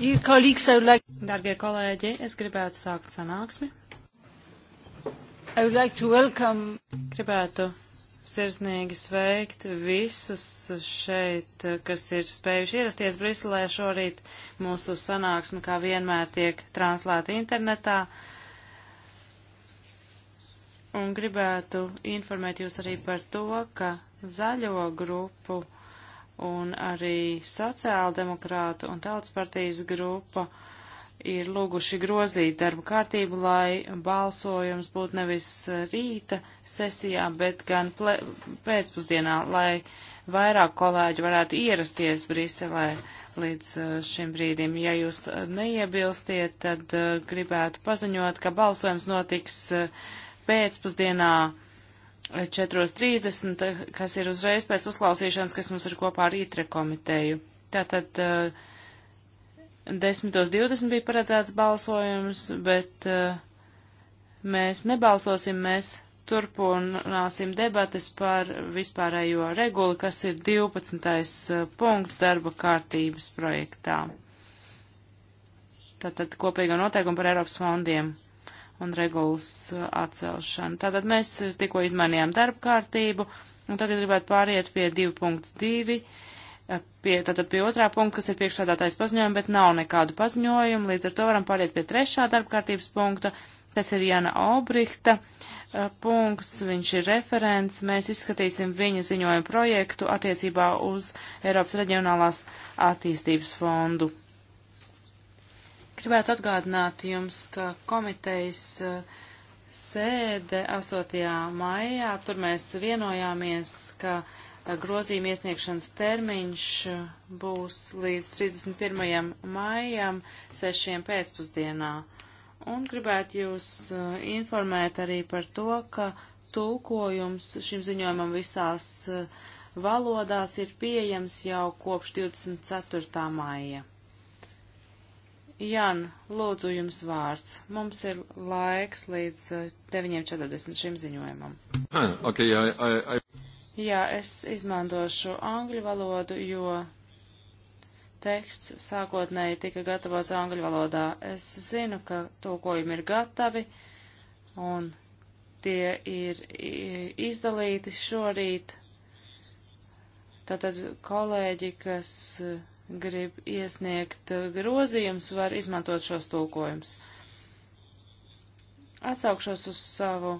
Like... Dargie kolēģi, es gribētu sākt sanāksmi. Like welcome... Gribētu sirsnīgi sveikt visus šeit, kas ir spējuši ierasties Briselē šorīt. Mūsu sanāksme, kā vienmēr, tiek translēta internetā. Un gribētu informēt jūs arī par to, ka zaļo grupu un arī sociāla demokrāta un tautas partijas grupa ir lūguši grozīt darba kārtību, lai balsojums būtu nevis rīta sesijā, bet gan pēcpusdienā, lai vairāk kolēģi varētu ierasties Briselē līdz uh, šim brīdim. Ja jūs uh, neiebilstiet, tad uh, gribētu paziņot, ka balsojums notiks pēcpusdienā 4.30, kas ir uzreiz pēc uzklausīšanas, kas mums ir kopā ar ITRE komiteju. Tātad 10.20 eh, bija paredzēts balsojums, bet eh, mēs nebalsosim, mēs turpināsim debates par vispārējo regulu, kas ir 12. Eh, punkts darba kārtības projektā. Tātad kopīga noteikuma par Eiropas fondiem un regulas uh, atcelšanu. Tātad mēs tikko izmainījām darba kārtību, un tagad gribētu pāriet pie 2.2, uh, pie, tātad pie otrā punkta, kas ir priekšstādātais paziņojumi, bet nav nekādu paziņojumu, līdz ar to varam pāriet pie trešā darba kārtības punkta, kas ir Jana Obrihta uh, punkts, viņš ir referents, mēs izskatīsim viņa ziņojumu projektu attiecībā uz Eiropas reģionālās attīstības fondu. Gribētu atgādināt jums, ka komitejas eh, sēde 8. maijā, tur mēs vienojāmies, ka eh, grozījuma iesniegšanas termiņš eh, būs līdz 31. maijam 6. pēcpusdienā. Un gribētu jūs informēt arī par to, ka tulkojums šim ziņojumam visās valodās ir pieejams jau kopš 24. maija. Jan, lūdzu jums vārds. Mums ir laiks līdz 9.40 eh, šim ziņojumam. Ah, okay, I, I, I... Jā, es izmantošu angļu valodu, jo teksts sākotnēji tika gatavots angļu valodā. Es zinu, ka tulkojumi ir gatavi un tie ir izdalīti šorīt. Tātad kolēģi, kas grib iesniegt eh, grozījums, var izmantot šos tulkojums. Atsaukšos uz savu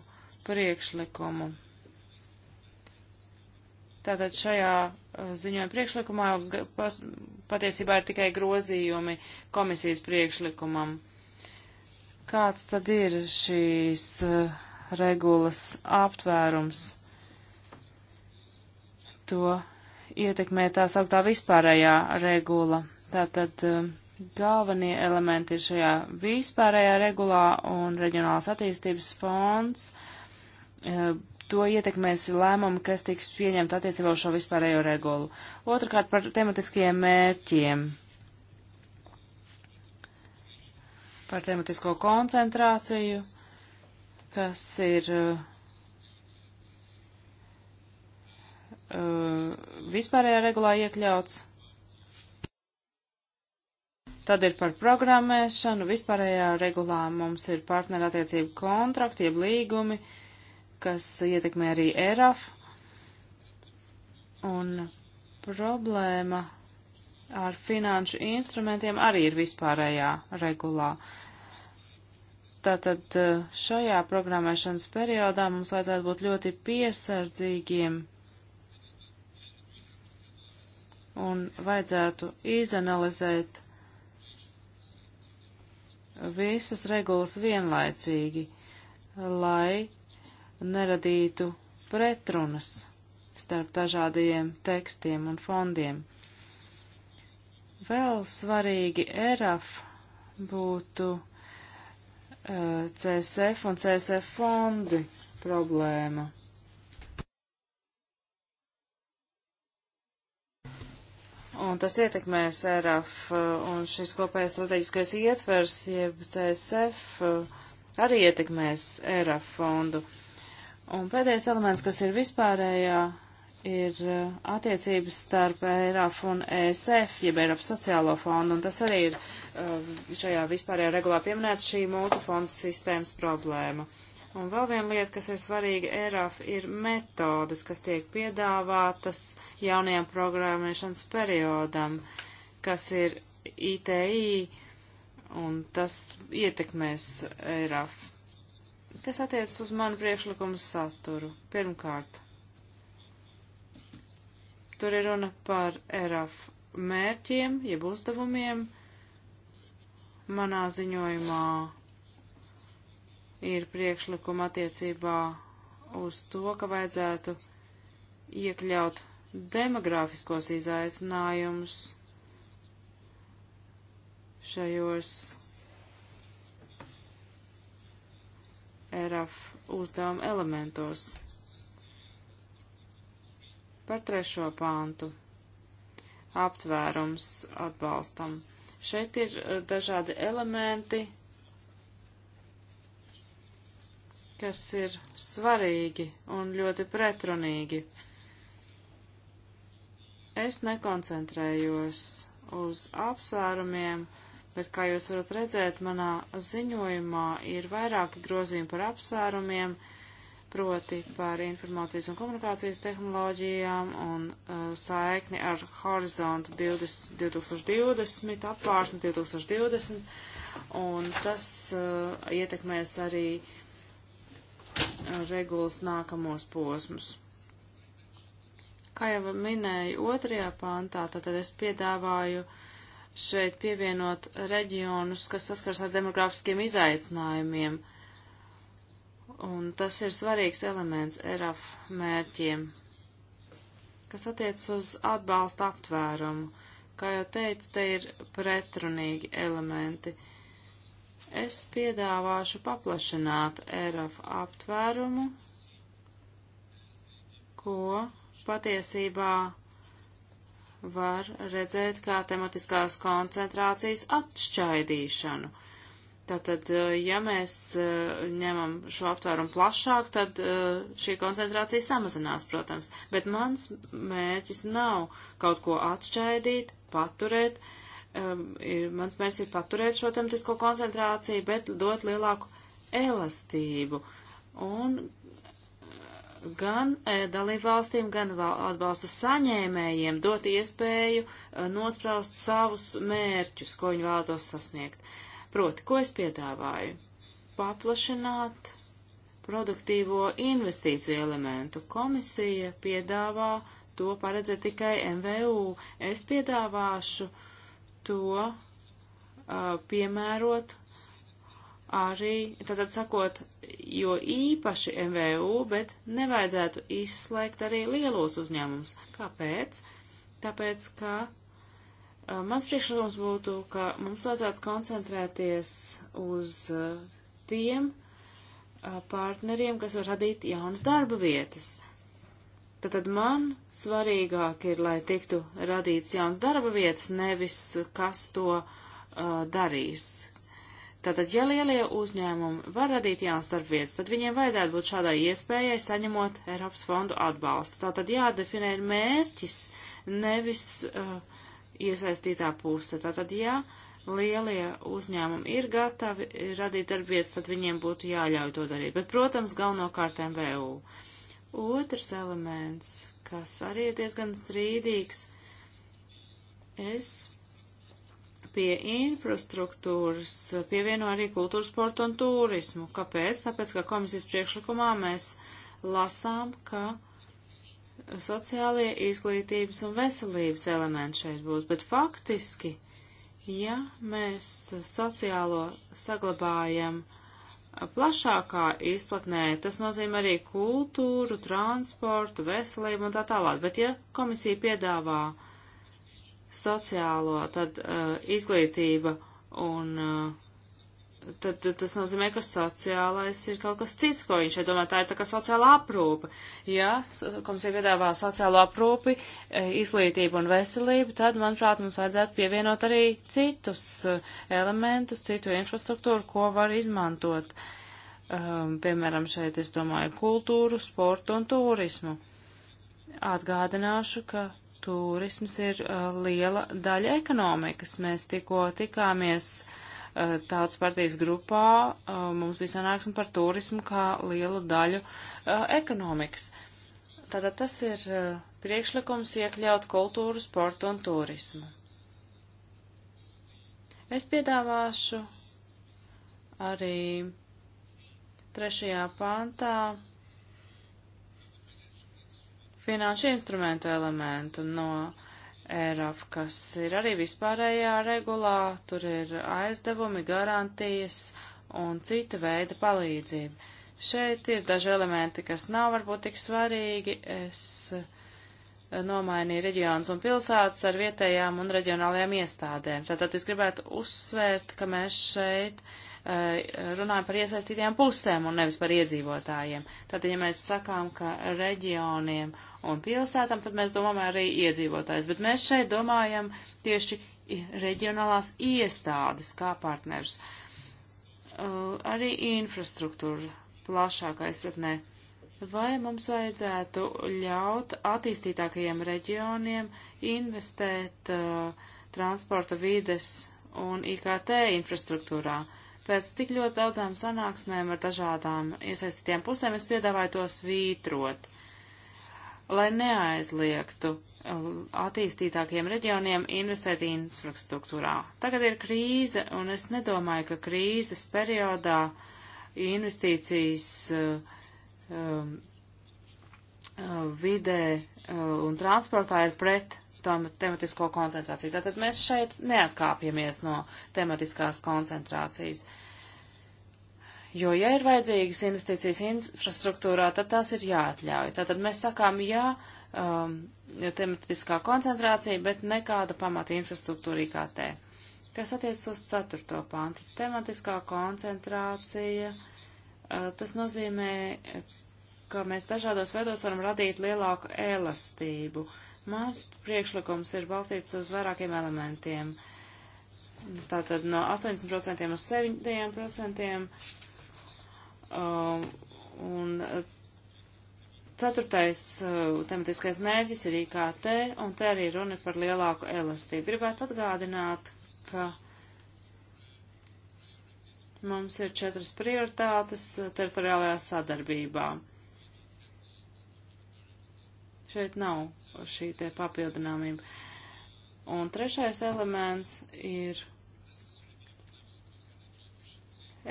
priekšlikumu. Tātad šajā eh, ziņojuma priekšlikumā patiesībā ir tikai grozījumi komisijas priekšlikumam. Kāds tad ir šīs eh, regulas aptvērums? To ietekmē tā sauktā vispārējā regula. Tātad um, galvenie elementi ir šajā vispārējā regulā un reģionālās attīstības fonds. Um, to ietekmēs lēmumi, kas tiks pieņemti attiecībā uz šo vispārējo regulu. Otrakārt par tematiskajiem mērķiem. Par tematisko koncentrāciju, kas ir uh, Uh, vispārējā regulā iekļauts. Tad ir par programmēšanu, vispārējā regulā mums ir partnerattiecību kontrakti, jeb līgumi, kas ietekmē arī ERAF. Un problēma ar finanšu instrumentiem arī ir vispārējā regulā. Tātad uh, šajā programmēšanas periodā mums vajadzētu būt ļoti piesardzīgiem un vajadzētu izanalizēt visas regulas vienlaicīgi, lai neradītu pretrunas starp dažādajiem tekstiem un fondiem. Vēl svarīgi ERAF būtu uh, eh, CSF un CSF fondi problēma. un tas ietekmēs RF, uh, un šis kopējais strateģiskais ietvers, jeb CSF, uh, arī ietekmēs RF fondu. Un pēdējais elements, kas ir vispārējā, ir uh, attiecības starp ERAF un ESF, jeb Eiropas sociālo fondu, un tas arī ir šajā vispārējā regulā pieminēts šī multifondu sistēmas problēma. Uh, Un vēl viena lieta, kas ir svarīga ERAF, ir metodas, kas tiek piedāvātas jaunajam programmēšanas periodam, kas ir ITI, un tas ietekmēs ERAF. Kas attiec uz manu priekšlikumu saturu? Pirmkārt, tur ir runa par ERAF mērķiem, jeb uzdevumiem manā ziņojumā ir priekšlikuma attiecībā uz to, ka vajadzētu iekļaut demografiskos izaicinājumus šajos ERAF uzdevuma elementos. Par trešo pāntu aptvērums atbalstam. Šeit ir eh, dažādi elementi, kas ir svarīgi un ļoti pretrunīgi. Es nekoncentrējos uz apsvērumiem, bet, kā jūs varat redzēt, manā ziņojumā ir vairāki grozījumi par apsvērumiem, proti par informācijas un komunikācijas tehnoloģijām un uh, saikni ar horizontu 20, 2020, apvārsni 2020, un tas uh, ietekmēs arī uh, regulas nākamos posmus. Kā jau minēju otrajā pantā, tad es piedāvāju šeit pievienot reģionus, kas saskars ar demografiskiem izaicinājumiem, un tas ir svarīgs elements ERAF mērķiem, kas attiec uz atbalsta aptvērumu. Kā jau teicu, te ir pretrunīgi elementi. Uh, Es piedāvāšu paplašināt ERAF aptvērumu, ko patiesībā var redzēt kā tematiskās koncentrācijas atšķaidīšanu. Tātad, eh, ja mēs eh, ņemam šo aptvērumu plašāk, tad eh, šī koncentrācija samazinās, protams. Bet mans mērķis nav kaut ko atšķaidīt, paturēt, uh, um, ir, mans mērķis ir paturēt šo tematisko koncentrāciju, bet dot lielāku elastību. Un eh, gan e, dalībvalstīm, gan atbalsta saņēmējiem dot iespēju e, nospraust savus mērķus, ko viņi vēlētos sasniegt. Proti, ko es piedāvāju? Paplašināt produktīvo investīciju elementu. Komisija piedāvā to paredzēt tikai MVU. Es piedāvāšu uh, to uh, piemērot arī, tātad sakot, jo īpaši MVU, bet nevajadzētu izslēgt arī lielos uzņēmumus. Kāpēc? Tāpēc, ka uh, mans priekšlikums būtu, ka mums vajadzētu koncentrēties uz uh, tiem uh, partneriem, kas var radīt jaunas darba vietas. Uh, Tātad man svarīgāk ir, lai tiktu radīts jauns darba vietas, nevis kas to uh, darīs. Tātad, ja lielie uzņēmumi var radīt jauns darbvietas, tad viņiem vajadzētu būt šādai iespējai saņemot Eiropas fondu atbalstu. Tātad jādefinē ir mērķis, nevis uh, iesaistītā puse. Tātad, ja lielie uzņēmumi ir gatavi radīt darbvietas, tad viņiem būtu jāļauj to darīt. Bet, protams, galvenokārt MVU. Uh, Otrs elements, kas arī ir diezgan strīdīgs, es pie infrastruktūras pievieno arī kultūras, sportu un turismu. Kāpēc? Tāpēc, ka komisijas priekšlikumā mēs lasām, ka sociālie izglītības un veselības elementi šeit būs, bet faktiski, ja mēs sociālo saglabājam, uh, plašākā izplatnē. Tas nozīmē arī kultūru, transportu, veselību un tā tālāk. Bet ja komisija piedāvā sociālo, tad uh, izglītība un uh, tad, tad tas nozīmē, ka sociālais ir kaut kas cits, ko viņš domā. Tā ir tā kā sociāla aprūpa. Ja komisija piedāvā sociālo aprūpi, e, izglītību un veselību, tad, manuprāt, mums vajadzētu pievienot arī citus e, elementus, citu infrastruktūru, ko var izmantot. Um, piemēram, šeit es domāju kultūru, sportu un turismu. Atgādināšu, ka turisms ir uh, liela daļa ekonomikas. Mēs tikko tikāmies uh, Eh, tautas partijas grupā eh, mums bija sanāksme par turismu kā lielu daļu eh, ekonomikas. Tātad tas ir priekšlikums iekļaut kultūru, sportu un turismu. Es piedāvāšu arī trešajā pantā finanšu instrumentu elementu no Eiropa, kas ir arī vispārējā regulā, tur ir aizdevumi, garantijas un cita veida palīdzība. Šeit ir daži elementi, kas nav varbūt tik svarīgi. Es eh, nomainīju reģionus un pilsētas ar vietējām un reģionālajām iestādēm. Tātad es gribētu uzsvērt, ka mēs šeit uh, Eh, runājam par iesaistītajām pusēm un nevis par iedzīvotājiem. Tātad, ja mēs sakām, ka reģioniem un pilsētām, tad mēs domājam arī iedzīvotājs. Bet mēs šeit domājam tieši reģionālās iestādes kā partners. Eh, arī infrastruktūra plašākā izpratnē. Vai mums vajadzētu ļaut attīstītākajiem reģioniem investēt uh, transporta vides un IKT infrastruktūrā? Uh, Pēc tik ļoti daudzām sanāksmēm ar dažādām iesaistītiem pusēm es piedāvāju to svītrot, lai neaizliegtu uh, attīstītākiem reģioniem investēt infrastruktūrā. Tagad ir krīze, un es nedomāju, ka krīzes periodā investīcijas uh, um, uh, vidē un transportā ir pret tam tematisko koncentrāciju. Tātad mēs šeit neatkāpjamies no tematiskās koncentrācijas. Jo, ja ir vajadzīgas investīcijas infrastruktūrā, tad tās ir jāatļauj. Tātad mēs sakām, jā, um, tematiskā koncentrācija, bet nekāda pamata infrastruktūra IKT. Kas attiecas uz ceturto pantu? Tematiskā koncentrācija, uh, tas nozīmē, ka mēs dažādos veidos varam radīt lielāku elastību. Uh, Mans priekšlikums ir balstīts uz vairākiem elementiem. Tātad no 80% uz 7%. Um, uh, un uh, ceturtais uh, tematiskais mērķis ir IKT, un te arī runa par lielāku elastību. Gribētu atgādināt, ka mums ir četras prioritātes uh, teritoriālajā sadarbībā. Šeit nav šī te papildināmība. Un trešais elements ir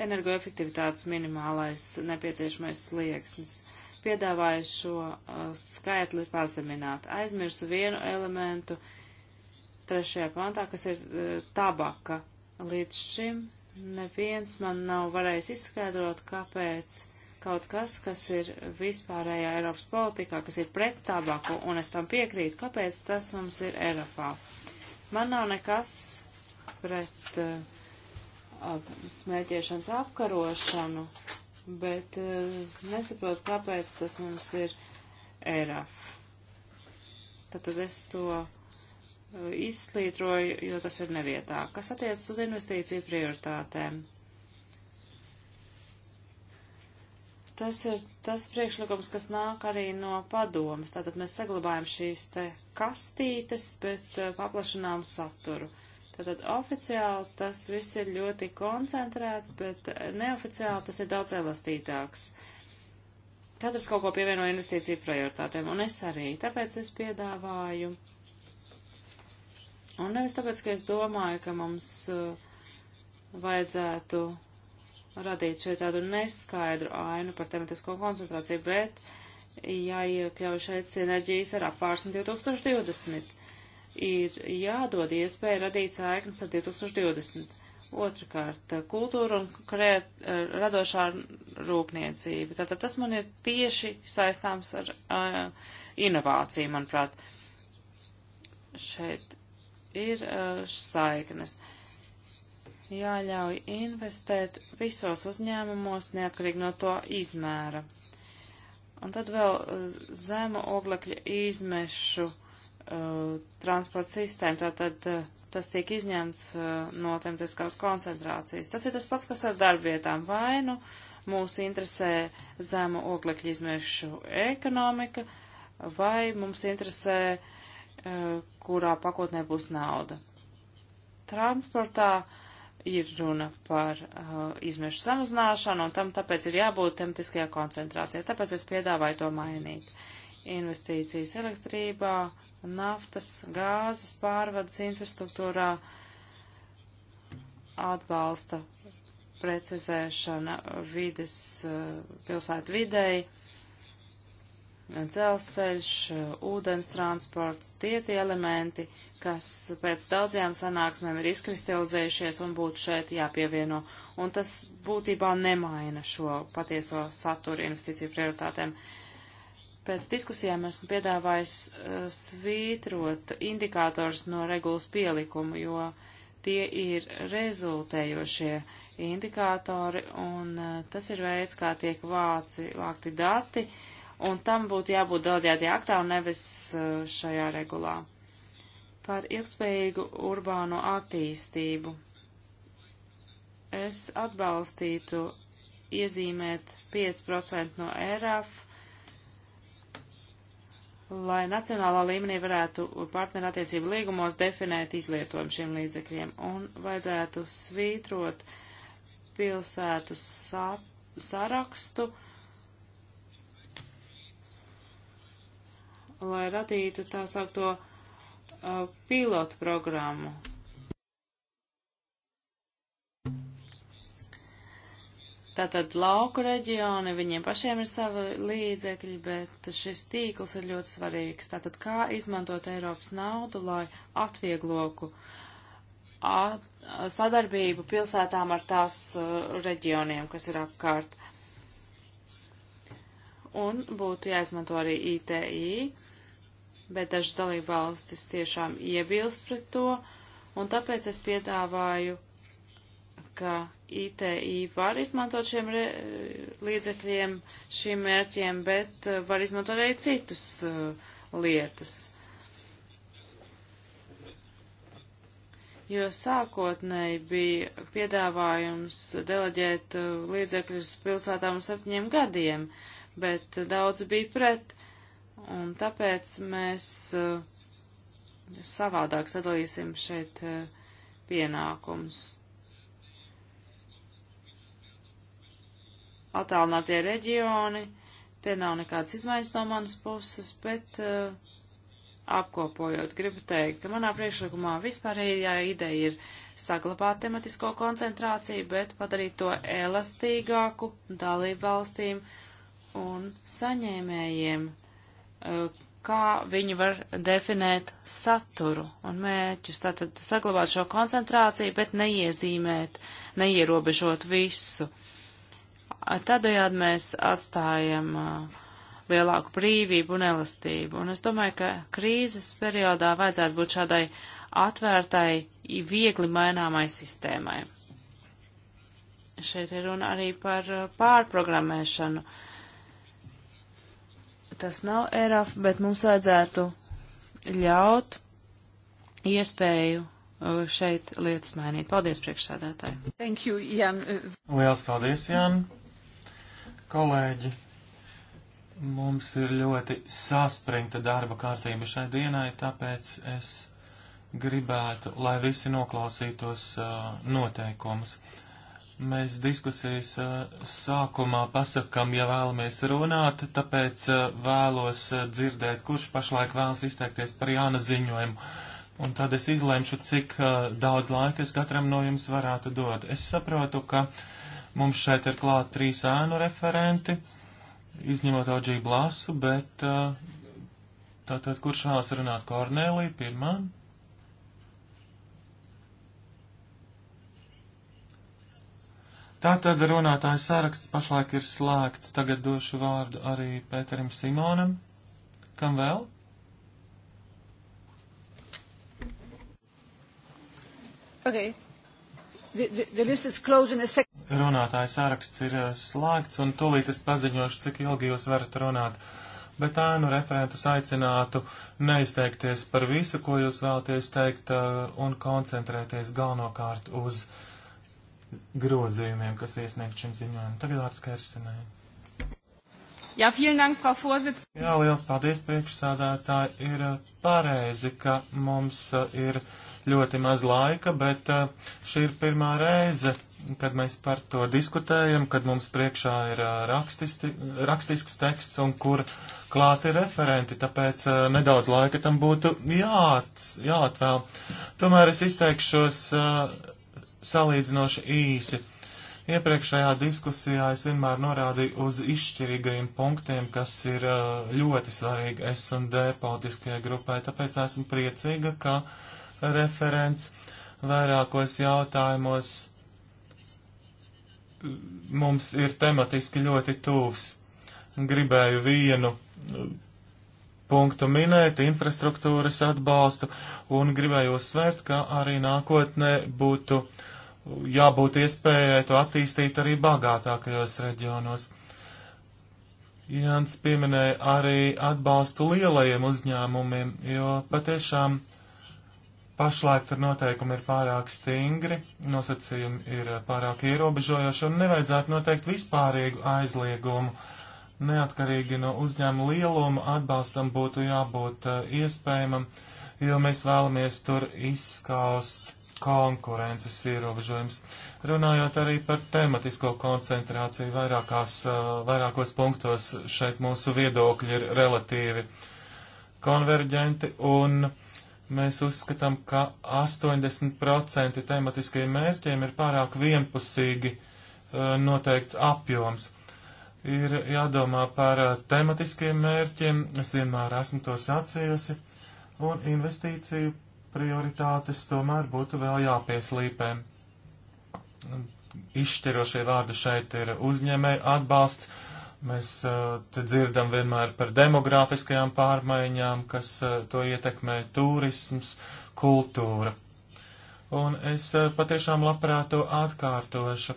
energoefektivitātes minimālais nepieciešamais slieksnis. Piedāvāju šo uh, skaitli pazemināt. Aizmirsu vienu elementu trešajā pantā, kas ir uh, tabaka. Līdz šim neviens man nav varējis izskaidrot, kāpēc uh, kaut kas, kas ir vispārējā Eiropas politikā, kas ir pret tabaku, un es tam piekrītu, kāpēc tas mums ir Eiropā. Man nav nekas pret uh, smēķēšanas apkarošanu, bet uh, nesaprotu, kāpēc tas mums ir Eiropā. Tad, tad es to uh, izslītroju, jo tas ir nevietā. Kas attiecas uz investīciju prioritātēm? tas ir tas priekšlikums, kas nāk arī no padomas. Tātad mēs saglabājam šīs te kastītes, bet uh, paplašinām saturu. Tātad oficiāli tas viss ir ļoti koncentrēts, bet eh, neoficiāli tas ir daudz elastītāks. Katrs kaut ko pievieno investīciju prioritātēm, un es arī. Tāpēc es piedāvāju. Un nevis tāpēc, ka es domāju, ka mums uh, vajadzētu radīt šeit tādu neskaidru ainu par tematisko koncentrāciju, bet jāiekļauj šeit sinerģijas ar apvārsni 2020. Ir jādod iespēja radīt saiknes ar 2020. Otrakārt, kultūra un krēt, eh, radošā rūpniecība. Tātad tas man ir tieši saistāms ar uh, inovāciju, manuprāt. Šeit ir uh, saiknes. Uh, jāļauj investēt visos uzņēmumos, neatkarīgi no to izmēra. Un tad vēl eh, zema oglekļa izmešu uh, transporta sistēma, tātad uh, tas tiek izņemts uh, no tematiskās koncentrācijas. Tas ir tas pats, kas ar darbvietām vainu. Mūs interesē zema oglekļa izmešu ekonomika, vai mums interesē, kurā pakotnē būs nauda. Transportā uh, ir runa par uh, izmešu samazināšanu, un tam tāpēc ir jābūt tematiskajā koncentrācijā. Tāpēc es piedāvāju to mainīt. Investīcijas elektrībā, naftas, gāzes pārvades infrastruktūrā, atbalsta precizēšana vides, uh, pilsētu videi dzelzceļš, ūdens transports, tie tie elementi, kas pēc daudzajām sanāksmēm ir izkristalizējušies un būtu šeit jāpievieno. Un tas būtībā nemaina šo patieso saturu investīciju prioritātēm. Pēc diskusijām esmu piedāvājis uh, svītrot indikātors no regulas pielikumu, jo tie ir rezultējošie indikātori, un uh, tas ir veids, kā tiek vāci, vākti dati, uh, un tam būtu jābūt delegētajā aktā un nevis eh, šajā regulā. Par ilgspējīgu urbāno attīstību. Es atbalstītu iezīmēt 5% no ERAF, lai nacionālā līmenī varētu partnerattiecību līgumos definēt izlietojumu šiem līdzekļiem un vajadzētu svītrot pilsētu sa sarakstu, uh, lai radītu tā saukto uh, pilotu programmu. Tātad lauku reģioni, viņiem pašiem ir savi līdzekļi, bet šis tīkls ir ļoti svarīgs. Tātad kā izmantot Eiropas naudu, lai atviegloku at, sadarbību pilsētām ar tās uh, reģioniem, kas ir apkārt. Un būtu jāizmanto arī ITI, bet dažas dalībvalstis tiešām iebilst pret to, un tāpēc es piedāvāju, ka ITI var izmantot šiem re, līdzekļiem, šiem mērķiem, bet uh, var izmantot arī citus uh, lietas. Jo sākotnēji bija piedāvājums deleģēt uh, līdzekļus pilsētām uz septiņiem gadiem, bet daudz bija pret. Uh, Un tāpēc mēs eh, savādāk sadalīsim šeit eh, pienākums. Atālinātie reģioni, te nav nekādas izmaiņas no manas puses, bet eh, apkopojot, gribu teikt, ka manā priekšlikumā vispārējā ideja ir saglabāt tematisko koncentrāciju, bet padarīt to elastīgāku dalību valstīm un saņēmējiem kā viņi var definēt saturu un mērķus. Tātad saglabāt šo koncentrāciju, bet neiezīmēt, neierobežot visu. Tādējādi mēs atstājam uh, lielāku brīvību un elastību. Un es domāju, ka krīzes periodā vajadzētu būt šādai atvērtai, viegli maināmai sistēmai. Šeit ir runa arī par uh, pārprogrammēšanu. Uh, tas nav ERAF, bet mums vajadzētu ļaut iespēju uh, šeit lietas mainīt. Paldies, priekšsēdētāji. Thank you, Jan. Liels paldies, Jan. Kolēģi, mums ir ļoti saspringta darba kārtība šai dienai, tāpēc es gribētu, lai visi noklausītos uh, noteikumus. Mēs diskusijas eh, sākumā pasakam, ja vēlamies runāt, tāpēc eh, vēlos eh, dzirdēt, kurš pašlaik vēlas izteikties par Jāna ziņojumu. Un tad es izlemšu, cik daudz laika es katram no jums varētu dot. Es saprotu, ka mums šeit ir klāt trīs ēnu referenti, izņemot Oģiju Blasu, bet tātad kurš vēlas runāt Kornēlī pirmā? Tātad runātājs saraksts pašlaik ir slēgts. Tagad došu vārdu arī Pēterim Simonam. Kam vēl? Okay. The, the, the list is closed in a second. Runātājs saraksts ir eh, slēgts, un tūlīt es paziņošu, cik ilgi jūs varat runāt. Bet ēnu referentus aicinātu neizteikties par visu, ko jūs vēlaties teikt, eh, un koncentrēties galvenokārt uz uh, grozījumiem, kas iesniegt šim ziņojumam. Tagad ar skarstenē. Jā, vielen dank, Frau Vorsitz. Jā, liels paldies, priekšsādātāji. Ir uh, pareizi, ka mums uh, ir ļoti maz laika, bet uh, šī ir pirmā reize, kad mēs par to diskutējam, kad mums priekšā ir rakstisti, rakstisks teksts un kur klāti referenti, tāpēc uh, nedaudz laika tam būtu jāat, jāatvēl. Tomēr es izteikšos uh, salīdzinoši īsi. Iepriekšējā diskusijā es vienmēr norādīju uz izšķirīgajiem punktiem, kas ir uh, ļoti svarīgi S un D politiskajai grupai, tāpēc esmu priecīga, ka referents vairākos jautājumos mums ir tematiski ļoti tūvs. Gribēju vienu punktu minēt, infrastruktūras atbalstu, un gribēju uzsvērt, ka arī nākotnē būtu jābūt iespējai to attīstīt arī bagātākajos reģionos. Jānis pieminēja arī atbalstu lielajiem uzņēmumiem, jo patiešām pašlaik tur noteikumi ir pārāk stingri, nosacījumi ir pārāk ierobežojoši un nevajadzētu noteikt vispārīgu aizliegumu neatkarīgi no uzņēmuma lieluma atbalstam būtu jābūt uh, iespējamam, jo mēs vēlamies tur izskaust konkurences ierobežojums. Runājot arī par tematisko koncentrāciju, vairākās, uh, vairākos punktos šeit mūsu viedokļi ir relatīvi konverģenti un mēs uzskatām, ka 80% tematiskajiem mērķiem ir pārāk vienpusīgi uh, noteikts apjoms ir jādomā par eh, tematiskiem mērķiem, es vienmēr esmu to sacījusi, un investīciju prioritātes tomēr būtu vēl jāpieslīpē. Izšķirošie vārdi šeit ir uzņēmēja atbalsts. Mēs eh, te dzirdam vienmēr par demografiskajām pārmaiņām, kas eh, to ietekmē turisms, kultūra. Un es patiešām labprāt to atkārtošu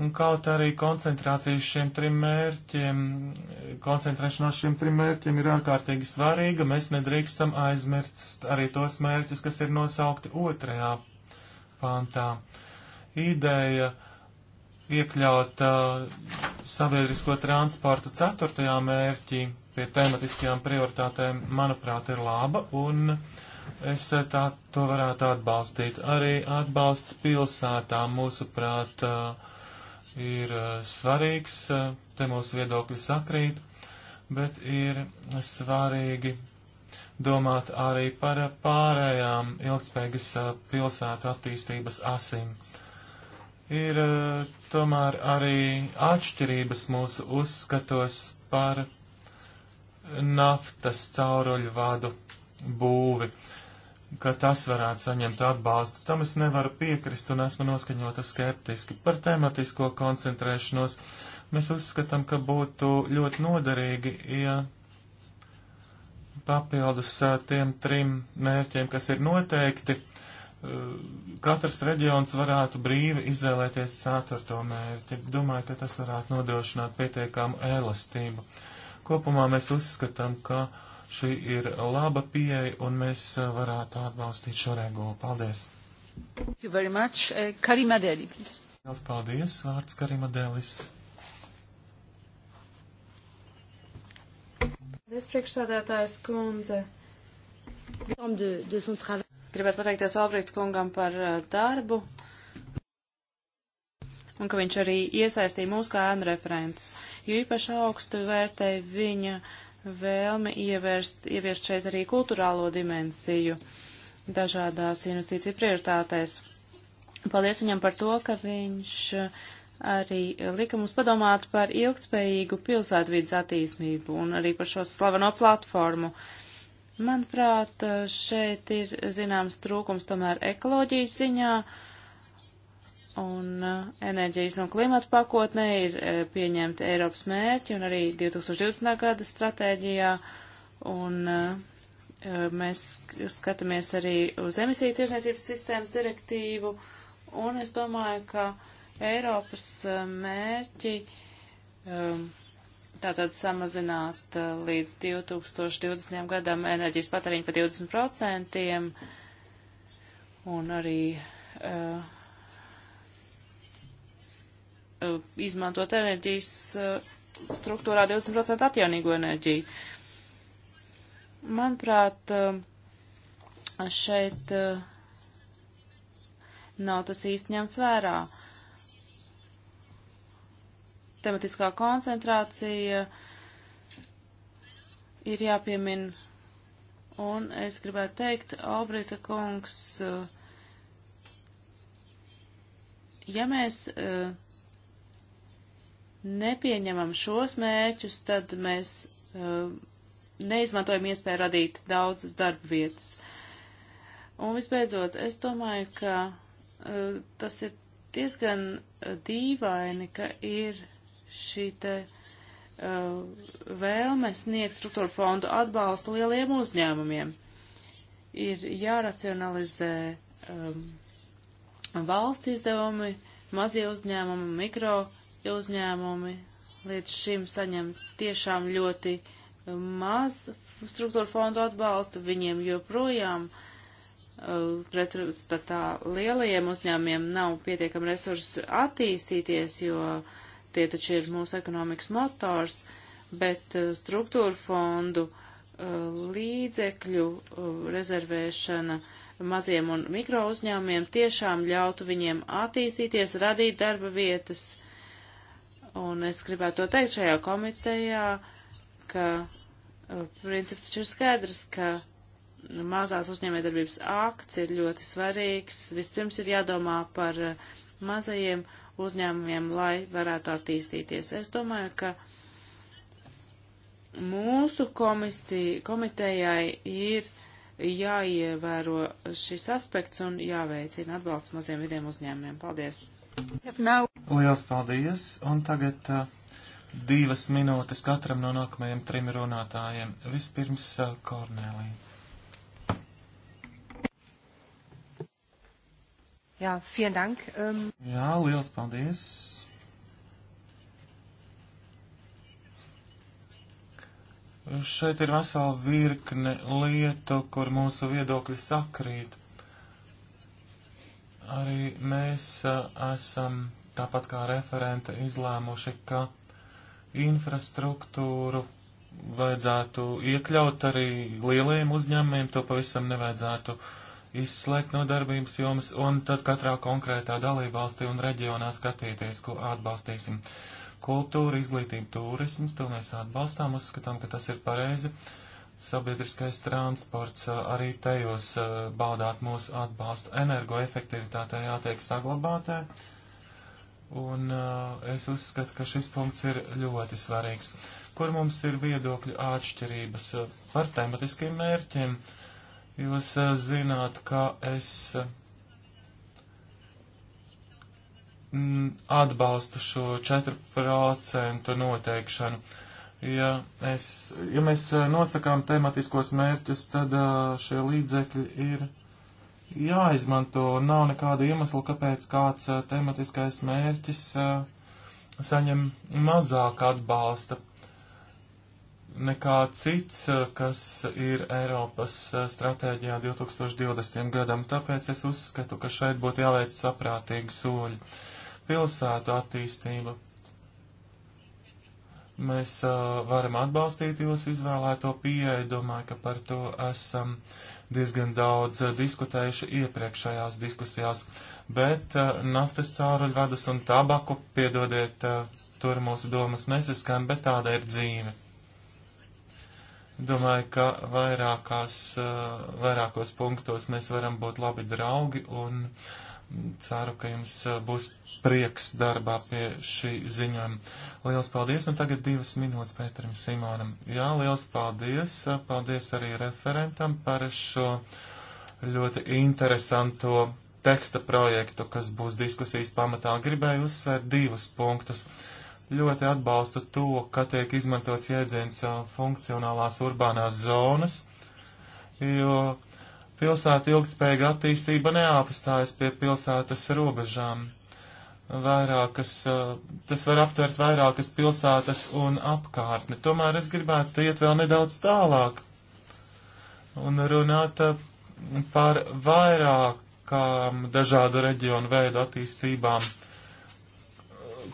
Un kaut arī koncentrācija uz šiem trim mērķiem, koncentrēšanās šiem trim mērķiem ir ārkārtīgi svarīga, mēs nedrīkstam aizmirst arī tos mērķus, kas ir nosaukti otrajā pāntā. Ideja iekļaut uh, sabiedrisko transportu ceturtajā mērķī pie tematiskajām prioritātēm, manuprāt, ir laba, un es uh, tā to varētu atbalstīt. Arī atbalsts pilsētām, mūsuprāt, uh, ir eh, svarīgs, eh, te mūsu viedokļi sakrīt, bet ir svarīgi domāt arī par pārējām ilgspējīgas eh, pilsētu attīstības asim. Ir tomēr arī atšķirības mūsu uzskatos par naftas cauruļu vadu būvi. Uh, ka tas varētu saņemt atbalstu. Tam es nevaru piekrist un esmu noskaņota skeptiski par tematisko koncentrēšanos. Mēs uzskatām, ka būtu ļoti noderīgi, ja papildus eh, tiem trim mērķiem, kas ir noteikti, eh, katrs reģions varētu brīvi izvēlēties ceturto mērķi. Domāju, ka tas varētu nodrošināt pietiekamu elastību. Kopumā mēs uzskatām, ka uh, Šī ir laba pieeja, un mēs eh, varētu atbalstīt šo regulu. Paldies! Eh, Karima Dēlī, please. Paldies, vārds Karima Dēlis. Paldies, priekšsādātājs kundze. Gribētu pateikties Albrecht kungam par eh, darbu un ka viņš arī iesaistīja mūs kā ēnu referentus, jo īpaši augstu vērtēja viņa uh, vēlme ievērst, ievērst šeit arī kulturālo dimensiju dažādās investīciju prioritātēs. Paldies viņam par to, ka viņš eh, arī lika mums padomāt par ilgtspējīgu pilsētvidas attīstību un arī par šo slaveno platformu. Manuprāt, eh, šeit ir zināms trūkums tomēr ekoloģijas ziņā. Uh, Un uh, enerģijas un klimata pakotnē ir uh, pieņemti Eiropas mērķi un arī 2020. gada stratēģijā. Un uh, mēs skatāmies arī uz emisiju tirsniecības sistēmas direktīvu. Un es domāju, ka Eiropas mērķi um, tātad samazināt līdz 2020. gadam enerģijas patēriņu pa 20% un arī uh, Eh, izmantot enerģijas eh, struktūrā 20% atjaunīgo enerģiju. Manuprāt, eh, šeit nav tas īsti ņemts vērā. Tematiskā koncentrācija ir jāpiemin, un es gribētu teikt, Albrita kungs, ja mēs nepieņemam šos mērķus, tad mēs uh, neizmantojam iespēju radīt daudzas darba vietas. Un visbeidzot, es domāju, ka uh, tas ir diezgan eh, dīvaini, ka ir šī te uh, vēlme sniegt struktūra fondu atbalstu lieliem uzņēmumiem. Ir jāracionalizē um, valsts izdevumi, mazie uzņēmumi, mikro uh, uzņēmumi līdz šim saņem tiešām ļoti eh, maz struktūra fondu atbalsta, viņiem joprojām eh, pretstatā lielajiem uzņēmiem nav pietiekami resursi attīstīties, jo tie taču ir mūsu ekonomikas motors, bet eh, struktūra fondu līdzekļu rezervēšana maziem un mikro uzņēmumiem tiešām ļautu viņiem attīstīties, radīt darba vietas, Un es gribētu to teikt šajā komitejā, ka uh, princips taču ir skaidrs, ka nu, mazās uzņēmējdarbības akts ir ļoti svarīgs. Vispirms ir jādomā par uh, mazajiem uzņēmumiem, lai varētu attīstīties. Es domāju, ka mūsu komisti, komitejai ir jāievēro šis aspekts un jāveicina atbalsts maziem vidiem uzņēmumiem. Paldies! Lielas paldies! Un tagad uh, divas minūtes katram no nākamajiem trim runātājiem. Vispirms uh, Kornelija. Jā, vielen dank. Um... Jā, liels paldies. Šeit ir vesela virkne lietu, kur mūsu viedokļi sakrīt arī mēs esam, tāpat kā referente, izlēmuši, ka infrastruktūru vajadzētu iekļaut arī lielajiem uzņēmumiem, to pavisam nevajadzētu izslēgt no darbības jomas, un tad katrā konkrētā dalībvalstī un reģionā skatīties, ko atbalstīsim. Kultūra, izglītība, turisms, to mēs atbalstām, uzskatām, ka tas ir pareizi. Uh, Sabiedriskais transports eh, arī tajos eh, baudāt mūsu atbalstu. Energoefektivitātei jātiek saglabātē. Un uh, es uzskatu, ka šis punkts ir ļoti svarīgs. Kur mums ir viedokļu atšķirības par tematiskiem mērķiem? Jūs uh, zināt, ka es mm, atbalstu šo 4% noteikšanu. Uh, Ja, es, ja mēs eh, nosakām tematiskos mērķus, tad eh, šie līdzekļi ir jāizmanto. Nav nekāda iemesla, kāpēc kāds eh, tematiskais mērķis saņem mazāk atbalsta nekā cits, kas ir Eiropas stratēģijā 2020. gadam. Tāpēc es uzskatu, ka šeit būtu jāveic saprātīgi soļi. Pilsētu attīstība, Mēs uh, varam atbalstīt jūsu izvēlēto pieeju. Domāju, ka par to esam diezgan daudz uh, diskutējuši iepriekšējās diskusijās. Bet uh, naftas cauruļvadas un tabaku, piedodiet, uh, tur mūsu domas nesaskan, bet tāda ir dzīve. Domāju, ka vairākās, vairākos punktos mēs varam būt labi draugi un ceru, ka jums būs prieks darbā pie šī ziņojuma. Lielas paldies, un tagad divas minūtes Pēterim Simonam. Jā, liels paldies, paldies arī referentam par šo ļoti interesanto teksta projektu, kas būs diskusijas pamatā. Gribēju uzsvērt divus punktus. Ļoti atbalstu to, ka tiek izmantots jēdziens funkcionālās urbānās zonas, jo pilsēta ilgspējīga attīstība neapstājas pie pilsētas robežām vairākas, eh, tas var aptvert vairākas pilsētas un apkārtni. Tomēr es gribētu iet vēl nedaudz tālāk un runāt eh, par vairākām dažādu reģionu veidu attīstībām,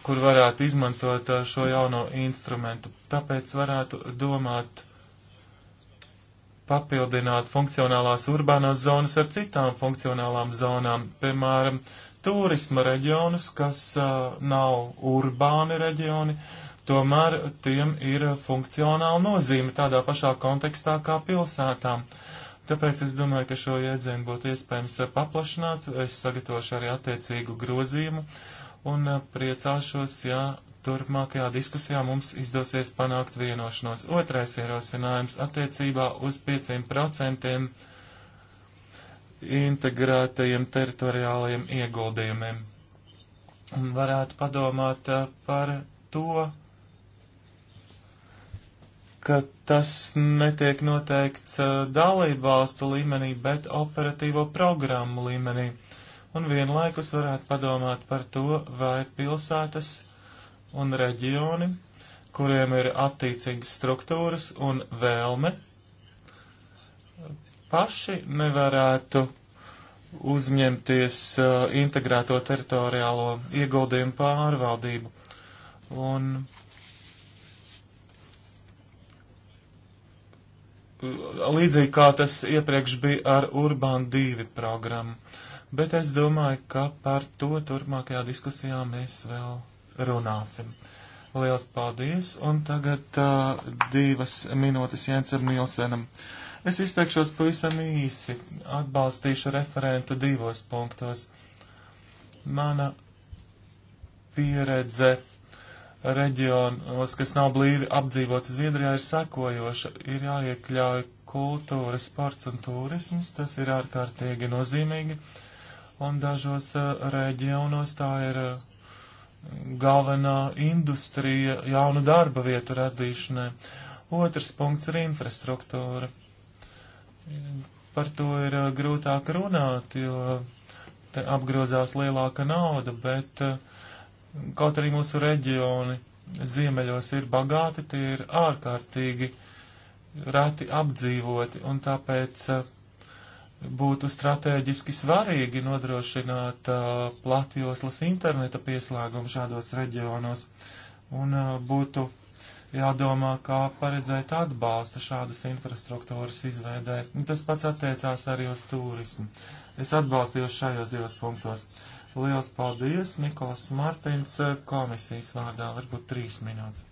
kur varētu izmantot eh, šo jauno instrumentu. Tāpēc varētu domāt papildināt funkcionālās urbānās zonas ar citām funkcionālām zonām, piemēram, uh, turisma reģionus, kas uh, nav urbāni reģioni, tomēr tiem ir funkcionāla nozīme tādā pašā kontekstā kā pilsētām. Tāpēc es domāju, ka šo jēdzienu būtu iespējams paplašināt. Es sagatavošu arī attiecīgu grozījumu un priecāšos, ja turpmākajā diskusijā mums izdosies panākt vienošanos. Otrais ierosinājums attiecībā uz 5% integrētajiem teritoriālajiem ieguldījumiem. Un varētu padomāt eh, par to, ka tas netiek noteikts eh, dalību valstu līmenī, bet operatīvo programmu līmenī. Un vienlaikus varētu padomāt par to, vai pilsētas un reģioni, kuriem ir attiecīgas struktūras un vēlme paši nevarētu uzņemties uh, integrēto teritoriālo ieguldījumu pārvaldību. Un uh, līdzīgi kā tas iepriekš bija ar Urban 2 programmu. Bet es domāju, ka par to turpmākajā diskusijā mēs vēl runāsim. Liels paldies, un tagad uh, divas minūtes Jensam Nielsenam. Uh, Es izteikšos pavisam īsi, atbalstīšu referentu divos punktos. Mana pieredze reģionos, kas nav blīvi apdzīvots Zviedrijā, ir sekojoša. Ir jāiekļauj kultūra, sports un turisms, tas ir ārkārtīgi nozīmīgi, un dažos reģionos tā ir galvenā industrija jaunu darba vietu radīšanai. Otrs punkts ir infrastruktūra par to ir eh, grūtāk runāt, jo te apgrozās lielāka nauda, bet eh, kaut arī mūsu reģioni ziemeļos ir bagāti, tie ir ārkārtīgi reti apdzīvoti, un tāpēc eh, būtu strateģiski svarīgi nodrošināt platjoslas interneta pieslēgumu šādos reģionos, un būtu jādomā, kā paredzēt atbalstu šādas infrastruktūras izveidē. Tas pats attiecās arī uz turismu. Es atbalstīju šajos divos punktos. Liels paldies, Nikolas Martins, komisijas vārdā, varbūt trīs minūtes.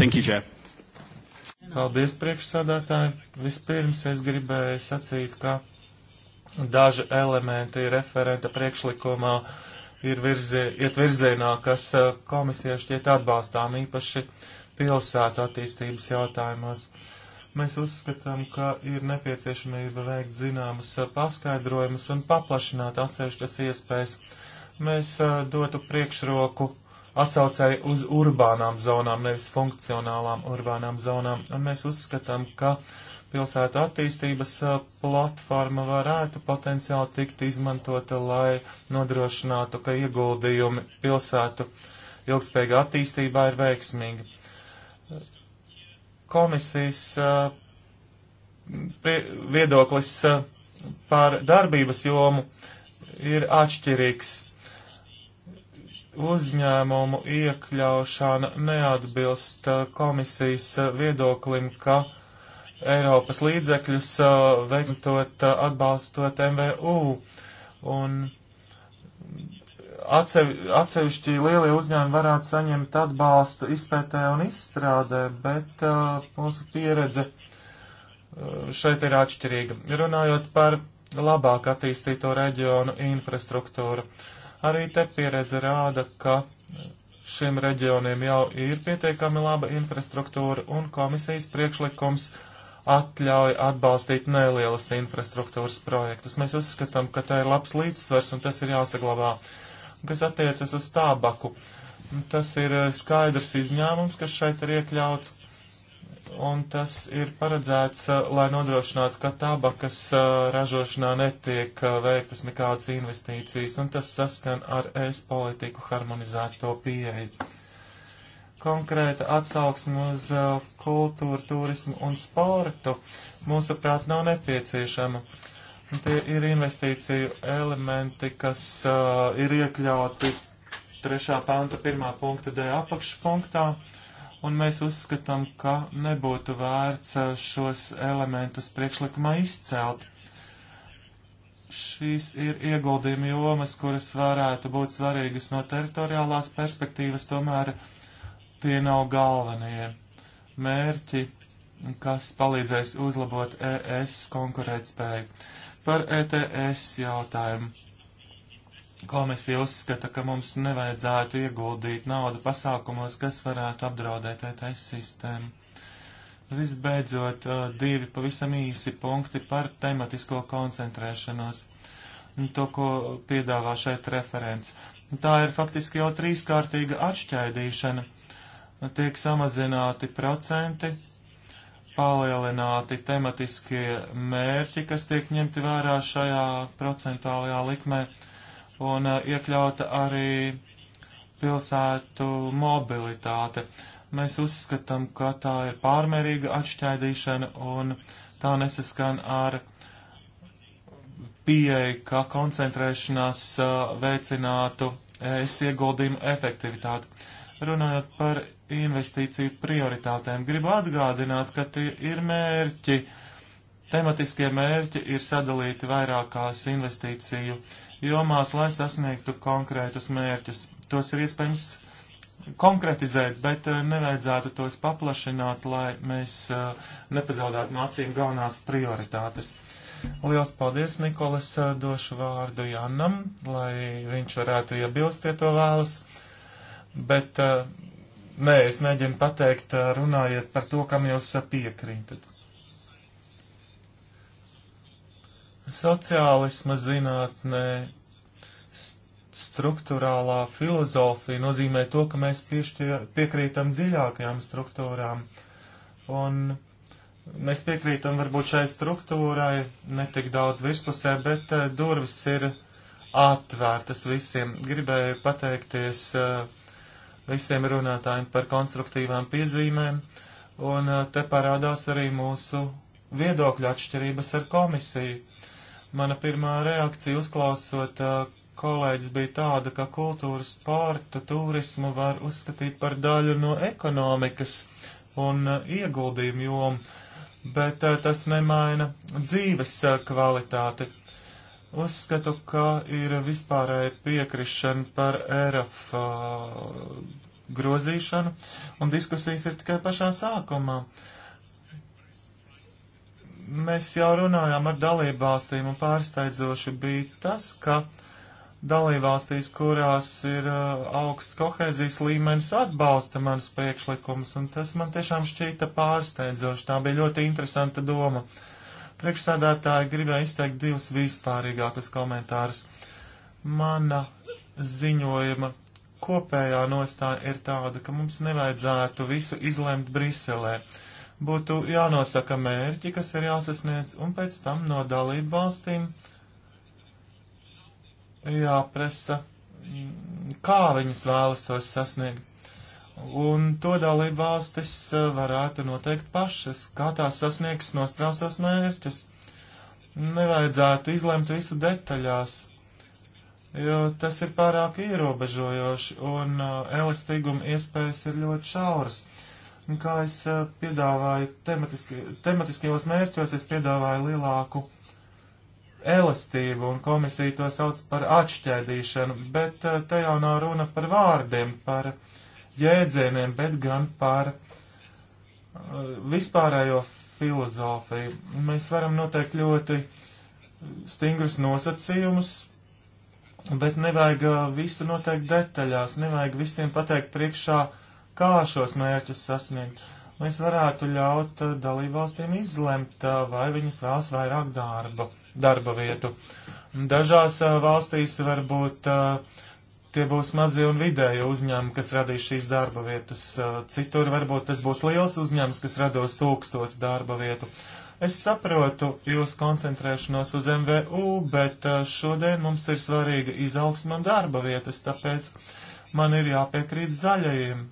Thank you, Chair. Paldies, priekšsādātāji. Vispirms es gribēju sacīt, ka daži elementi referenta priekšlikumā uh, ir virzē, iet virzienā, kas komisijai šķiet atbalstām īpaši pilsētu attīstības jautājumos. Mēs uzskatām, ka ir nepieciešamība veikt zināmas paskaidrojumus un paplašināt atsevišķas iespējas. Mēs dotu priekšroku atsaucēji uz urbānām zonām, nevis funkcionālām urbānām zonām, un mēs uzskatām, ka uh, pilsētu attīstības platforma varētu potenciāli tikt izmantota, lai nodrošinātu, ka ieguldījumi pilsētu ilgspējīgā attīstībā ir veiksmīgi. Komisijas viedoklis par darbības jomu ir atšķirīgs uzņēmumu iekļaušana neatbilst komisijas viedoklim, ka Eiropas līdzekļus veiktot atbalstot MVU. Un atsevi, atsevišķi lielie uzņēmumi varētu saņemt atbalstu izpētē un izstrādē, bet uh, mūsu pieredze šeit ir atšķirīga. Runājot par labāk attīstīto reģionu infrastruktūru, arī te pieredze rāda, ka šiem reģioniem jau ir pietiekami laba infrastruktūra un komisijas priekšlikums uh, atļauj atbalstīt nelielas infrastruktūras projektus. Mēs uzskatām, ka tā ir labs līdzsvars un tas ir jāsaglabā. Kas attiecas uz tābaku, tas ir eh, skaidrs izņēmums, kas šeit ir iekļauts, un tas ir paredzēts, eh, lai nodrošinātu, ka tabakas eh, ražošanā netiek veiktas nekādas investīcijas, un tas saskan ar es politiku harmonizēto pieeju konkrēta atsauksme uz uh, kultūru, turismu un sportu, mūsuprāt, nav nepieciešama. Un tie ir investīciju elementi, kas uh, ir iekļauti trešā panta pirmā punkta D apakšpunktā, un mēs uzskatām, ka nebūtu vērts uh, šos elementus priekšlikumā izcelt. Šīs ir ieguldījuma jomas, kuras varētu būt svarīgas no teritoriālās perspektīvas, tomēr uh, tie nav galvenie mērķi, kas palīdzēs uzlabot ES konkurētspēju. Par ETS jautājumu. Komisija uzskata, ka mums nevajadzētu ieguldīt naudu pasākumos, kas varētu apdraudēt ETS sistēmu. Visbeidzot, uh, divi pavisam īsi punkti par tematisko koncentrēšanos. To, ko piedāvā šeit referents. Tā ir faktiski jau trīskārtīga atšķaidīšana tiek samazināti procenti, palielināti tematiskie mērķi, kas tiek ņemti vērā šajā procentuālajā likmē, un uh, iekļauta arī pilsētu mobilitāte. Mēs uzskatām, ka tā ir pārmērīga atšķaidīšana un tā nesaskan ar pieeja, kā koncentrēšanās uh, veicinātu uh, es ieguldījumu efektivitāti. Runājot par investīciju prioritātēm. Gribu atgādināt, ka tie ir mērķi. Tematiskie mērķi ir sadalīti vairākās investīciju jomās, lai sasniegtu konkrētas mērķus. Tos ir iespējams konkretizēt, bet eh, nevajadzētu tos paplašināt, lai mēs eh, nepazaudētu no acīm galvenās prioritātes. Lielas paldies, Nikolas, došu vārdu Jannam, lai viņš varētu iebilst, ja to vēlas. Bet uh, Nē, es mēģinu pateikt, runājiet par to, kam jūs piekrītat. Sociālisma zinātnē struktūrālā filozofija nozīmē to, ka mēs piešķir, piekrītam dziļākajām struktūrām. Un mēs piekrītam varbūt šai struktūrai netik daudz virspusē, bet durvis ir atvērtas visiem. Gribēju pateikties uh, visiem runātājiem par konstruktīvām piezīmēm, un uh, te parādās arī mūsu viedokļu atšķirības ar komisiju. Mana pirmā reakcija uzklausot uh, kolēģis bija tāda, ka kultūru, sporta, turismu var uzskatīt par daļu no ekonomikas un uh, ieguldījumu jomu, bet tas nemaina dzīves kvalitāti. Uzskatu, ka ir vispārēja piekrišana par ERF uh, grozīšanu, un diskusijas ir tikai pašā sākumā. Mēs jau runājām ar dalībvalstīm, un pārsteidzoši bija tas, ka dalībvalstīs, kurās ir uh, augsts kohēzijas līmenis, atbalsta mans priekšlikums, un tas man tiešām šķīta pārsteidzoši. Tā bija ļoti interesanta doma. Uh, Priekšsādātāji gribēja izteikt divus vispārīgākus komentārus. Mana ziņojuma kopējā nostāja ir tāda, ka mums nevajadzētu visu izlemt Briselē. Būtu jānosaka mērķi, kas ir jāsasniedz, un pēc tam no dalību valstīm jāpresa, kā viņas vēlas tos sasniegt un to dalību valstis eh, varētu noteikt pašas, kā tās sasniegs nospraustos mērķus. Nevajadzētu izlemt visu detaļās, jo tas ir pārāk ierobežojoši, un eh, elastīguma iespējas ir ļoti šauras. Kā es eh, piedāvāju tematiski, tematiskajos mērķos, es piedāvāju lielāku elastību, un komisija to sauc par atšķēdīšanu, bet te jau nav runa par vārdiem, par uh, jēdzieniem, bet gan par uh, vispārējo filozofiju. Mēs varam noteikt ļoti stingrus nosacījumus, bet nevajag uh, visu noteikt detaļās, nevajag visiem pateikt priekšā, kā šos mērķus sasniegt. Mēs varētu ļaut uh, dalībvalstīm izlemt, vai viņas vēlas vairāk darba, darba vietu. Dažās valstīs varbūt uh, tie būs mazi un vidēji uzņēmumi, kas radīs šīs darba vietas. Uh, citur varbūt tas būs liels uzņēmums, kas rados tūkstotu darba vietu. Es saprotu jūsu koncentrēšanos uz MVU, bet uh, šodien mums ir svarīga izaugsma un darba vietas, tāpēc man ir jāpiekrīt zaļajiem.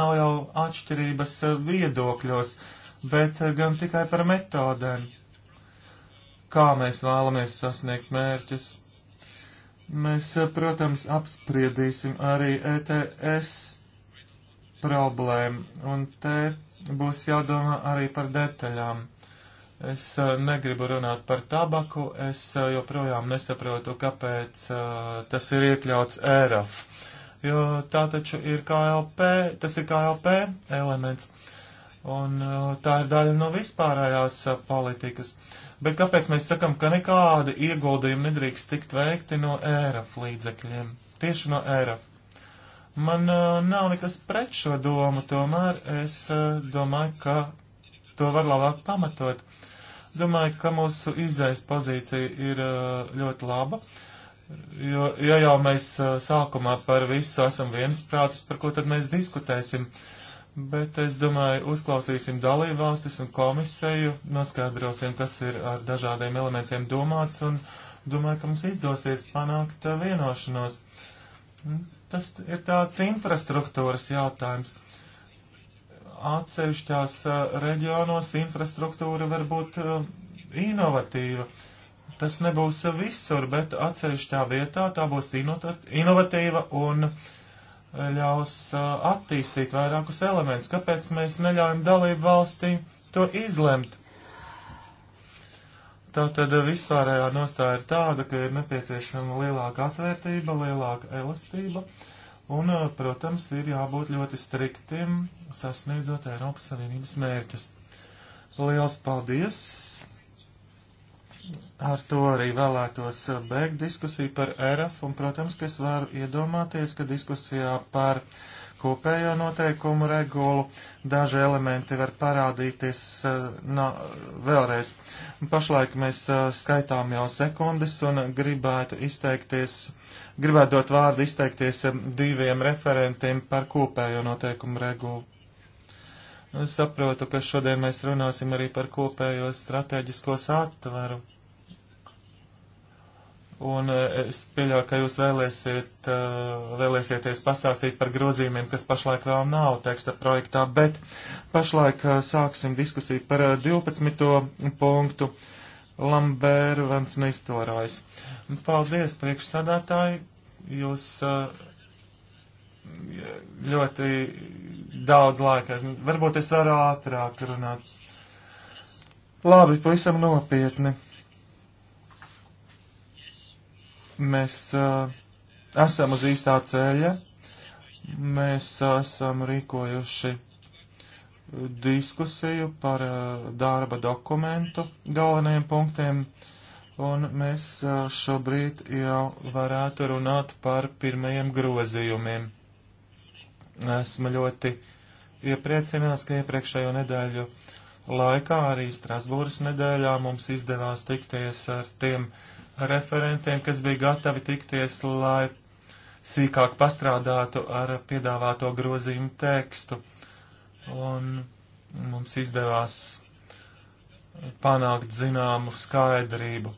Nav jau atšķirības uh, viedokļos, bet gan tikai par metodēm, kā mēs vēlamies sasniegt mērķis Mēs, eh, protams, apspriedīsim arī ETS problēmu, un te būs jādomā arī par detaļām. Es eh, negribu runāt par tabaku, es eh, joprojām nesaprotu, kāpēc tas ir iekļauts ERAF, jo tā taču ir KLP, tas ir KLP elements, un tā ir daļa no vispārējās politikas. Uh, Bet kāpēc mēs sakam, ka nekādi ieguldījumi nedrīkst tikt veikti no ēraf līdzekļiem? Tieši no ēraf. Man uh, nav nekas pret šo domu, tomēr es uh, domāju, ka to var labāk pamatot. Domāju, ka mūsu izējas pozīcija ir uh, ļoti laba. Jo, ja jau mēs uh, sākumā par visu esam viensprātis, par ko tad mēs diskutēsim? Uh, bet es domāju, uzklausīsim dalībvalstis un komisiju, noskaidrosim, kas ir ar dažādiem elementiem domāts, un domāju, ka mums izdosies panākt uh, vienošanos. Tas ir tāds infrastruktūras jautājums. Atsevišķās uh, reģionos infrastruktūra var būt uh, inovatīva. Tas nebūs visur, bet atsevišķā vietā tā būs inovatīva un uh, ļaus attīstīt vairākus elementus. Kāpēc mēs neļaujam dalību valstī to izlemt? Tātad vispārējā nostāja ir tāda, ka ir nepieciešama lielāka atvērtība, lielāka elastība, un, protams, ir jābūt ļoti striktiem, sasniedzot Eiropas Savienības mērķus. Liels paldies! Ar to arī vēlētos beigt diskusiju par ERF, un, protams, ka es varu iedomāties, ka diskusijā par kopējo noteikumu regulu daži elementi var parādīties eh, nā, vēlreiz. Pašlaik mēs eh, skaitām jau sekundes un gribētu izteikties, gribētu dot vārdu izteikties eh, diviem referentiem par kopējo noteikumu regulu. Es saprotu, ka šodien mēs runāsim arī par kopējo strateģisko satvaru Un eh, es pieļauju, ka jūs vēlēsiet, eh, vēlēsieties pastāstīt par grozījumiem, kas pašlaik vēl nav teksta projektā, bet pašlaik eh, sāksim diskusiju par 12. punktu Lambēru Vans Nistelrojs. Paldies, priekšsādātāji, jūs ļoti daudz laika, varbūt es varu ātrāk runāt. Labi, pavisam nopietni Mēs uh, esam uz īstā ceļa, mēs uh, esam rīkojuši diskusiju par uh, darba dokumentu galvenajiem punktiem, un mēs uh, šobrīd jau varētu runāt par pirmajiem grozījumiem. Esmu ļoti iepriecināts, ka iepriekšējo nedēļu laikā, arī Strasbūras nedēļā, mums izdevās tikties ar tiem uh, referentiem, kas bija gatavi tikties, lai sīkāk pastrādātu ar piedāvāto grozījumu tekstu. Un mums izdevās panākt zināmu skaidrību.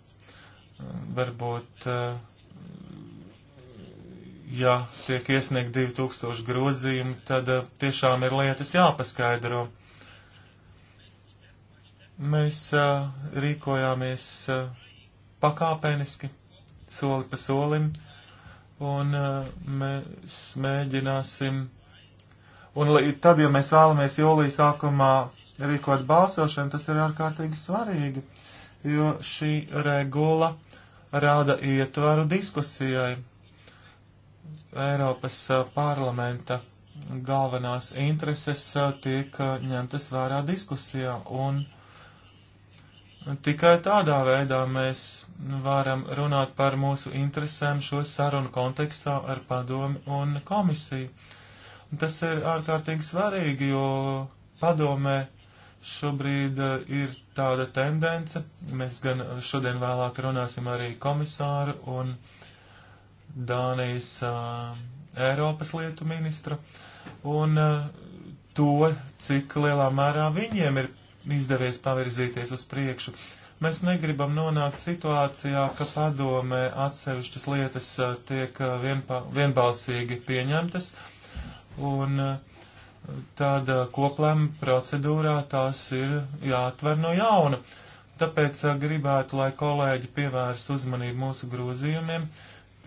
Varbūt, eh, ja tiek iesniegt 2000 grozījumu, tad eh, tiešām ir lietas jāpaskaidro. Mēs eh, rīkojāmies pakāpeniski, soli pa solim, un uh, mēs mēģināsim, un tad, ja mēs vēlamies jūlijas sākumā rīkot balsošanu, tas ir ārkārtīgi svarīgi, jo šī regula rāda ietvaru diskusijai Eiropas uh, parlamenta galvenās intereses uh, tiek uh, ņemtas vērā diskusijā, un Tikai tādā veidā mēs varam runāt par mūsu interesēm šo sarunu kontekstā ar padomi un komisiju. Tas ir ārkārtīgi svarīgi, jo padomē šobrīd eh, ir tāda tendence. Mēs gan šodien vēlāk runāsim arī komisāru un Dānijas uh, Eiropas lietu ministru un uh, to, cik lielā mērā viņiem ir izdevies pavirzīties uz priekšu. Mēs negribam nonākt situācijā, ka padomē atsevišķas lietas tiek vienpa, vienbalsīgi pieņemtas, un tādā koplēma procedūrā tās ir jāatver no jauna. Tāpēc gribētu, lai kolēģi pievērst uzmanību mūsu grozījumiem,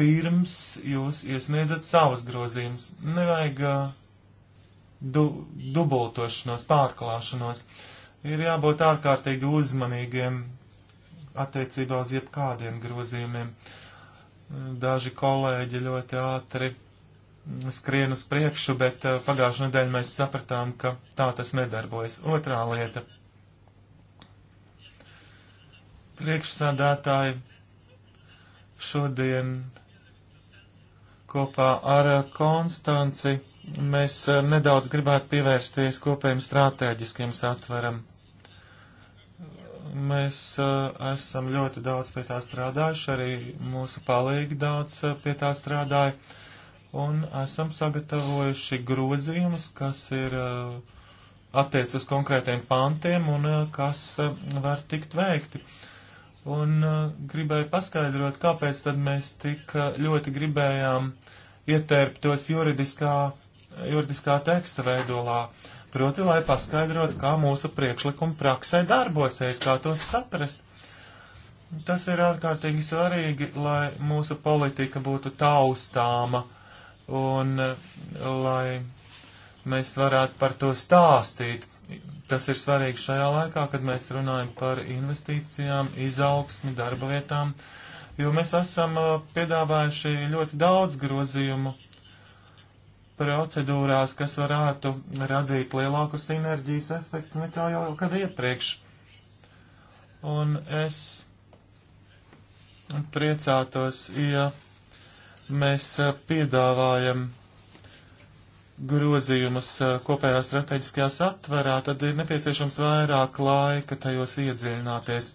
pirms jūs iesniedzat savus grozījumus. Nevajag du, dubultošanos, pārklāšanos. Uh, ir jābūt ārkārtīgi uzmanīgiem attiecībā uz jebkādiem grozījumiem. Daži kolēģi ļoti ātri skrien uz priekšu, bet eh, pagājušajā nedēļā mēs sapratām, ka tā tas nedarbojas. Otrā lieta. Priekšsādātāji šodien kopā ar Konstanci mēs eh, nedaudz gribētu pievērsties kopējiem strateģiskiem satveram. Mēs uh, esam ļoti daudz pie tā strādājuši, arī mūsu palīgi daudz uh, pie tā strādāja, un esam sagatavojuši grozījumus, kas ir uh, attiec uz konkrētiem pantiem un uh, kas uh, var tikt veikti. Un uh, gribēju paskaidrot, kāpēc tad mēs tik uh, ļoti gribējām ietērptos juridiskā, juridiskā teksta veidolā. Uh, Proti, lai paskaidrotu, kā mūsu priekšlikumi praksē darbosies, kā tos saprast. Tas ir ārkārtīgi svarīgi, lai mūsu politika būtu taustāma un eh, lai mēs varētu par to stāstīt. Tas ir svarīgi šajā laikā, kad mēs runājam par investīcijām, izaugsmi, darba vietām, jo mēs esam eh, piedāvājuši ļoti daudz grozījumu procedūrās, kas varētu radīt lielāku sinerģijas efektu nekā jau kad iepriekš. Un es priecātos, ja mēs eh, piedāvājam grozījumus eh, kopējā strateģiskajā satverā, tad ir nepieciešams vairāk laika tajos iedziļināties.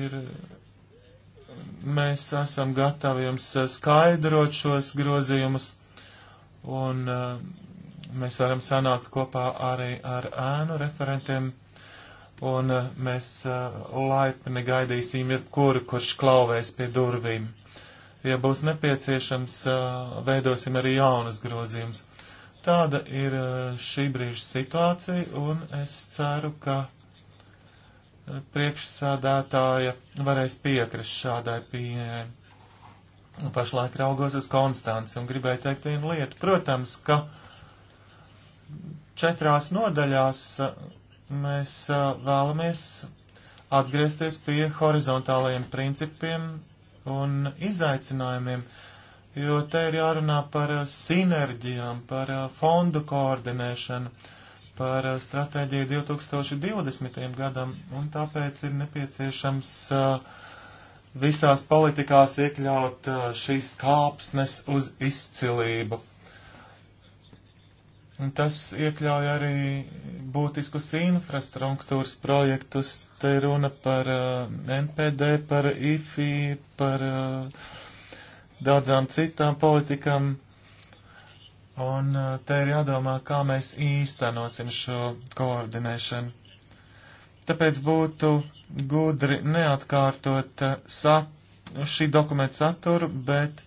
Ir Mēs esam gatavi jums eh, skaidrot šos grozījumus, un uh, mēs varam sanākt kopā arī ar ēnu referentiem, un uh, mēs uh, laipni gaidīsim jebkuru, kurš klauvēs pie durvīm. Ja būs nepieciešams, veidosim arī jaunas grozījumus. Tāda ir šī brīža situācija, un es ceru, ka priekšsādātāja varēs piekrist šādai pieejai. Nu, pašlaik raugos uz Konstanci un gribēju teikt vienu lietu. Protams, ka četrās nodaļās uh, mēs uh, vēlamies atgriezties pie horizontālajiem principiem un izaicinājumiem, jo te ir jārunā par uh, sinerģijām, par fondu koordinēšanu par eh, stratēģiju 2020. gadam, un tāpēc ir nepieciešams eh, visās politikās iekļaut eh, šīs kāpsnes uz izcilību. Un tas iekļauj arī būtiskus infrastruktūras projektus. Te runa par uh, NPD, par IFI, par uh, daudzām citām politikām. Un uh, te ir jādomā, kā mēs īstenosim šo koordinēšanu. Tāpēc būtu gudri neatkārtot uh, sat, šī dokumenta saturu, bet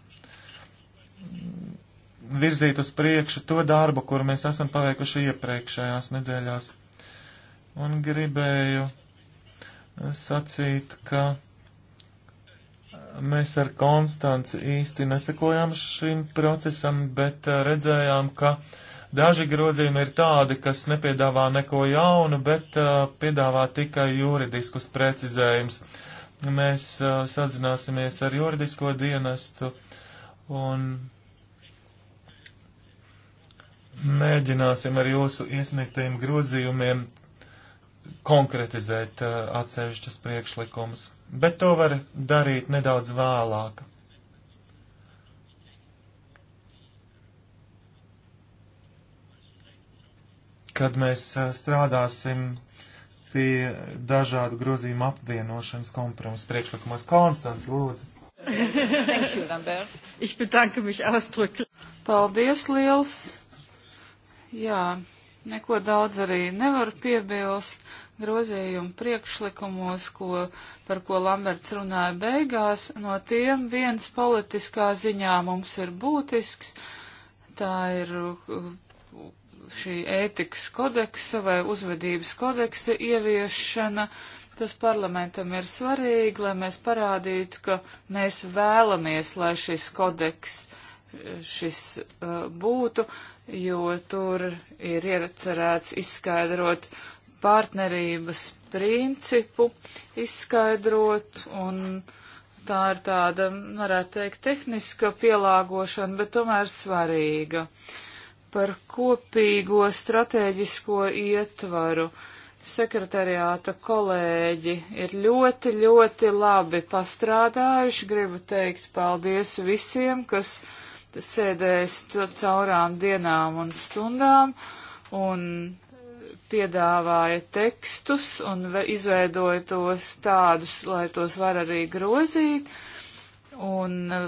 virzīt uz priekšu to darbu, kuru mēs esam paveikuši iepriekšējās nedēļās. Un gribēju sacīt, ka Mēs ar Konstanci īsti nesakojām šim procesam, bet eh, redzējām, ka daži grozījumi ir tādi, kas nepiedāvā neko jaunu, bet uh, piedāvā tikai juridiskus precizējumus. Mēs uh, sazināsimies ar juridisko dienestu un mēģināsim ar jūsu iesniegtajiem grozījumiem konkretizēt uh, atsevišķas priekšlikumus bet to var darīt nedaudz vēlāk. Kad mēs strādāsim pie dažādu grozījumu apvienošanas kompromisu priekšlikumos, Konstants, lūdzu. Thank you, Lambert. Ich bedanke mich ausdrücklich. Paldies liels. Jā, neko daudz arī nevaru piebilst grozījumu priekšlikumos, ko, par ko Lamberts runāja beigās, no tiem viens politiskā ziņā mums ir būtisks. Tā ir uh, šī ētikas kodeksa vai uzvedības kodeksa ieviešana. Tas parlamentam ir svarīgi, lai mēs parādītu, ka mēs vēlamies, lai šis kodeks šis uh, būtu, jo tur ir iecerēts izskaidrot partnerības principu izskaidrot, un tā ir tāda, varētu teikt, tehniska pielāgošana, bet tomēr svarīga. Par kopīgo strateģisko ietvaru sekretariāta kolēģi ir ļoti, ļoti labi pastrādājuši. Gribu teikt paldies visiem, kas sēdēs caurām dienām un stundām. Un piedāvāja tekstus un izveidoja tos tādus, lai tos var arī grozīt, un e,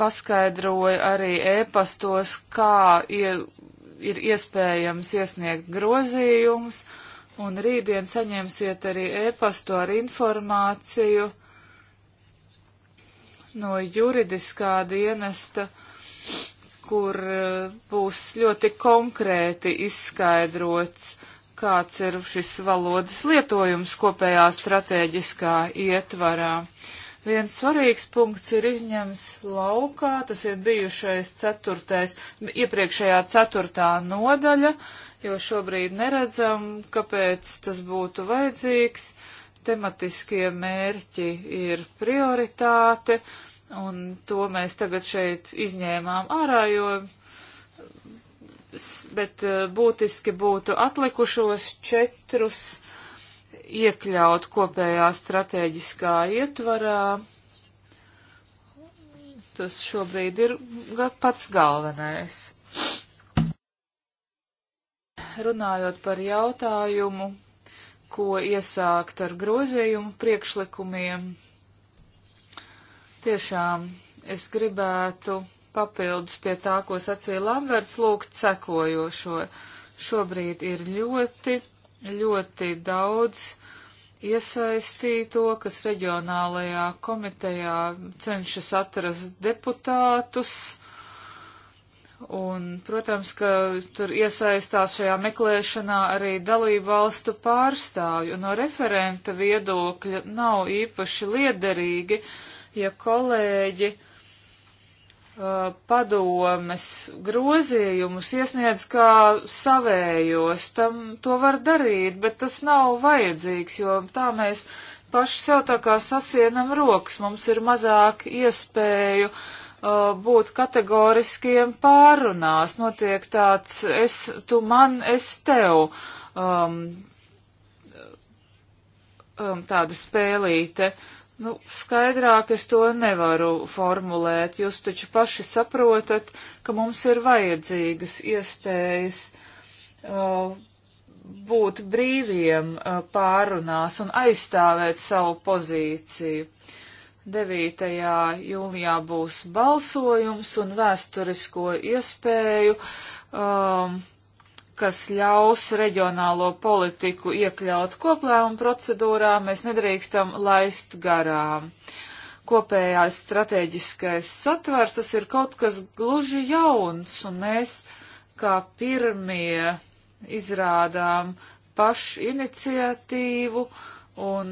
paskaidroja arī ēpastos, kā ie, ir iespējams iesniegt grozījumus, un rītdien saņemsiet arī ēpastu ar informāciju no juridiskā dienesta, kur e, būs ļoti konkrēti izskaidrots, kāds ir šis valodas lietojums kopējā stratēģiskā ietvarā. Viens svarīgs punkts ir izņems laukā, tas ir bijušais ceturtais, iepriekšējā ceturtā nodaļa, jo šobrīd neredzam, kāpēc tas būtu vajadzīgs. Tematiskie mērķi ir prioritāte, un to mēs tagad šeit izņēmām ārā, jo bet eh, būtiski būtu atlikušos četrus iekļaut kopējā strateģiskā ietvarā. Tas šobrīd ir pats galvenais. Runājot par jautājumu, ko iesākt ar grozījumu priekšlikumiem, tiešām es gribētu papildus pie tā, ko sacīja Lamberts, lūgt sekojošo. Šobrīd ir ļoti, ļoti daudz iesaistīto, kas reģionālajā komitejā cenšas atrast deputātus. Un, protams, ka tur iesaistās šajā meklēšanā arī dalību valstu pārstāvju. No referenta viedokļa nav īpaši liederīgi, ja kolēģi uh, Uh, padomes grozījumus iesniedz kā savējos, tam to var darīt, bet tas nav vajadzīgs, jo tā mēs paši sev tā kā sasienam rokas, mums ir mazāk iespēju uh, būt kategoriskiem pārunās, notiek tāds es, tu man, es tev, um, um, tāda spēlīte. Uh, Nu, skaidrāk es to nevaru formulēt. Jūs taču paši saprotat, ka mums ir vajadzīgas iespējas uh, būt brīviem uh, pārunās un aizstāvēt savu pozīciju. 9. jūlijā būs balsojums un vēsturisko iespēju. Um, uh, kas ļaus reģionālo politiku iekļaut koplēmu procedūrā, mēs nedrīkstam laist garām. Kopējās strateģiskais satvers, tas ir kaut kas gluži jauns, un mēs kā pirmie izrādām pašiniciatīvu un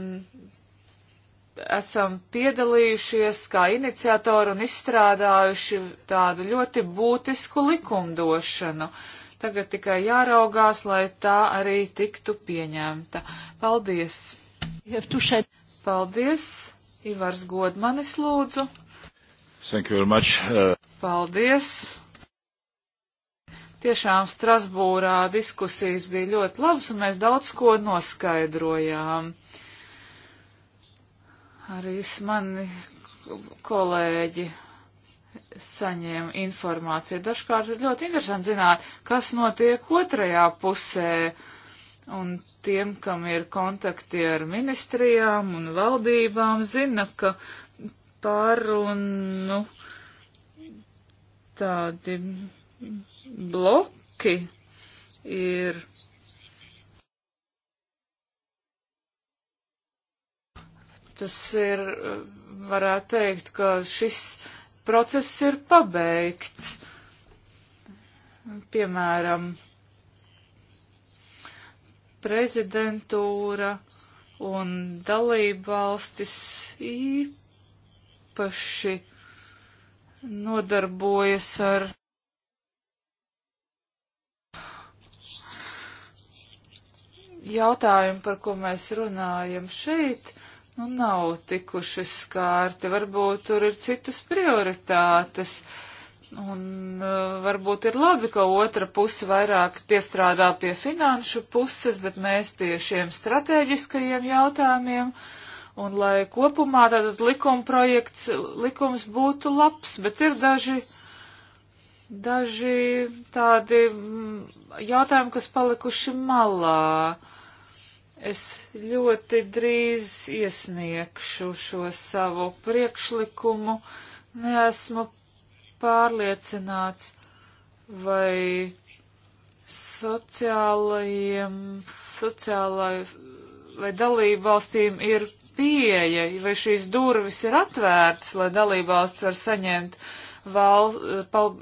esam piedalījušies kā iniciatori un izstrādājuši tādu ļoti būtisku likumdošanu. Uh, Tagad tikai jāraugās, lai tā arī tiktu pieņemta. Paldies! Paldies! Ivars Godmanis lūdzu. Thank you very much. Uh... Paldies! Tiešām Strasbūrā diskusijas bija ļoti labas un mēs daudz ko noskaidrojām. Arī mani kolēģi saņēmu informāciju. Dažkārt ir ļoti interesanti zināt, kas notiek otrajā pusē. Un tiem, kam ir kontakti ar ministrijām un valdībām, zina, ka pārunu tādi bloki ir. Tas ir, varētu teikt, ka šis process ir pabeigts. Piemēram, prezidentūra un dalībvalstis īpaši nodarbojas ar jautājumu, par ko mēs runājam šeit, nu, nav tikuši skārti. Varbūt tur ir citas prioritātes. Un uh, varbūt ir labi, ka otra puse vairāk piestrādā pie finanšu puses, bet mēs pie šiem strateģiskajiem jautājumiem. Un lai kopumā tātad likuma projekts, likums būtu labs, bet ir daži, daži tādi mm, jautājumi, kas palikuši malā. Uh, Es ļoti drīz iesniegšu šo savu priekšlikumu. Neesmu pārliecināts, vai sociālajiem, sociālai vai dalību valstīm ir pieeja, vai šīs durvis ir atvērtas, lai dalību valsts var saņemt val, pal,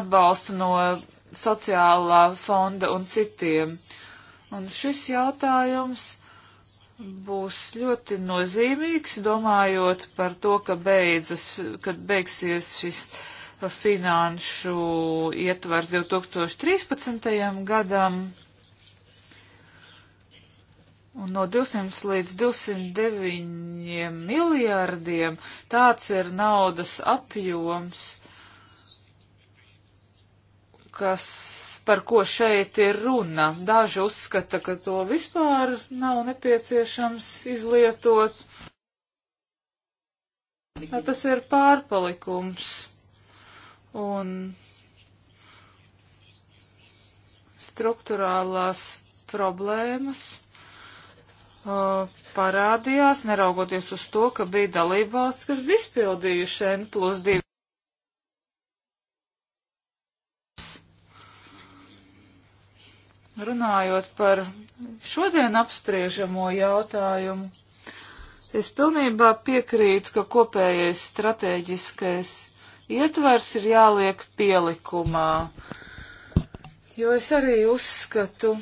atbalstu no sociālā fonda un citiem. Uh, Un šis jautājums būs ļoti nozīmīgs, domājot par to, ka beidzas, kad beigsies šis finanšu ietvars 2013. gadam. Un no 200 līdz 209 miljārdiem tāds ir naudas apjoms, kas par ko šeit ir runa. Daži uzskata, ka to vispār nav nepieciešams izlietot. Ja tas ir pārpalikums. Un struktūrālās problēmas uh, parādījās, neraugoties uz to, ka bija dalībvalsts, kas bija izpildījuši N plus 2 Runājot par šodien apspriežamo jautājumu, es pilnībā piekrītu, ka kopējais strateģiskais ietvers ir jāliek pielikumā, jo es arī uzskatu,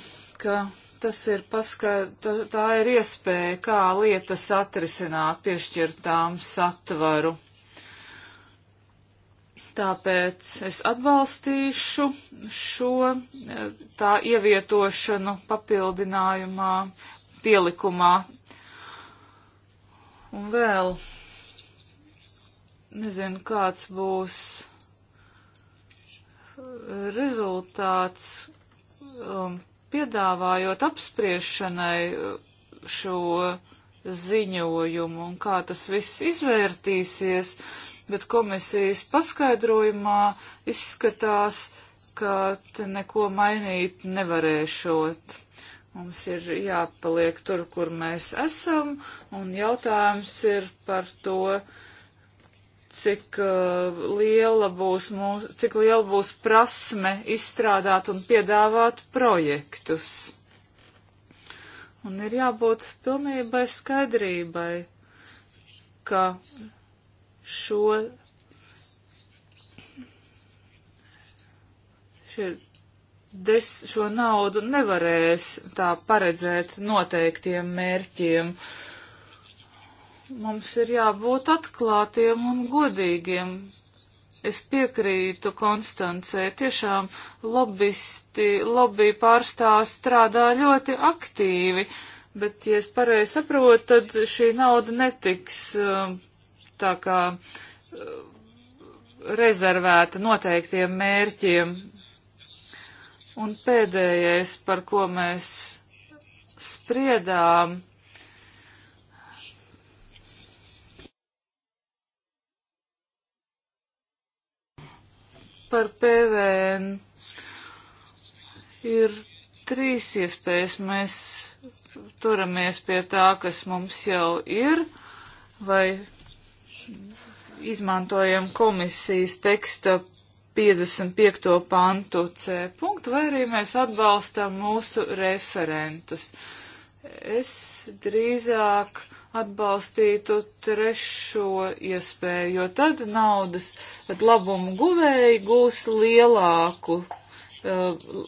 ka tas ir paskaidrs, tā, tā ir iespēja, kā lietas atrisināt piešķirtām satvaru. Tāpēc es atbalstīšu šo eh, tā ievietošanu papildinājumā, pielikumā. Un vēl nezinu, kāds būs rezultāts, um, piedāvājot apspriešanai uh, šo ziņojumu un kā tas viss izvērtīsies. Uh, bet komisijas paskaidrojumā izskatās, ka te neko mainīt nevarēšot. Mums ir jāpaliek tur, kur mēs esam, un jautājums ir par to, cik uh, liela būs mūsu, cik liela būs prasme izstrādāt un piedāvāt projektus. Un ir jābūt pilnībai skaidrībai, ka šo šie des, šo naudu nevarēs tā paredzēt noteiktiem mērķiem. Mums ir jābūt atklātiem un godīgiem. Es piekrītu Konstancē, tiešām lobbysti, lobby pārstāvs strādā ļoti aktīvi, bet, ja es pareizi saprotu, tad šī nauda netiks uh, tā kā eh, rezervēta noteiktiem mērķiem. Un pēdējais, par ko mēs spriedām, par PVN ir trīs iespējas. Mēs turamies pie tā, kas mums jau ir, vai izmantojam komisijas teksta 55. pantu C punktu, vai arī mēs atbalstam mūsu referentus. Es drīzāk atbalstītu trešo iespēju, jo tad naudas, tad labumu guvēji gūs lielāku, uh,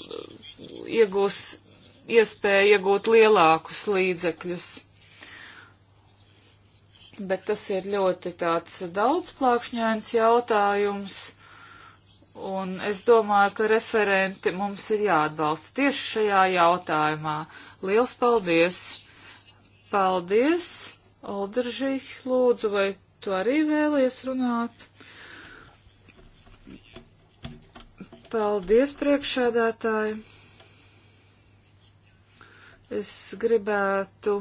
iegūs iespēju iegūt lielākus līdzekļus bet tas ir ļoti tāds daudzplākšņains jautājums, un es domāju, ka referenti mums ir jāatbalsta tieši šajā jautājumā. Liels paldies! Paldies! Aldržīk, lūdzu, vai tu arī vēlies runāt? Paldies, priekšādātāji! Es gribētu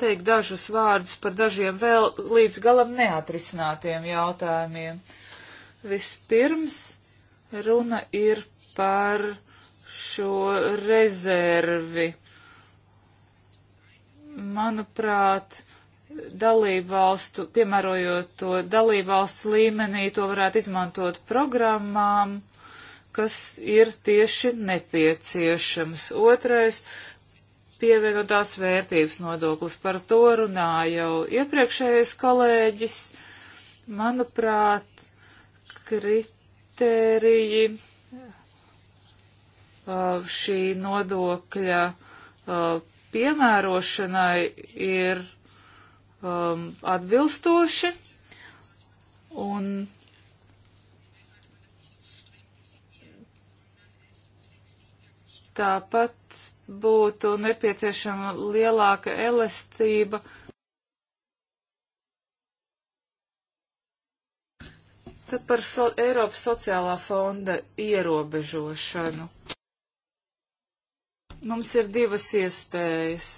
teikt dažus vārdus par dažiem vēl līdz galam neatrisinātiem jautājumiem. Vispirms runa ir par šo rezervi. Manuprāt, dalībvalstu, piemērojot to dalībvalstu līmenī, to varētu izmantot programmām, kas ir tieši nepieciešams. Otrais pievienotās vērtības nodoklis. Par to runāja jau iepriekšējais kolēģis. Manuprāt, kritēriji uh, šī nodokļa uh, piemērošanai ir um, atbilstoši un tāpat būtu nepieciešama lielāka elastība. Tad par so Eiropas sociālā fonda ierobežošanu. Mums ir divas iespējas.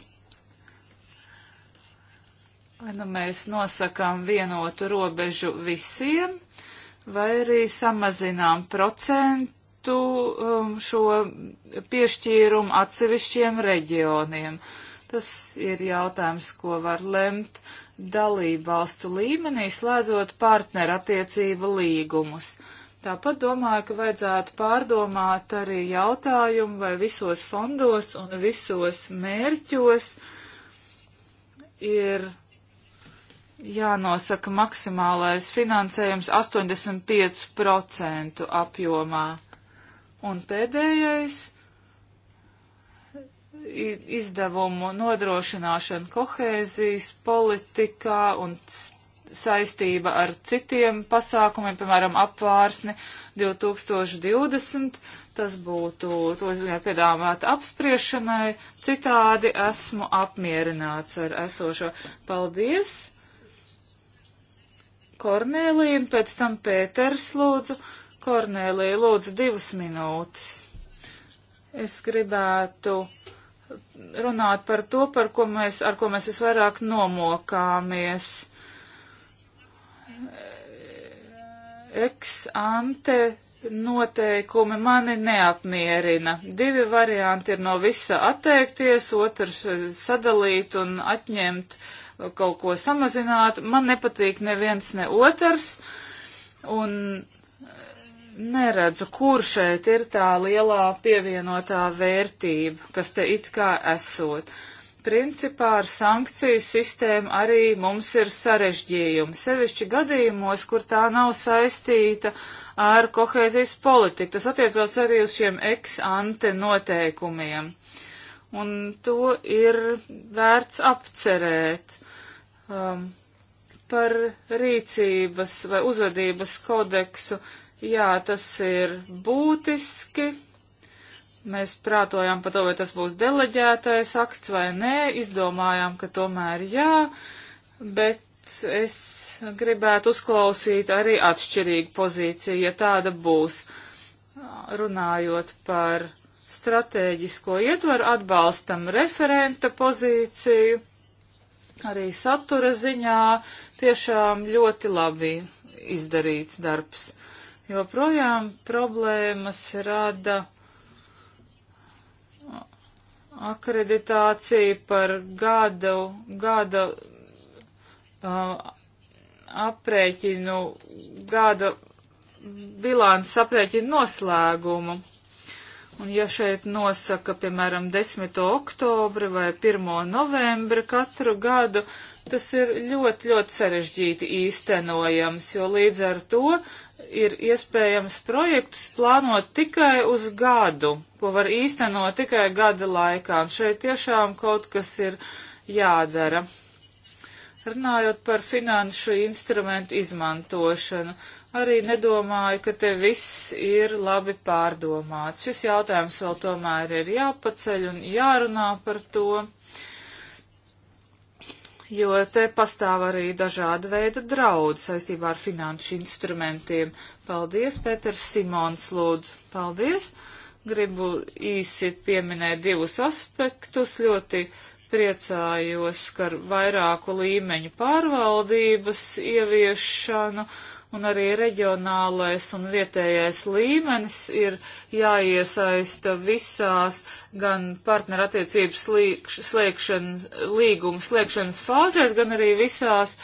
Vai nu mēs nosakām vienotu robežu visiem, vai arī samazinām procentu noteiktu um, šo piešķīrumu atsevišķiem reģioniem. Tas ir jautājums, ko var lemt dalību valstu līmenī, slēdzot partnerattiecību līgumus. Tāpat domāju, ka vajadzētu pārdomāt arī jautājumu, vai visos fondos un visos mērķos ir jānosaka maksimālais finansējums 85% apjomā. Un pēdējais izdevumu nodrošināšana kohēzijas politikā un saistība ar citiem pasākumiem, piemēram, apvārsni 2020. Tas būtu, to es gribētu piedāvāt apspriešanai. Citādi esmu apmierināts ar esošo. Paldies! Kornēlīna, pēc tam Pēters lūdzu. Kornēlija, lūdzu, divas minūtes. Es gribētu runāt par to, par ko mēs, ar ko mēs visvairāk nomokāmies. Ex ante noteikumi mani neapmierina. Divi varianti ir no visa atteikties, otrs sadalīt un atņemt, kaut ko samazināt. Man nepatīk neviens ne otrs. Un neredzu, kur šeit ir tā lielā pievienotā vērtība, kas te it kā esot. Principā ar sankciju sistēmu arī mums ir sarežģījumi, sevišķi gadījumos, kur tā nav saistīta ar kohēzijas politiku. Tas attiecās arī uz šiem ex ante noteikumiem. Un to ir vērts apcerēt. Um, par rīcības vai uzvedības kodeksu Jā, tas ir būtiski. Mēs prātojām par to, vai tas būs deleģētais akts vai nē, izdomājām, ka tomēr jā, bet es gribētu uzklausīt arī atšķirīgu pozīciju, ja tāda būs, runājot par stratēģisko ietvaru, atbalstam referenta pozīciju, arī satura ziņā tiešām ļoti labi izdarīts darbs joprojām problēmas rada akreditācija par gada, gada uh, aprēķinu, gada bilāns aprēķinu noslēgumu. Un ja šeit nosaka, piemēram, 10. oktobri vai 1. novembri katru gadu, tas ir ļoti, ļoti sarežģīti īstenojams, jo līdz ar to ir iespējams projektus plānot tikai uz gadu, ko var īstenot tikai gada laikā. Un šeit tiešām kaut kas ir jādara. Runājot par finanšu instrumentu izmantošanu, arī nedomāju, ka te viss ir labi pārdomāts. Šis jautājums vēl tomēr ir jāpaceļ un jārunā par to, jo te pastāv arī dažāda veida draudi saistībā ar finanšu instrumentiem. Paldies, Pēters Simons, lūdzu. Paldies! Gribu īsi pieminēt divus aspektus ļoti priecājos, ka ar vairāku līmeņu pārvaldības ieviešanu un arī reģionālais un vietējais līmenis ir jāiesaista visās gan partnerattiecības slēgšanas, līguma slēgšanas fāzēs, gan arī visās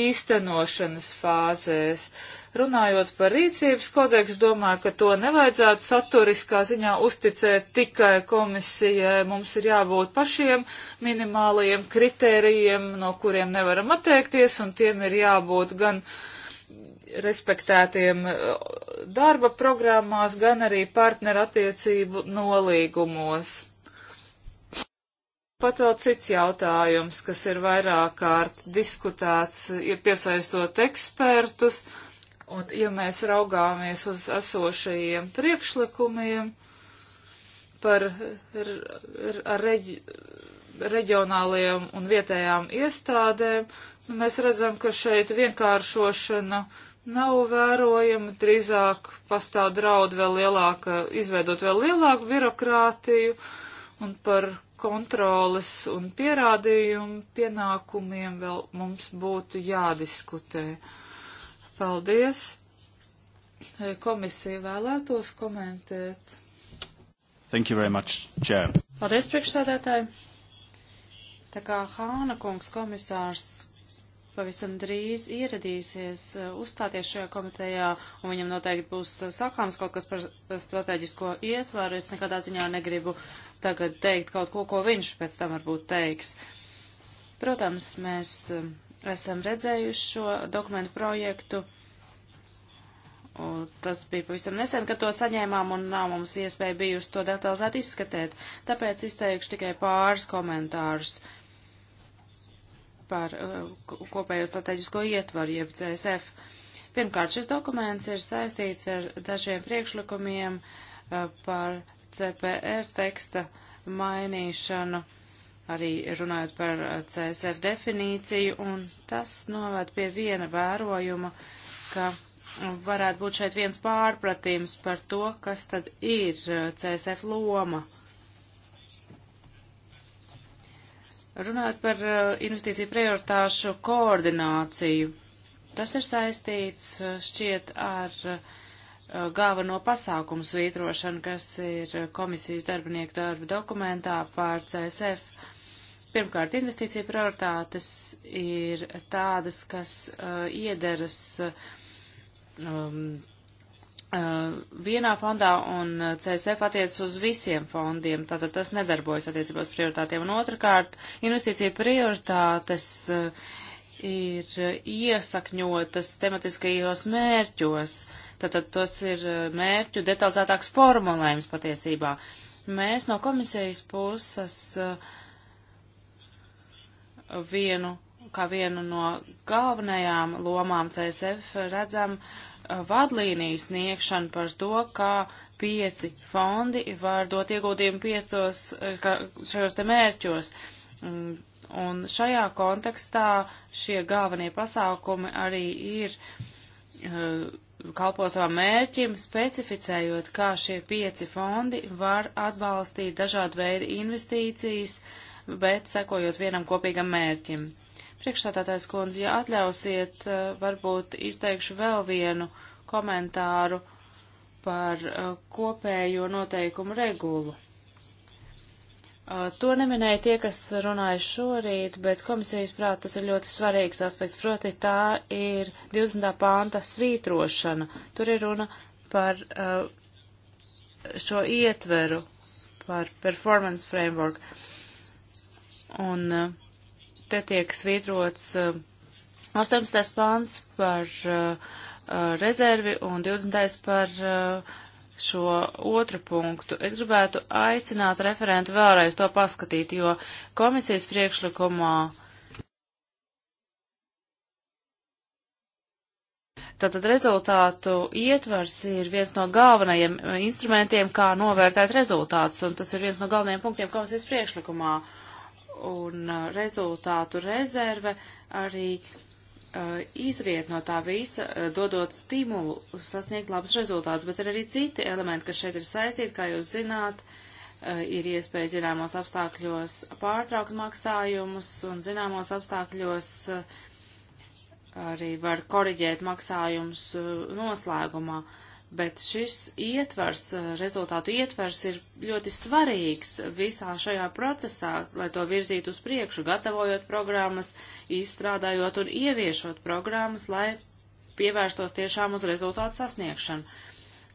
īstenošanas fāzēs. Uh, Runājot par rīcības kodeksu, domāju, ka to nevajadzētu saturiskā ziņā uzticēt tikai komisijai. Mums ir jābūt pašiem minimālajiem kritērijiem, no kuriem nevaram atteikties, un tiem ir jābūt gan respektētiem eh, darba programmās, gan arī partnerattiecību nolīgumos pat vēl cits jautājums, kas ir vairāk kārt diskutēts, ja piesaistot ekspertus, Un, ja mēs raugāmies uz esošajiem priekšlikumiem par reģi, reģionālajiem un vietējām iestādēm, nu, mēs redzam, ka šeit vienkāršošana nav vērojama, drīzāk pastāv draud vēl lielāka, izveidot vēl lielāku birokrātiju un par kontroles un pierādījumu pienākumiem vēl mums būtu jādiskutē. Paldies! Komisija vēlētos komentēt. Thank you very much, Chair. Paldies, priekšsēdētāji. Tā kā Hāna kungs komisārs pavisam drīz ieradīsies uh, uzstāties šajā komitejā, un viņam noteikti būs uh, sakāms kaut kas par uh, strateģisko ietvaru. Es nekādā ziņā negribu tagad teikt kaut ko, ko viņš pēc tam varbūt teiks. Protams, mēs um, esam redzējuši šo dokumentu projektu. Un tas bija pavisam nesen, kad to saņēmām un nav mums iespēja bijusi to detalizēt izskatēt. Tāpēc izteikšu tikai pāris komentārus par uh, kopējo strateģisko ietvaru, jeb CSF. Pirmkārt, šis dokuments ir saistīts ar dažiem priekšlikumiem uh, par CPR teksta mainīšanu arī runājot par eh, CSF definīciju, un tas novērt pie viena vērojuma, ka eh, varētu būt šeit viens pārpratījums par to, kas tad ir eh, CSF loma. Runājot par investīciju prioritāšu koordināciju, tas ir saistīts šķiet ar galveno pasākumu svītrošanu, kas ir komisijas darbinieku darba dokumentā pār CSF. Pirmkārt, investīcija prioritātes ir tādas, kas uh, iederas um, uh, vienā fondā un uh, CSF attiecas uz visiem fondiem, tātad tas nedarbojas attiecībā uz prioritātiem. Un otrkārt, investīcija prioritātes uh, ir iesakņotas tematiskajos mērķos, tātad tos ir uh, mērķu detalizētāks formulējums patiesībā. Mēs no komisijas puses uh, vienu, kā vienu no galvenajām lomām CSF redzam uh, vadlīniju sniegšanu par to, kā pieci fondi var dot ieguldījumu piecos, uh, ka, šajos te mērķos. Un šajā kontekstā šie galvenie pasākumi arī ir uh, kalpo savam mērķim, specificējot, kā šie pieci fondi var atbalstīt dažādu veidu investīcijas, uh, bet sekojot vienam kopīgam mērķim. Priekšstādātājs kundze, ja atļausiet, eh, varbūt izteikšu vēl vienu komentāru par eh, kopējo noteikumu regulu. Eh, to neminēja tie, kas runāja šorīt, bet komisijas prāt tas ir ļoti svarīgs aspekts, proti tā ir 20. pānta svītrošana. Tur ir runa par šo ietveru, par performance framework. Un eh, te tiek svītrots 18. Eh, pāns par eh, rezervi un 20. par šo otru punktu. Es gribētu aicināt referentu vēlreiz to paskatīt, jo komisijas priekšlikumā Tātad rezultātu ietvars ir viens no galvenajiem instrumentiem, kā novērtēt rezultātus, un tas ir viens no galvenajiem punktiem komisijas priekšlikumā. Uh, un uh, rezultātu rezerve arī uh, izriet no tā visa, uh, dodot stimulu sasniegt labus rezultātus, bet ir arī citi elementi, kas šeit ir saistīti, kā jūs zināt, uh, ir iespēja zināmos apstākļos pārtraukt maksājumus un zināmos apstākļos uh, arī var koriģēt maksājumus uh, noslēgumā. Uh, bet šis ietvers, eh, rezultātu ietvers ir ļoti svarīgs visā šajā procesā, lai to virzītu uz priekšu, gatavojot programmas, izstrādājot un ieviešot programmas, lai pievērstos tiešām uz rezultātu sasniegšanu.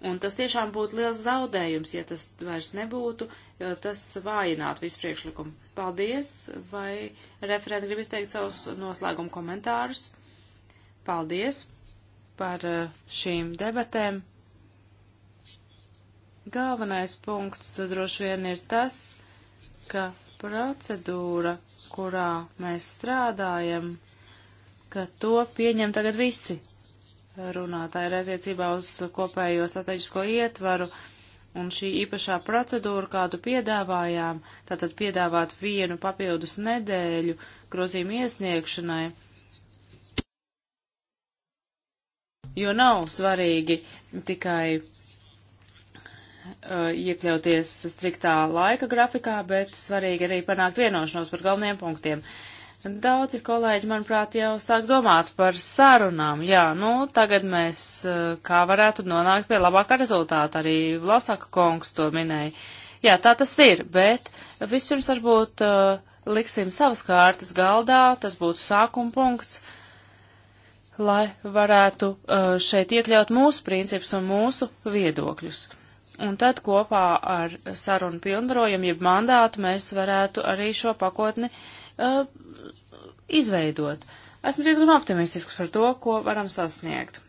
Un tas tiešām būtu liels zaudējums, ja tas vairs nebūtu, jo tas vājinātu visu priekšlikumu. Paldies, vai referenti grib izteikt savus noslēguma komentārus? Paldies! par eh, šīm debatēm. Galvenais punkts eh, droši vien ir tas, ka procedūra, kurā mēs strādājam, ka to pieņem tagad visi runātāji ir attiecībā uz kopējo strateģisko ietvaru, un šī īpašā procedūra, kādu piedāvājām, tātad piedāvāt vienu papildus nedēļu grozījumu iesniegšanai, jo nav svarīgi tikai Eh, iekļauties striktā laika grafikā, bet svarīgi arī panākt vienošanos par galveniem punktiem. Daudzi kolēģi, manuprāt, jau sāk domāt par sarunām. Jā, nu, tagad mēs eh, kā varētu nonākt pie labākā rezultāta. Arī Vlasaka kungs to minēja. Jā, tā tas ir, bet vispirms varbūt uh, liksim savas kārtas galdā, tas būtu sākuma punkts lai varētu šeit iekļaut mūsu principus un mūsu viedokļus un tad kopā ar sarunu pilnvarojumu, jeb mandātu, mēs varētu arī šo pakotni uh, izveidot. Esmu diezgan optimistisks par to, ko varam sasniegt.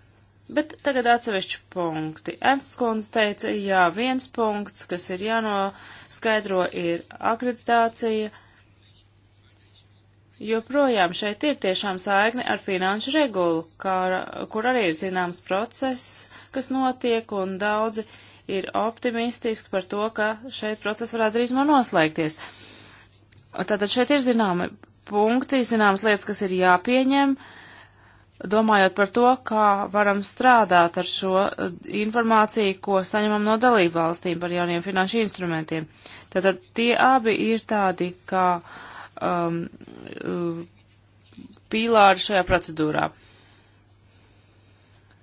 Bet tagad atsevišķi punkti. Ernsts Kundze teica, jā, viens punkts, kas ir jānoskaidro, ir akreditācija. Joprojām šeit ir tiešām saikne ar finanšu regulu, kā, kur arī ir zināms process, kas notiek, un daudzi uh, ir optimistiski par to, ka šeit process varētu drīzumā noslēgties. Tātad šeit ir zināmi punkti, zināmas lietas, kas ir jāpieņem, domājot par to, kā varam strādāt ar šo eh, informāciju, ko saņemam no dalību valstīm par jauniem finanšu instrumentiem. Tātad tie abi ir tādi, kā um, eh, pīlāri šajā procedūrā.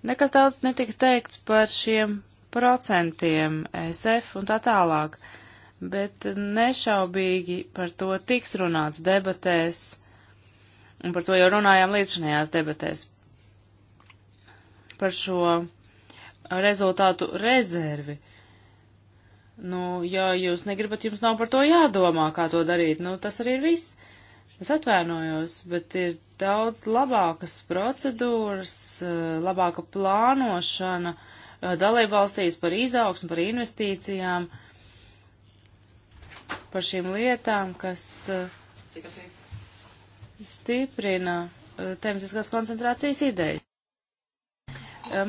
Nekas daudz netika teikts par šiem procentiem SF un tā tālāk, bet nešaubīgi par to tiks runāts debatēs, un par to jau runājām līdzinājās debatēs, par šo rezultātu rezervi. Nu, ja jūs negribat, jums nav par to jādomā, kā to darīt, nu, tas arī ir viss. Es atvainojos, bet ir daudz labākas procedūras, eh, labāka plānošana, Uh, dalībvalstīs par izaugsmu, par investīcijām, par šīm lietām, kas uh, stiprina uh, tematiskās koncentrācijas ideju.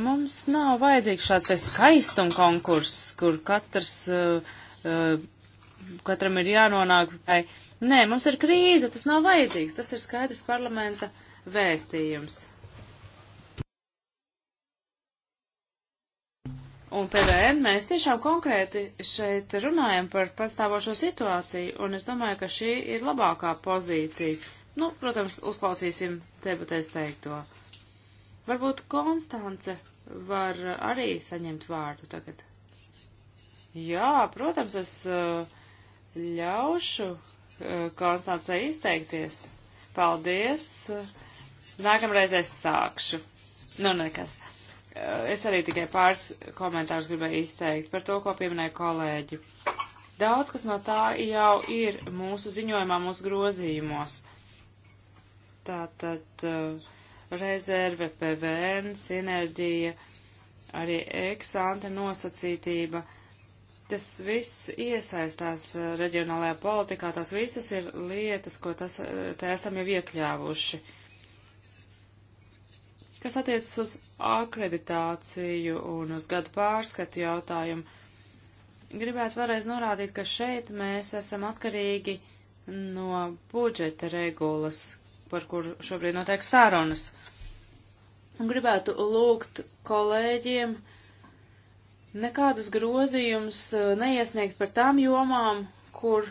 Mums nav vajadzīgs šāds te skaistuma konkurss, kur katrs, katram ir jānonāk. Nē, mums ir krīze, tas nav vajadzīgs, tas ir skaidrs parlamenta vēstījums. un PVN, mēs tiešām konkrēti šeit runājam par pastāvošo situāciju, un es domāju, ka šī ir labākā pozīcija. Nu, protams, uzklausīsim debatēs teikto. Varbūt Konstance var arī saņemt vārdu tagad. Jā, protams, es uh, ļaušu uh, Konstancei izteikties. Paldies! Nākamreiz es sākšu. Nu, nekas es arī tikai pāris komentārus gribēju izteikt par to, ko pieminēja kolēģi. Daudz kas no tā jau ir mūsu ziņojumā, mūsu grozījumos. Tātad uh, rezerve, PVN, sinerģija, arī eksante nosacītība. Tas viss iesaistās uh, reģionālajā politikā, tās visas ir lietas, ko tas, uh, te esam jau iekļāvuši. Kas attiecas uz akreditāciju un uz gadu pārskatu jautājumu. Gribētu vēlreiz norādīt, ka šeit mēs esam atkarīgi no budžeta regulas, par kur šobrīd notiek sārunas. Un gribētu lūgt kolēģiem nekādus grozījumus eh, neiesniegt par tām jomām, kur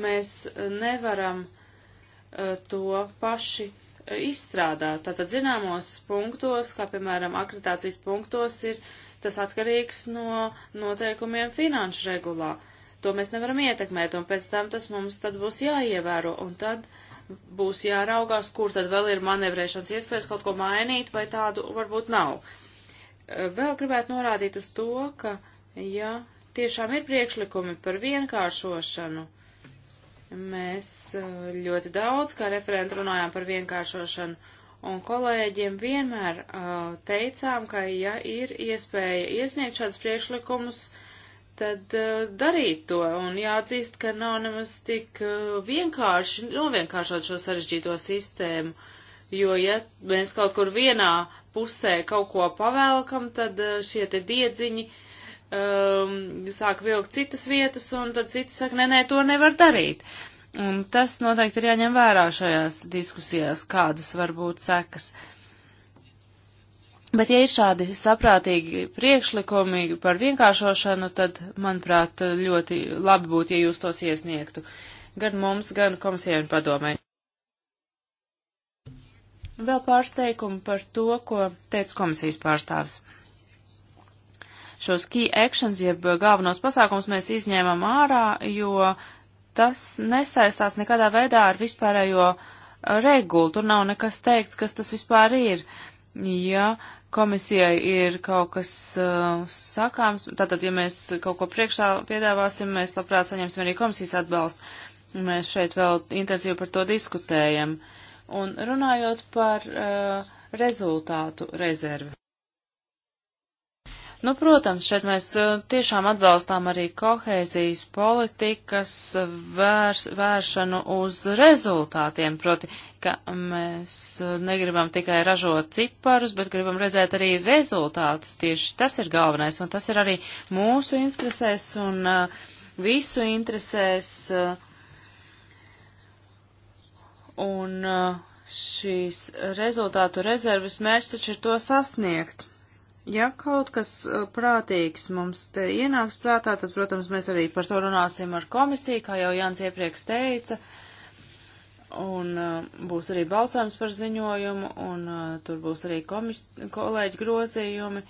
mēs nevaram eh, to paši izstrādāt. Tātad zināmos punktos, kā piemēram akreditācijas punktos, ir tas atkarīgs no noteikumiem finanšu regulā. To mēs nevaram ietekmēt, un pēc tam tas mums tad būs jāievēro, un tad būs jāraugās, kur tad vēl ir manevrēšanas iespējas kaut ko mainīt, vai tādu varbūt nav. Vēl gribētu norādīt uz to, ka, ja tiešām ir priekšlikumi par vienkāršošanu, uh, Mēs uh, ļoti daudz, kā referenti, runājām par vienkāršošanu, un kolēģiem vienmēr uh, teicām, ka, ja ir iespēja iesniegt šādus priekšlikumus, tad uh, darīt to, un jāatzīst, ka nav nemaz tik uh, vienkārši novienkāršot šo sarežģīto sistēmu, jo, ja mēs kaut kur vienā pusē kaut ko pavēlkam, tad uh, šie te diedziņi uh, um, sāk vilkt citas vietas, un tad citi saka, nē, nē, to nevar darīt. Un tas noteikti ir jāņem vērā šajās diskusijās, kādas var būt sekas. Bet, ja ir šādi saprātīgi priekšlikumi par vienkāršošanu, tad, manuprāt, ļoti labi būtu, ja jūs tos iesniegtu gan mums, gan komisijai un padomai. Vēl pārsteigumu par to, ko teica komisijas pārstāvs šos key actions, jeb galvenos pasākums mēs izņēmām ārā, jo tas nesaistās nekādā veidā ar vispārējo regulu. Tur nav nekas teikts, kas tas vispār ir. Ja komisijai ir kaut kas uh, sakāms, tātad, ja mēs kaut ko priekšā piedāvāsim, mēs labprāt saņemsim arī komisijas atbalstu. Mēs šeit vēl intensīvi par to diskutējam. Un runājot par uh, rezultātu rezervi. Nu, protams, šeit mēs eh, tiešām atbalstām arī kohēzijas politikas vērs, vēršanu uz rezultātiem, proti, ka mēs eh, negribam tikai ražot ciparus, bet gribam redzēt arī rezultātus. Tieši tas ir galvenais, un tas ir arī mūsu interesēs un uh, visu interesēs. Uh, un uh, šīs rezultātu rezerves mērķis taču ir to sasniegt. Ja kaut kas uh, prātīgs mums te ienāks prātā, tad, protams, mēs arī par to runāsim ar komisiju, kā jau Jānis iepriekš teica, un uh, būs arī balsojums par ziņojumu, un uh, tur būs arī komis, kolēģi grozījumi.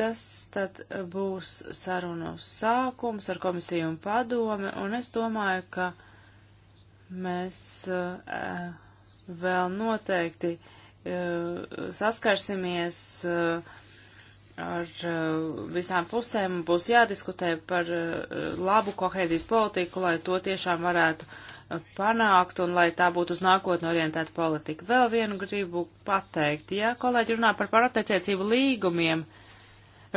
Tas tad uh, būs sarunu sākums ar komisiju un padomi, un es domāju, ka mēs uh, vēl noteikti uh, saskarsimies uh, ar uh, visām pusēm būs jādiskutē par uh, labu kohēzijas politiku, lai to tiešām varētu uh, panākt un lai tā būtu uz nākotnē orientēta politika. Vēl vienu gribu pateikt, ja kolēģi runā par paratēcēcību līgumiem,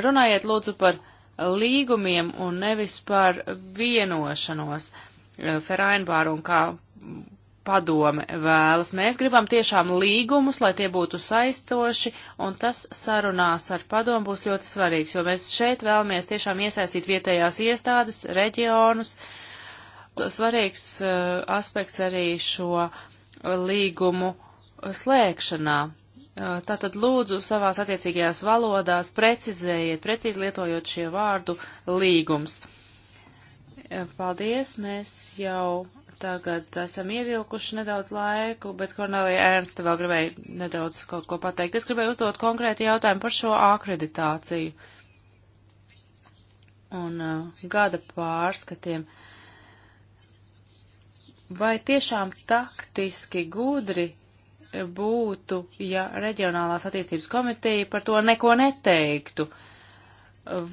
runājiet lūdzu par līgumiem un nevis par vienošanos. Ferainbāru un kā padome vēlas. Mēs gribam tiešām līgumus, lai tie būtu saistoši, un tas sarunās ar padomu būs ļoti svarīgs, jo mēs šeit vēlamies tiešām iesaistīt vietējās iestādes, reģionus. Svarīgs uh, aspekts arī šo līgumu slēgšanā. Uh, tātad lūdzu savās attiecīgajās valodās precizējiet, precīzi lietojot šie vārdu līgums. Eh, paldies, mēs jau Tagad esam ievilkuši nedaudz laiku, bet Kornelija Ernsta vēl gribēja nedaudz kaut ko pateikt. Es gribēju uzdot konkrēti jautājumu par šo akreditāciju un uh, gada pārskatiem. Vai tiešām taktiski gudri būtu, ja reģionālās attīstības komiteja par to neko neteiktu?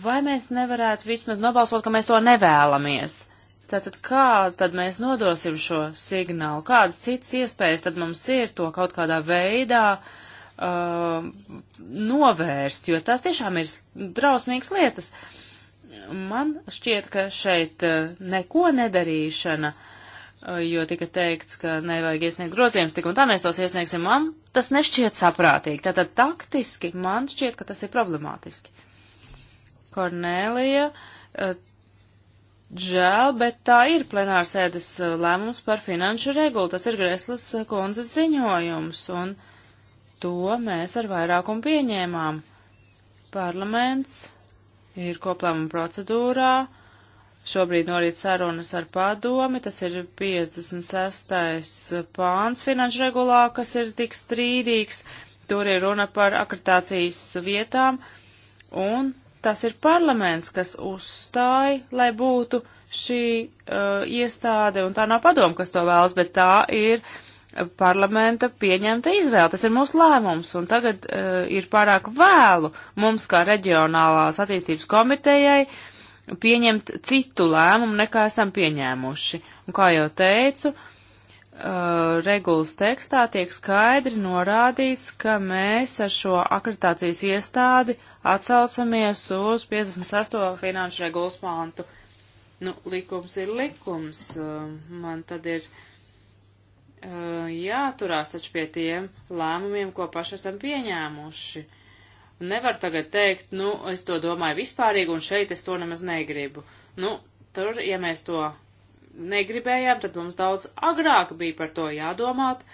Vai mēs nevarētu vismaz nobalsot, ka mēs to nevēlamies? Tātad kā tad mēs nodosim šo signālu? Kādas citas iespējas tad mums ir to kaut kādā veidā uh, novērst, jo tās tiešām ir drausmīgas lietas. Man šķiet, ka šeit uh, neko nedarīšana, uh, jo tika teikts, ka nevajag iesniegt grozījumus, tik un tā mēs tos iesniegsim, man tas nešķiet saprātīgi. Tātad taktiski man šķiet, ka tas ir problemātiski. Kornēlija. Uh, Žēl, bet tā ir plenārsēdes eh, lēmums par finanšu regulu. Tas ir Greslas eh, kundzes ziņojums, un to mēs ar vairākumu pieņēmām. Parlaments ir koplēmuma procedūrā. Šobrīd norīt sarunas ar padomi, tas ir 56. Eh, pāns finanšu regulā, kas ir tik strīdīgs. Tur ir runa par akreditācijas vietām, un tas ir parlaments, kas uzstāja, lai būtu šī uh, iestāde, un tā nav padoma, kas to vēlas, bet tā ir parlamenta pieņemta izvēle. Tas ir mūsu lēmums, un tagad uh, ir pārāk vēlu mums, kā reģionālās attīstības komitejai, pieņemt citu lēmumu, nekā esam pieņēmuši. Un kā jau teicu, Uh, regulas tekstā tiek skaidri norādīts, ka mēs ar šo akreditācijas iestādi atsaucamies uz 58. finanšu regulas pāntu. Nu, likums ir likums. Um, man tad ir uh, jāturās taču pie tiem lēmumiem, ko paši esam pieņēmuši. Nevar tagad teikt, nu, es to domāju vispārīgi un šeit es to nemaz negribu. Nu, tur, ja mēs to negribējām, tad mums daudz agrāk bija par to jādomāt,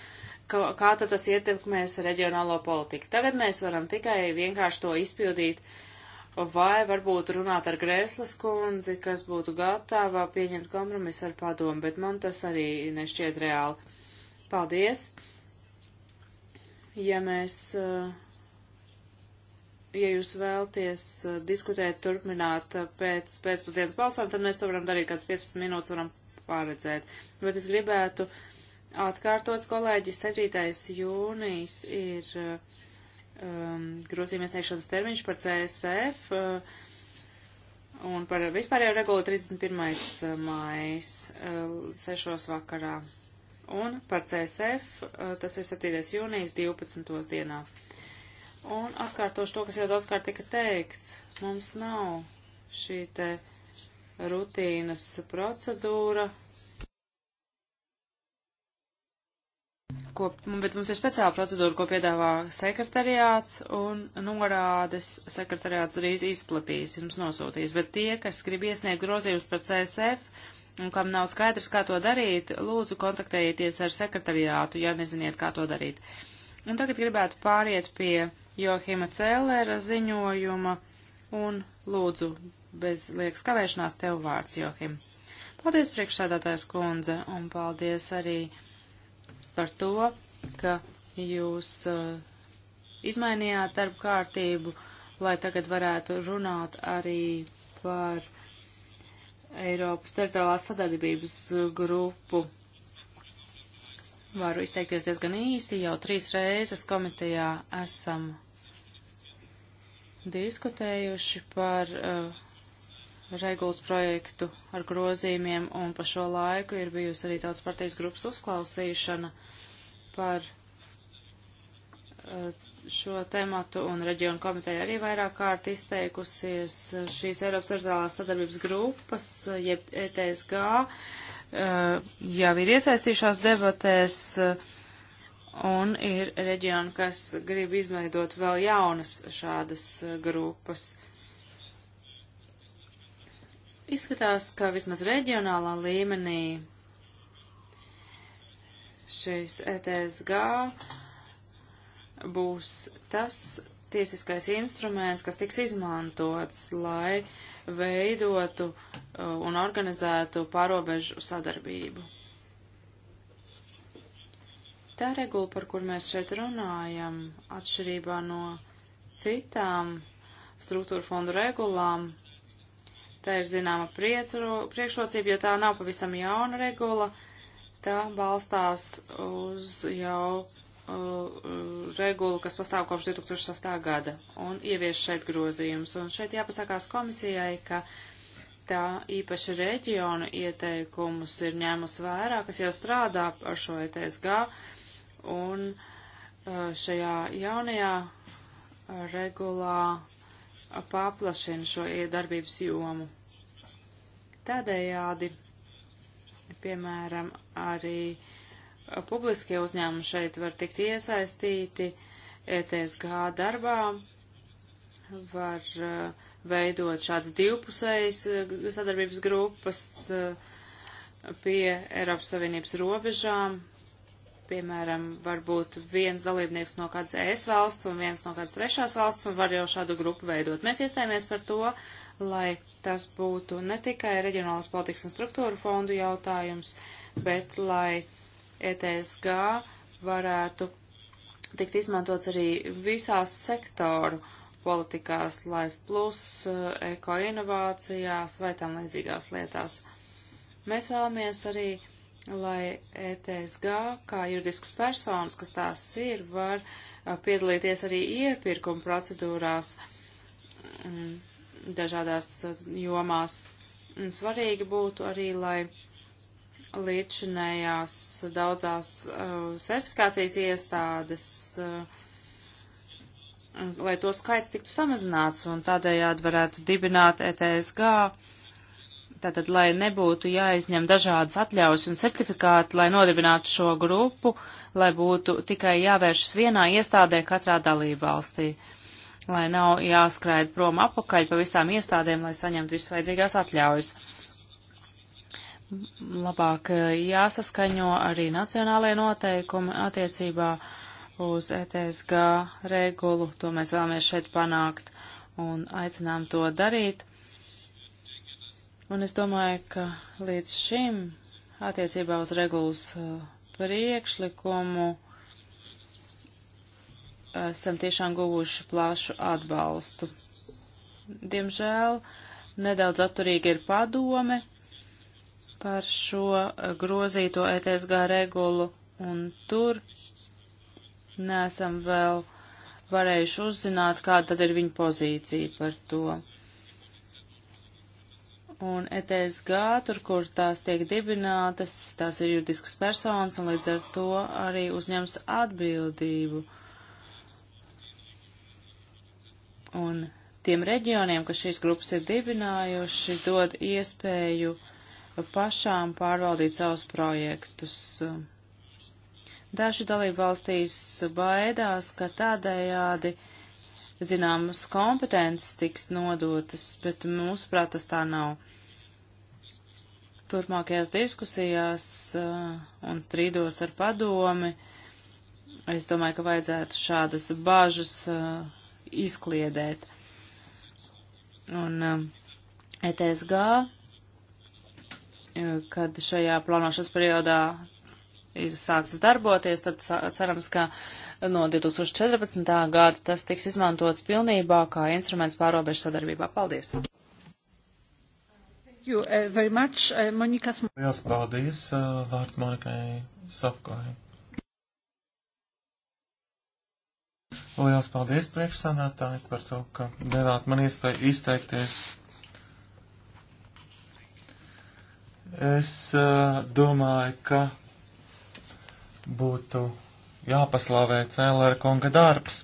kā, kā tad tas ietekmēs reģionālo politiku. Tagad mēs varam tikai vienkārši to izpildīt, vai varbūt runāt ar Grēslas kundzi, kas būtu gatava pieņemt kompromisu ar padomu, bet man tas arī nešķiet reāli. Paldies! Ja mēs. Uh, ja jūs vēlties uh, diskutēt, turpināt uh, pēc pēcpusdienas balsojuma, tad mēs to varam darīt, kāds 15 minūtes varam pārredzēt. Bet es gribētu atkārtot, kolēģi, 7. jūnijas ir um, grozījuma iesniegšanas termiņš par CSF uh, un par vispārējo regulu 31. Uh, mājas uh, 6. vakarā. Un par CSF uh, tas ir 7. jūnijas 12. dienā. Un atkārtošu to, kas jau daudzkārt tika teikts. Mums nav šī te rutīnas procedūra, ko, nu, bet mums ir speciāla procedūra, ko piedāvā sekretariāts, un nu, norādes sekretariāts drīz izplatīs, jums nosūtīs. Bet tie, kas grib iesniegt grozījumus par CSF, un kam nav skaidrs, kā to darīt, lūdzu kontaktējieties ar sekretariātu, ja neziniet, kā to darīt. Un tagad gribētu pāriet pie Johima Cēlera ziņojuma, un lūdzu, bez liekas kavēšanās, tev vārds, Johim. Paldies, priekšsēdātājs kundze, un paldies arī par to, ka jūs uh, izmainījāt darbu kārtību, lai tagad varētu runāt arī par Eiropas teritoriālās sadarbības uh, grupu. Varu izteikties diezgan īsi, jau trīs reizes komitejā esam diskutējuši par uh, regulas projektu ar grozījumiem, un pa šo laiku ir bijusi arī tāds partijas grupas uzklausīšana par eh, šo tematu, un reģionu komiteja arī vairāk kārt izteikusies šīs Eiropas centrālās sadarbības grupas, jeb ETSG, eh, jau ir iesaistījušās debatēs, eh, un ir reģioni, kas grib izveidot vēl jaunas šādas grupas. Izskatās, ka vismaz reģionālā līmenī šis ETSG būs tas tiesiskais instruments, kas tiks izmantots, lai veidotu uh, un organizētu pārobežu sadarbību. Tā regula, par kur mēs šeit runājam, atšķirībā no citām struktūra fondu regulām, Tā ir zināma priekšrocība, jo tā nav pavisam jauna regula. Tā balstās uz jau uh, uh regulu, kas pastāv kopš 2006. gada un ievies šeit grozījumus. Un šeit jāpasakās komisijai, ka tā īpaši reģionu ieteikumus ir ņēmus vērā, kas jau strādā ar šo ETSG un uh, šajā jaunajā uh, regulā paplašina šo darbības jomu. Tādējādi, piemēram, arī publiskie uzņēmumi šeit var tikt iesaistīti ETSG darbā, var uh, veidot šādas divpusējas uh, sadarbības grupas uh, pie Eiropas Savienības robežām, piemēram, varbūt viens dalībnieks no kādas ES valsts un viens no kādas trešās valsts un var jau šādu grupu veidot. Mēs iestājāmies par to, lai tas būtu ne tikai reģionālas politikas un struktūra fondu jautājums, bet lai ETSG varētu tikt izmantots arī visās sektoru politikās, Life Plus, ekoinovācijās vai tam līdzīgās lietās. Mēs vēlamies arī uh, lai ETSG, kā juridisks personas, kas tās ir, var uh, piedalīties arī iepirkuma procedūrās m, mm, dažādās uh, jomās. Un svarīgi būtu arī, lai līdšanējās daudzās uh, certifikācijas iestādes, uh, lai to skaits tiktu samazināts un tādējādi varētu dibināt ETSG Tātad, lai nebūtu jāizņem dažādas atļaujas un certifikāti, lai nodibinātu šo grupu, lai būtu tikai jāvēršas vienā iestādē katrā dalībvalstī, lai nav jāskraid prom apakaļ pa visām iestādēm, lai saņemtu visas vajadzīgās atļaujas. Labāk eh, jāsaskaņo arī nacionālajie noteikumi attiecībā uz ETSG regulu, to mēs vēlamies šeit panākt un aicinām to darīt Un es domāju, ka līdz šim attiecībā uz regulas uh, priekšlikumu esam tiešām guvuši plašu atbalstu. Diemžēl nedaudz atturīgi ir padome par šo uh, grozīto ETSG regulu, un tur nesam vēl varējuši uzzināt, kāda tad ir viņa pozīcija par to. Un ETSG, tur, kur tās tiek dibinātas, tās ir juridiskas personas un līdz ar to arī uzņems atbildību. Un tiem reģioniem, kas šīs grupas ir dibinājuši, dod iespēju pašām pārvaldīt savus projektus. Daži dalību valstīs baidās, ka tādējādi zināmas kompetences tiks nodotas, bet mūsuprāt tas tā nav turpmākajās diskusijās eh, un strīdos ar padomi, es domāju, ka vajadzētu šādas bāžas eh, izkliedēt. Un ETSG, eh, e kad šajā plānošanas periodā ir sācis darboties, tad cerams, ka no 2014. gada tas tiks izmantots pilnībā kā instruments pārobežu sadarbībā. Paldies! you uh, very much, uh, Monika. Lielas paldies, uh, vārds Monikai Safkai. Lielas paldies priekšsādātāji par to, ka devāt man iespēju izteikties. Es uh, domāju, ka būtu jāpaslavē Cēlera kunga darbs.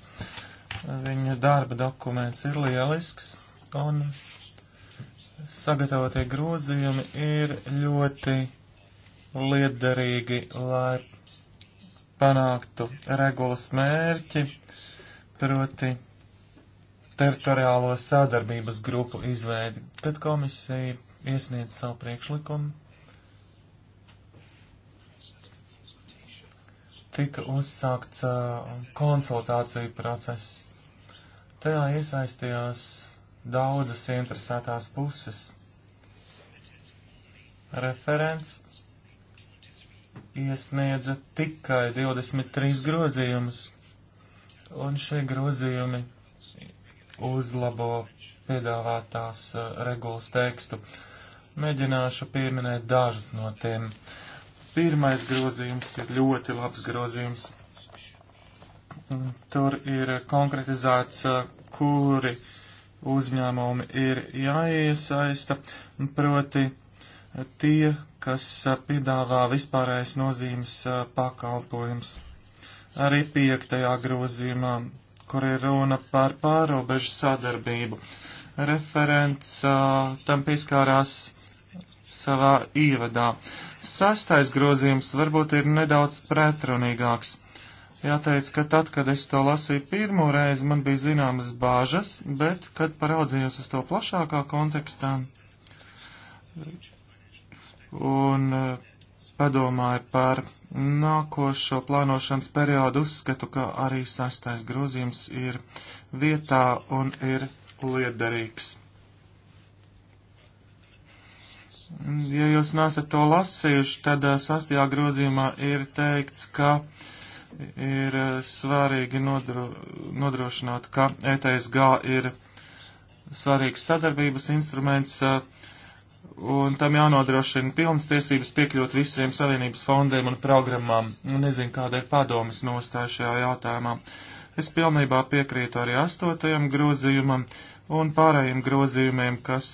Viņa darba dokuments ir lielisks un sagatavotie grozījumi ir ļoti liederīgi, lai panāktu regulas mērķi, proti teritoriālo sadarbības grupu izveidi, kad komisija iesniedz savu priekšlikumu. Tika uzsākts uh, konsultāciju process. Tajā iesaistījās daudzas interesētās puses. Referents iesniedza tikai 23 grozījumus, un šie grozījumi uzlabo piedāvātās eh, regulas tekstu. Mēģināšu pieminēt dažus no tiem. Pirmais grozījums ir ļoti labs grozījums. Tur ir konkretizēts, eh, kuri uzņēmumi ir jāiesaista, proti tie, kas piedāvā vispārējais nozīmes pakalpojums. Arī piektajā grozījumā, kur ir runa par pārobežu sadarbību, referents tam pieskārās savā ievadā. Sastais grozījums varbūt ir nedaudz pretrunīgāks Jāteic, ka tad, kad es to lasīju pirmo reizi, man bija zināmas bāžas, bet, kad paraudzījos uz to plašākā kontekstā un eh, padomāju par nākošo plānošanas periodu, uzskatu, ka arī sastais grozījums ir vietā un ir liederīgs. Ja jūs nesat to lasījuši, tad eh, sastajā grozījumā ir teikts, ka uh, ir eh, svarīgi nodro, nodrošināt, ka ETSG ir svarīgs sadarbības instruments eh, un tam jānodrošina pilnas tiesības piekļūt visiem savienības fondiem un programmām. Nezinu, kāda ir padomas nostāja šajā jautājumā. Es pilnībā piekrītu arī astotajam grozījumam un pārējiem grozījumiem, kas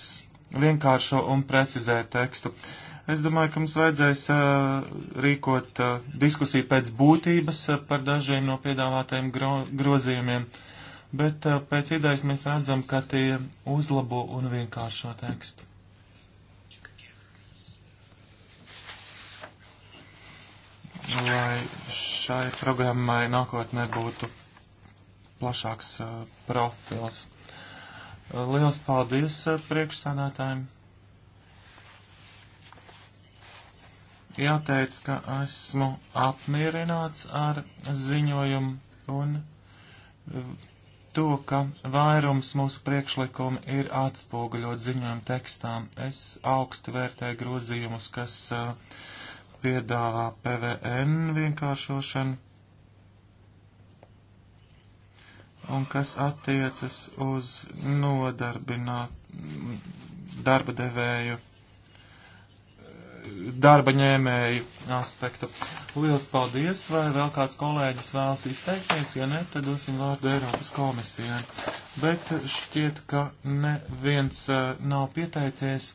vienkāršo un precizē tekstu. Uh, Es domāju, ka mums vajadzēs uh, rīkot uh, diskusiju pēc būtības uh, par dažiem no piedāvātajiem gro grozījumiem, bet uh, pēc idejas mēs redzam, ka tie uzlabo un vienkāršo tekstu. Lai šai programmai nākotnē būtu plašāks uh, profils. Liels paldies uh, priekšsādātājiem! jāteic, ka esmu apmierināts ar ziņojumu un to, ka vairums mūsu priekšlikumi ir atspoguļot ziņojumu tekstā. Es augsti vērtēju grozījumus, kas uh, piedāvā PVN vienkāršošanu un kas attiecas uz nodarbināt darba devēju darba ņēmēju aspektu. Lielas paldies, vai vēl kāds kolēģis vēlas izteikties, ja ne, tad dosim vārdu Eiropas komisijai. Bet šķiet, ka neviens e, nav pieteicies,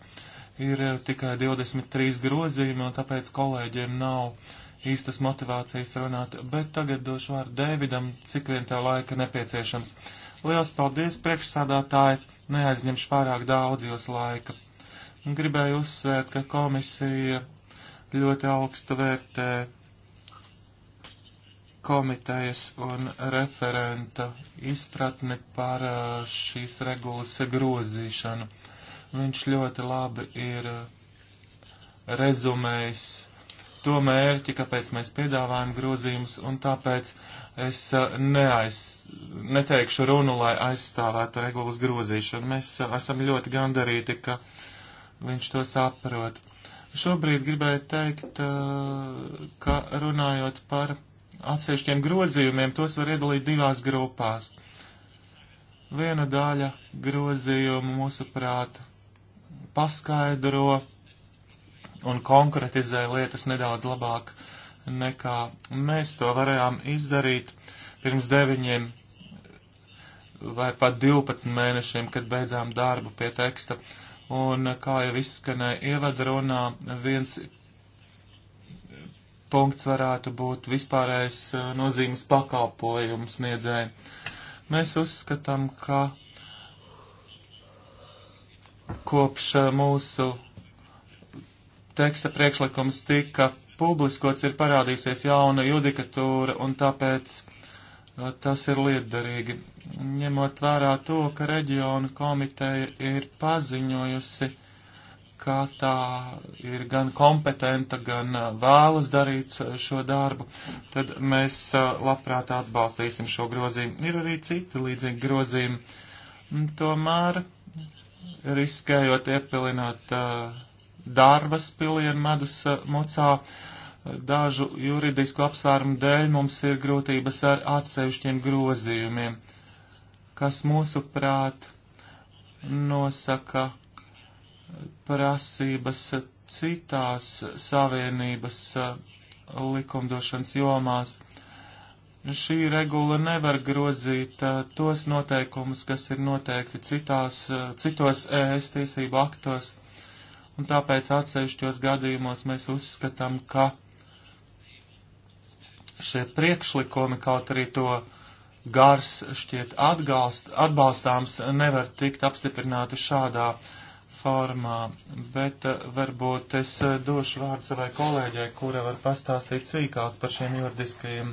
ir e, tikai 23 grozījumi, un tāpēc kolēģiem nav īstas motivācijas runāt, bet tagad došu vārdu Dēvidam, cik vien tev laika nepieciešams. Lielas paldies, priekšsādātāji, neaizņemšu pārāk daudz jūsu laika. Gribēju uzsvērt, ka komisija ļoti augstu vērtē komitejas un referenta izpratni par uh, šīs regulas grozīšanu. Viņš ļoti labi ir uh, rezumējis to mērķi, kāpēc mēs piedāvājam grozījumus, un tāpēc es uh, neaiz, neteikšu runu, lai aizstāvētu regulas grozīšanu. Mēs esam ļoti gandarīti, ka uh, viņš to saprot. Šobrīd gribēju teikt, eh, ka runājot par atsevišķiem grozījumiem, tos var iedalīt divās grupās. Viena daļa grozījumu mūsuprāt paskaidro un konkretizē lietas nedaudz labāk nekā mēs to varējām izdarīt pirms deviņiem vai pat divpadsmit mēnešiem, kad beidzām darbu pie teksta. Uh, Un, kā jau izskanēja ievadrunā, viens punkts varētu būt vispārējais uh, nozīmes pakalpojums sniedzēji. Mēs uzskatām, ka kopš uh, mūsu teksta priekšlikums tika publiskots, ir parādīsies jauna judikatūra, un tāpēc tas ir liederīgi. Ņemot vērā to, ka reģiona komiteja ir paziņojusi, ka tā ir gan kompetenta, gan vēlas darīt šo darbu, tad mēs labprāt atbalstīsim šo grozījumu. Ir arī citi līdzīgi grozījumi. Mm, tomēr riskējot iepilināt darbas pilienu medus mucā, uh, dažu juridisku apsvērumu dēļ mums ir grūtības ar atsevišķiem grozījumiem, kas mūsuprāt nosaka prasības citās savienības likumdošanas jomās. Šī regula nevar grozīt tos noteikumus, kas ir noteikti citās, citos ES tiesību aktos, un tāpēc atsevišķos gadījumos mēs uzskatām, ka šie priekšlikumi, kaut arī to gars šķiet atgalst, atbalstāms, nevar tikt apstiprināti šādā formā, bet eh, varbūt es eh, došu vārdu savai kolēģai, kura var pastāstīt sīkāk par šiem juridiskajiem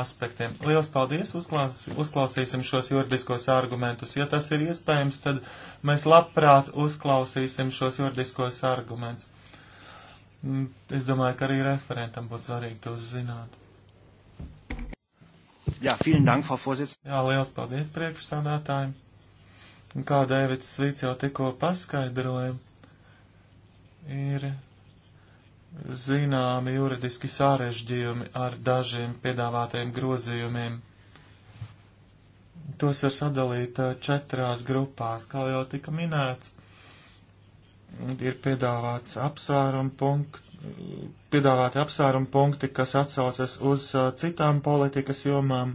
aspektiem. Lielas paldies, uzklaus, uzklausīsim šos juridiskos argumentus. Ja tas ir iespējams, tad mēs labprāt uzklausīsim šos juridiskos argumentus. Mm, es domāju, ka arī referentam būs svarīgi to zināt. Jā, vielen dank, Frau Vorsitzende. Jā, liels paldies priekšsādātājiem. Kā Dēvids Svīts jau tikko paskaidroja, ir zināmi juridiski sarežģījumi ar dažiem piedāvātajiem grozījumiem. Tos var sadalīt četrās grupās, kā jau tika minēts. Ir piedāvāts apsvērumu punkts, piedāvāti apsvērumu punkti, kas atsaucas uz uh, citām politikas jomām.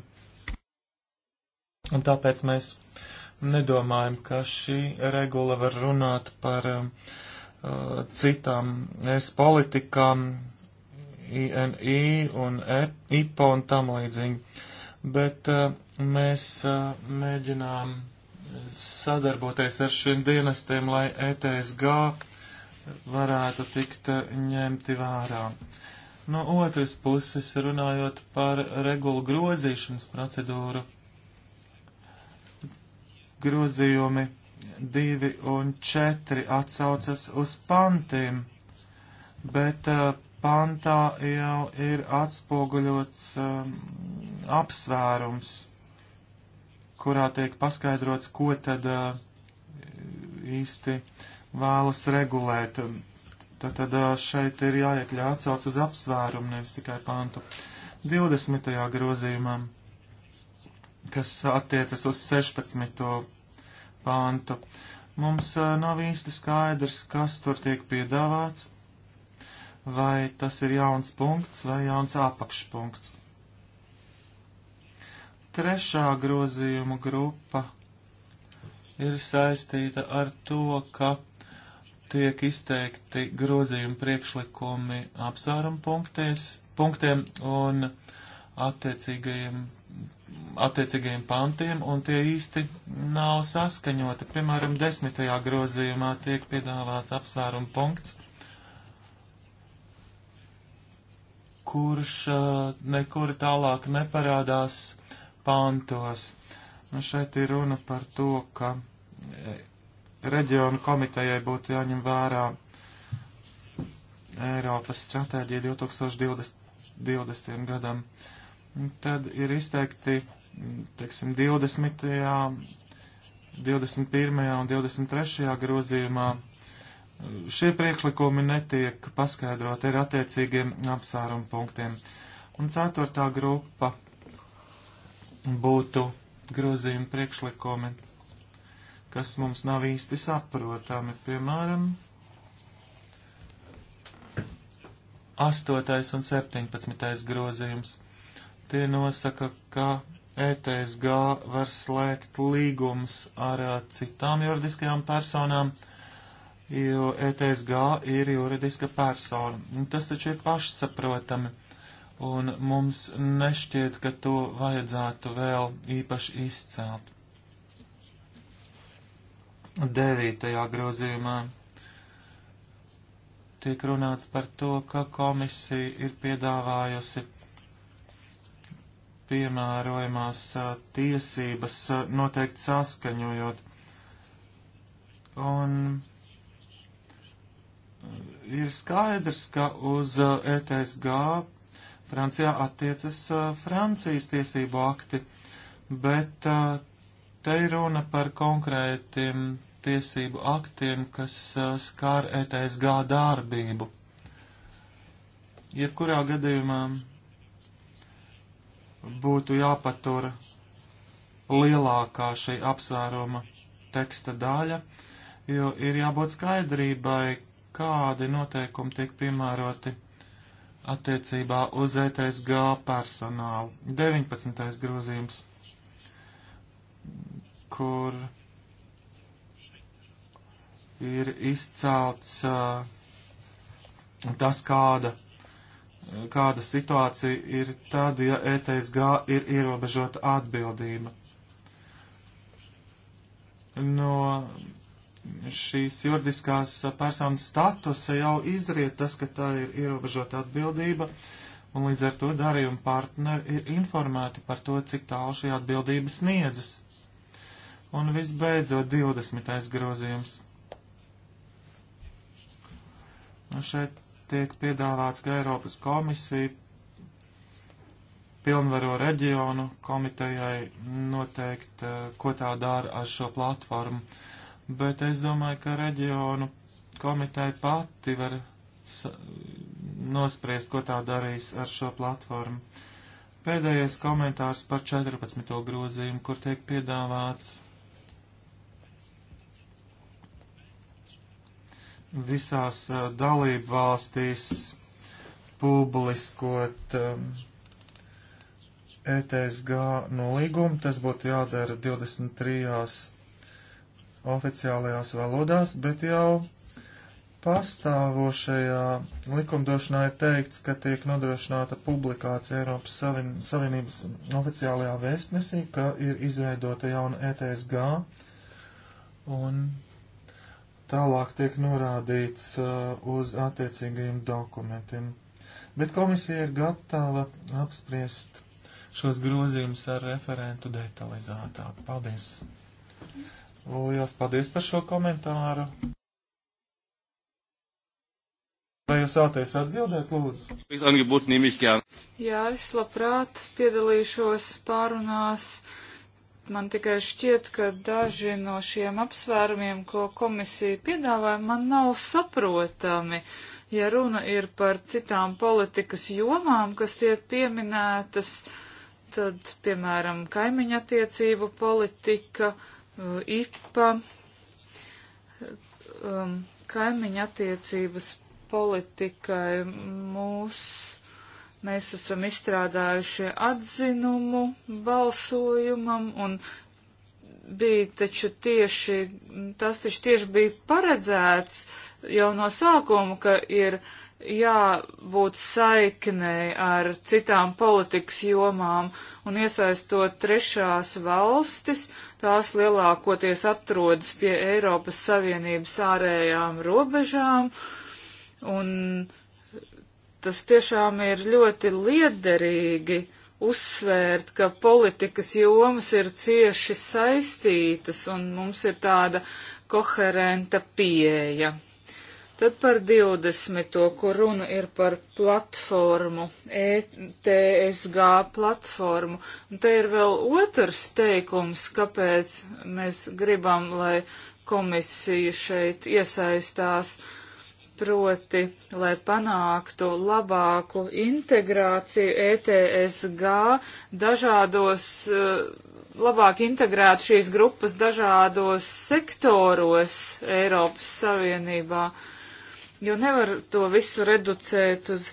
Un tāpēc mēs nedomājam, ka šī regula var runāt par um, uh, citām es politikām, INI un e, IPO un tam līdzīgi. Bet uh, mēs uh, mēģinām sadarboties ar šiem dienestiem, lai ETSG varētu tikt ņemti vērā. No otras puses, runājot par regulu grozīšanas procedūru, grozījumi 2 un 4 atsaucas uz pantiem, bet uh, pantā jau ir atspoguļots um, apsvērums, kurā tiek paskaidrots, ko tad uh, īsti vēlas regulēt. Tātad šeit ir jāiekļā atsauc uz apsvērumu, nevis tikai pantu. 20. grozījumā, kas attiecas uz 16. pantu, mums nav īsti skaidrs, kas tur tiek piedāvāts, vai tas ir jauns punkts vai jauns apakšpunkts. Trešā grozījuma grupa ir saistīta ar to, ka tiek izteikti grozījumi priekšlikumi apsvērumu punktiem un attiecīgajiem, attiecīgajiem pantiem, un tie īsti nav saskaņoti. Piemēram, desmitajā grozījumā tiek piedāvāts apsvērumu punkts, kurš nekur tālāk neparādās pantos. Nu, šeit ir runa par to, ka e, reģionu komitejai būtu jāņem vērā Eiropas stratēģija 2020. 20 gadam. Tad ir izteikti, teiksim, 20. 21. un 23. grozījumā šie priekšlikumi netiek paskaidroti ar attiecīgiem apsārumu punktiem. Un ceturtā grupa būtu grozījuma priekšlikumi kas mums nav īsti saprotami. Piemēram, 8. un 17. grozījums. Tie nosaka, ka ETSG var slēgt līgums ar citām juridiskajām personām, jo ETSG ir juridiska persona. Tas taču ir pašsaprotami, un mums nešķiet, ka to vajadzētu vēl īpaši izcelt. Devītajā grozījumā tiek runāts par to, ka komisija ir piedāvājusi piemērojamās tiesības noteikti saskaņojot. Un ir skaidrs, ka uz ETSG Francijā attiecas Francijas tiesību akti, bet Te ir runa par konkrētiem tiesību aktiem, kas uh, skār ETSG darbību. Jebkurā gadījumā būtu jāpatur lielākā šī apsvēruma teksta daļa, jo ir jābūt skaidrībai, kādi noteikumi tiek piemēroti attiecībā uz ETSG personālu. 19. grozījums kur ir izcelts uh, tas, kāda, kāda situācija ir tad, ja ETSG ir ierobežota atbildība. No šīs juridiskās personas statusa jau izriet tas, ka tā ir ierobežota atbildība, un līdz ar to darījuma partneri ir informēti par to, cik tālu šī atbildība sniedzas. Un visbeidzot 20. grozījums. Un nu, šeit tiek piedāvāts, ka Eiropas komisija pilnvaro reģionu komitejai noteikt, eh, ko tā dara ar šo platformu. Bet es domāju, ka reģionu komiteja pati var nospriest, ko tā darīs ar šo platformu. Pēdējais komentārs par 14. grozījumu, kur tiek piedāvāts visās eh, dalību valstīs publiskot um, ehm, ETSG nolīgumu. Tas būtu jādara 23. oficiālajās valodās, bet jau pastāvošajā likumdošanā ir teikts, ka tiek nodrošināta publikācija Eiropas Savien Savienības oficiālajā vēstnesī, ka ir izveidota jauna ETSG. Un Tālāk tiek norādīts uh, uz attiecīgajiem dokumentiem. Bet komisija ir gatava apspriest šos grozījumus ar referentu detalizētāk. Paldies! Lielas paldies par šo komentāru! Vai jūs vēlaties atbildēt, lūdzu? Jā, es labprāt piedalīšos pārunās man tikai šķiet, ka daži no šiem apsvērumiem, ko komisija piedāvāja, man nav saprotami, ja runa ir par citām politikas jomām, kas tiek pieminētas, tad, piemēram, kaimiņa attiecību politika, IPA, kaimiņa attiecības politikai mūsu Mēs esam izstrādājuši atzinumu balsojumam un bija taču tieši, tas taču tieši bija paredzēts jau no sākuma, ka ir jābūt saiknei ar citām politikas jomām un iesaistot trešās valstis, tās lielākoties atrodas pie Eiropas Savienības ārējām robežām, un tas tiešām ir ļoti liederīgi uzsvērt, ka politikas jomas ir cieši saistītas un mums ir tāda koherenta pieeja. Tad par 20. kur runa ir par platformu, ETSG platformu. Un te ir vēl otrs teikums, kāpēc mēs gribam, lai komisija šeit iesaistās uh, proti, lai panāktu labāku integrāciju ETSG dažādos, eh, labāk integrētu šīs grupas dažādos sektoros Eiropas Savienībā, jo nevar to visu reducēt uz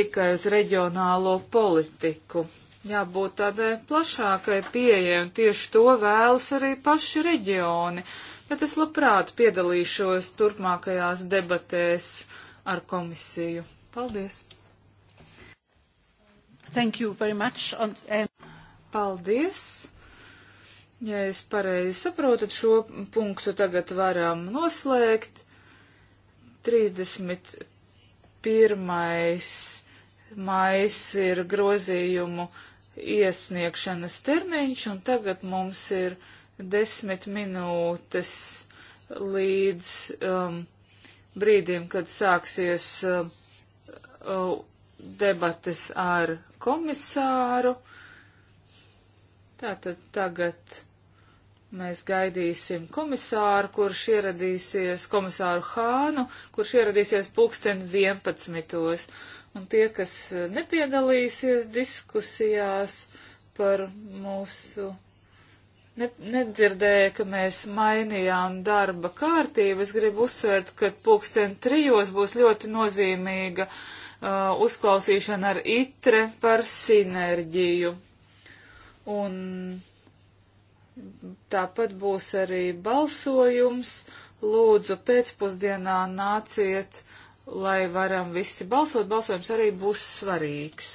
tikai uz reģionālo politiku. Jābūt tādai plašākai pieejai, un tieši to vēlas arī paši reģioni bet es labprāt piedalīšos turpmākajās debatēs ar komisiju. Paldies! Thank you very much. On, and... Paldies! Ja es pareizi saprotu, šo punktu tagad varam noslēgt. 31. mais ir grozījumu iesniegšanas termiņš, un tagad mums ir desmit minūtes līdz um, brīdim, kad sāksies uh, uh, debates ar komisāru. Tātad tagad mēs gaidīsim komisāru, kurš ieradīsies, komisāru Hānu, kurš ieradīsies pulksten 11. Un tie, kas nepiedalīsies diskusijās par mūsu ne, nedzirdēja, ka mēs mainījām darba kārtību. Es gribu uzsvērt, ka pulksten trijos būs ļoti nozīmīga uh, uzklausīšana ar itre par sinerģiju. Un tāpat būs arī balsojums. Lūdzu, pēcpusdienā nāciet, lai varam visi balsot. Balsojums arī būs svarīgs.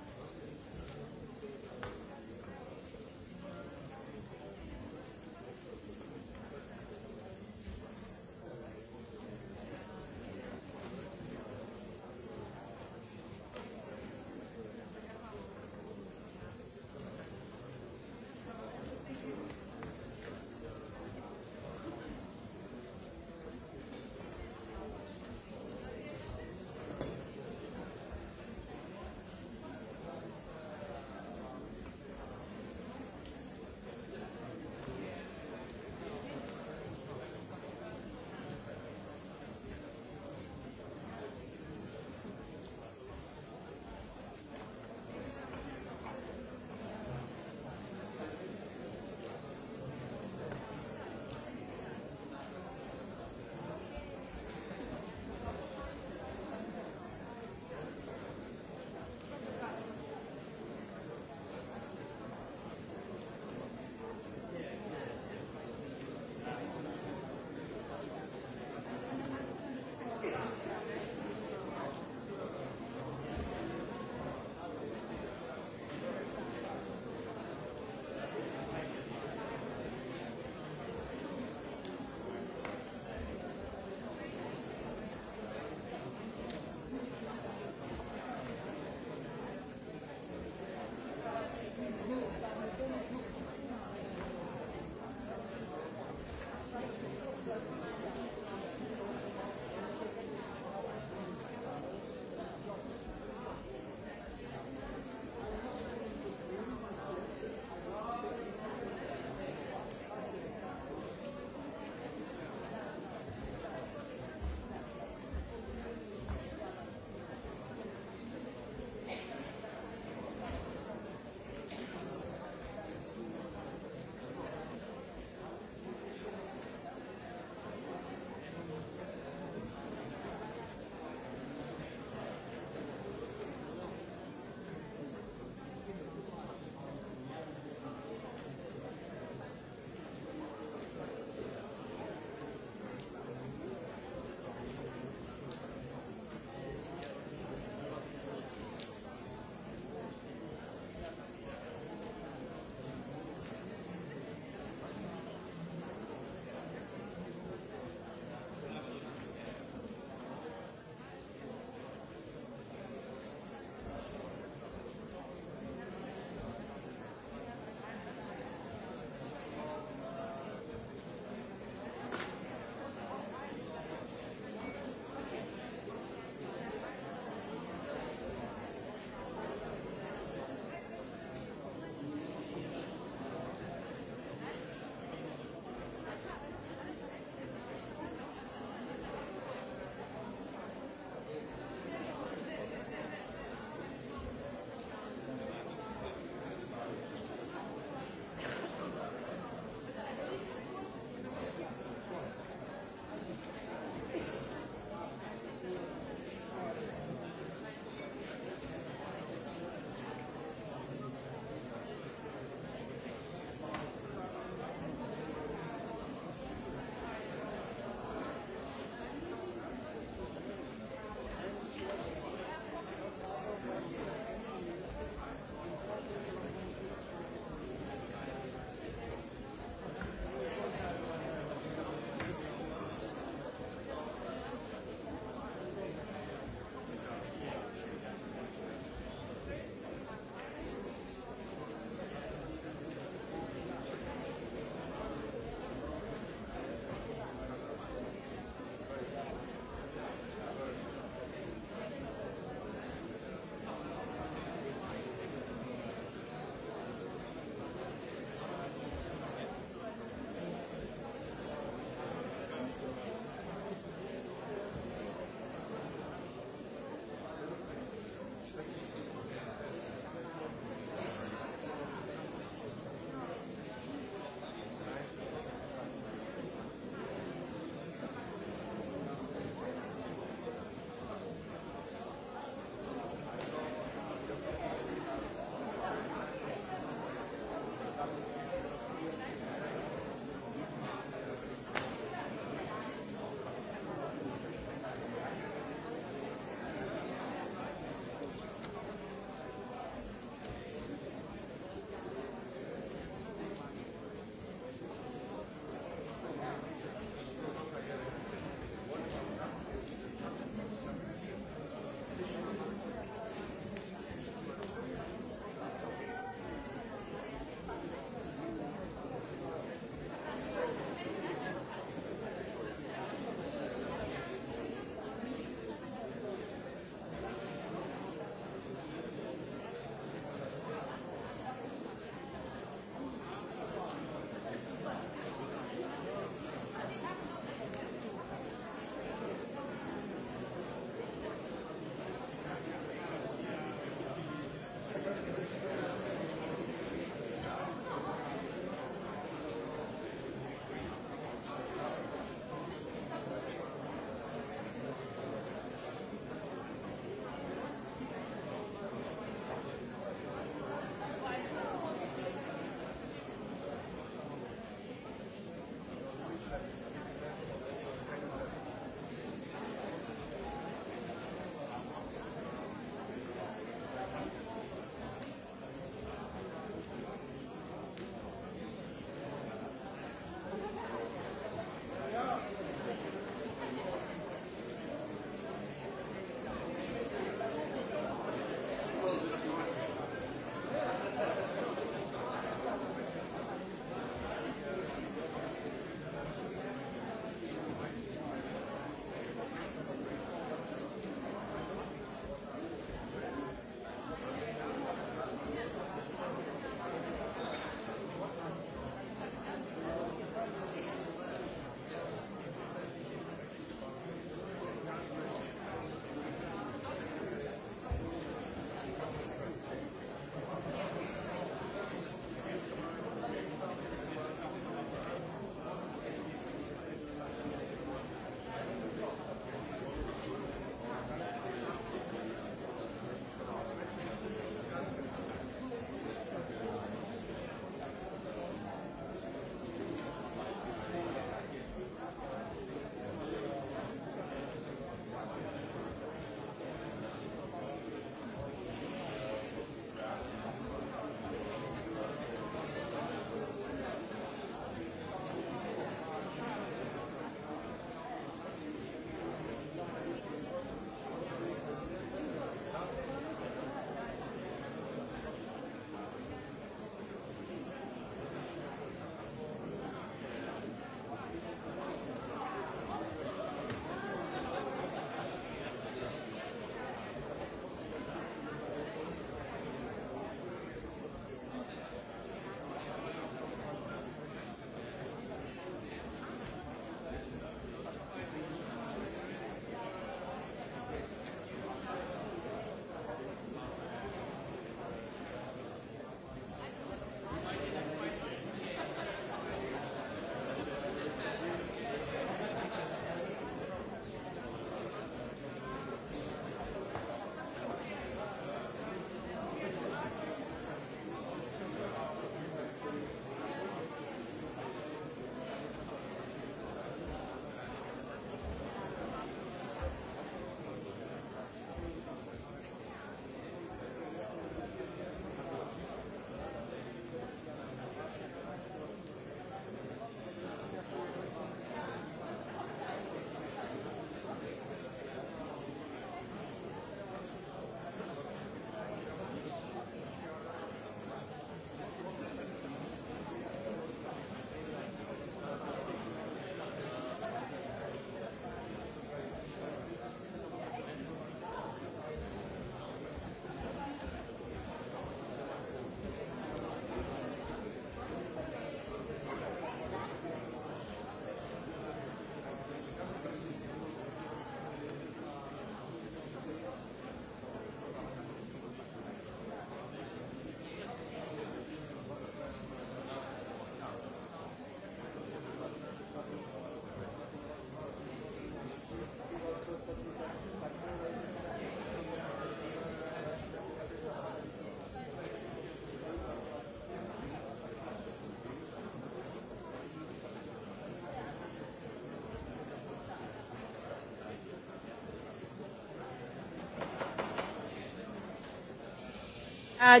Uh,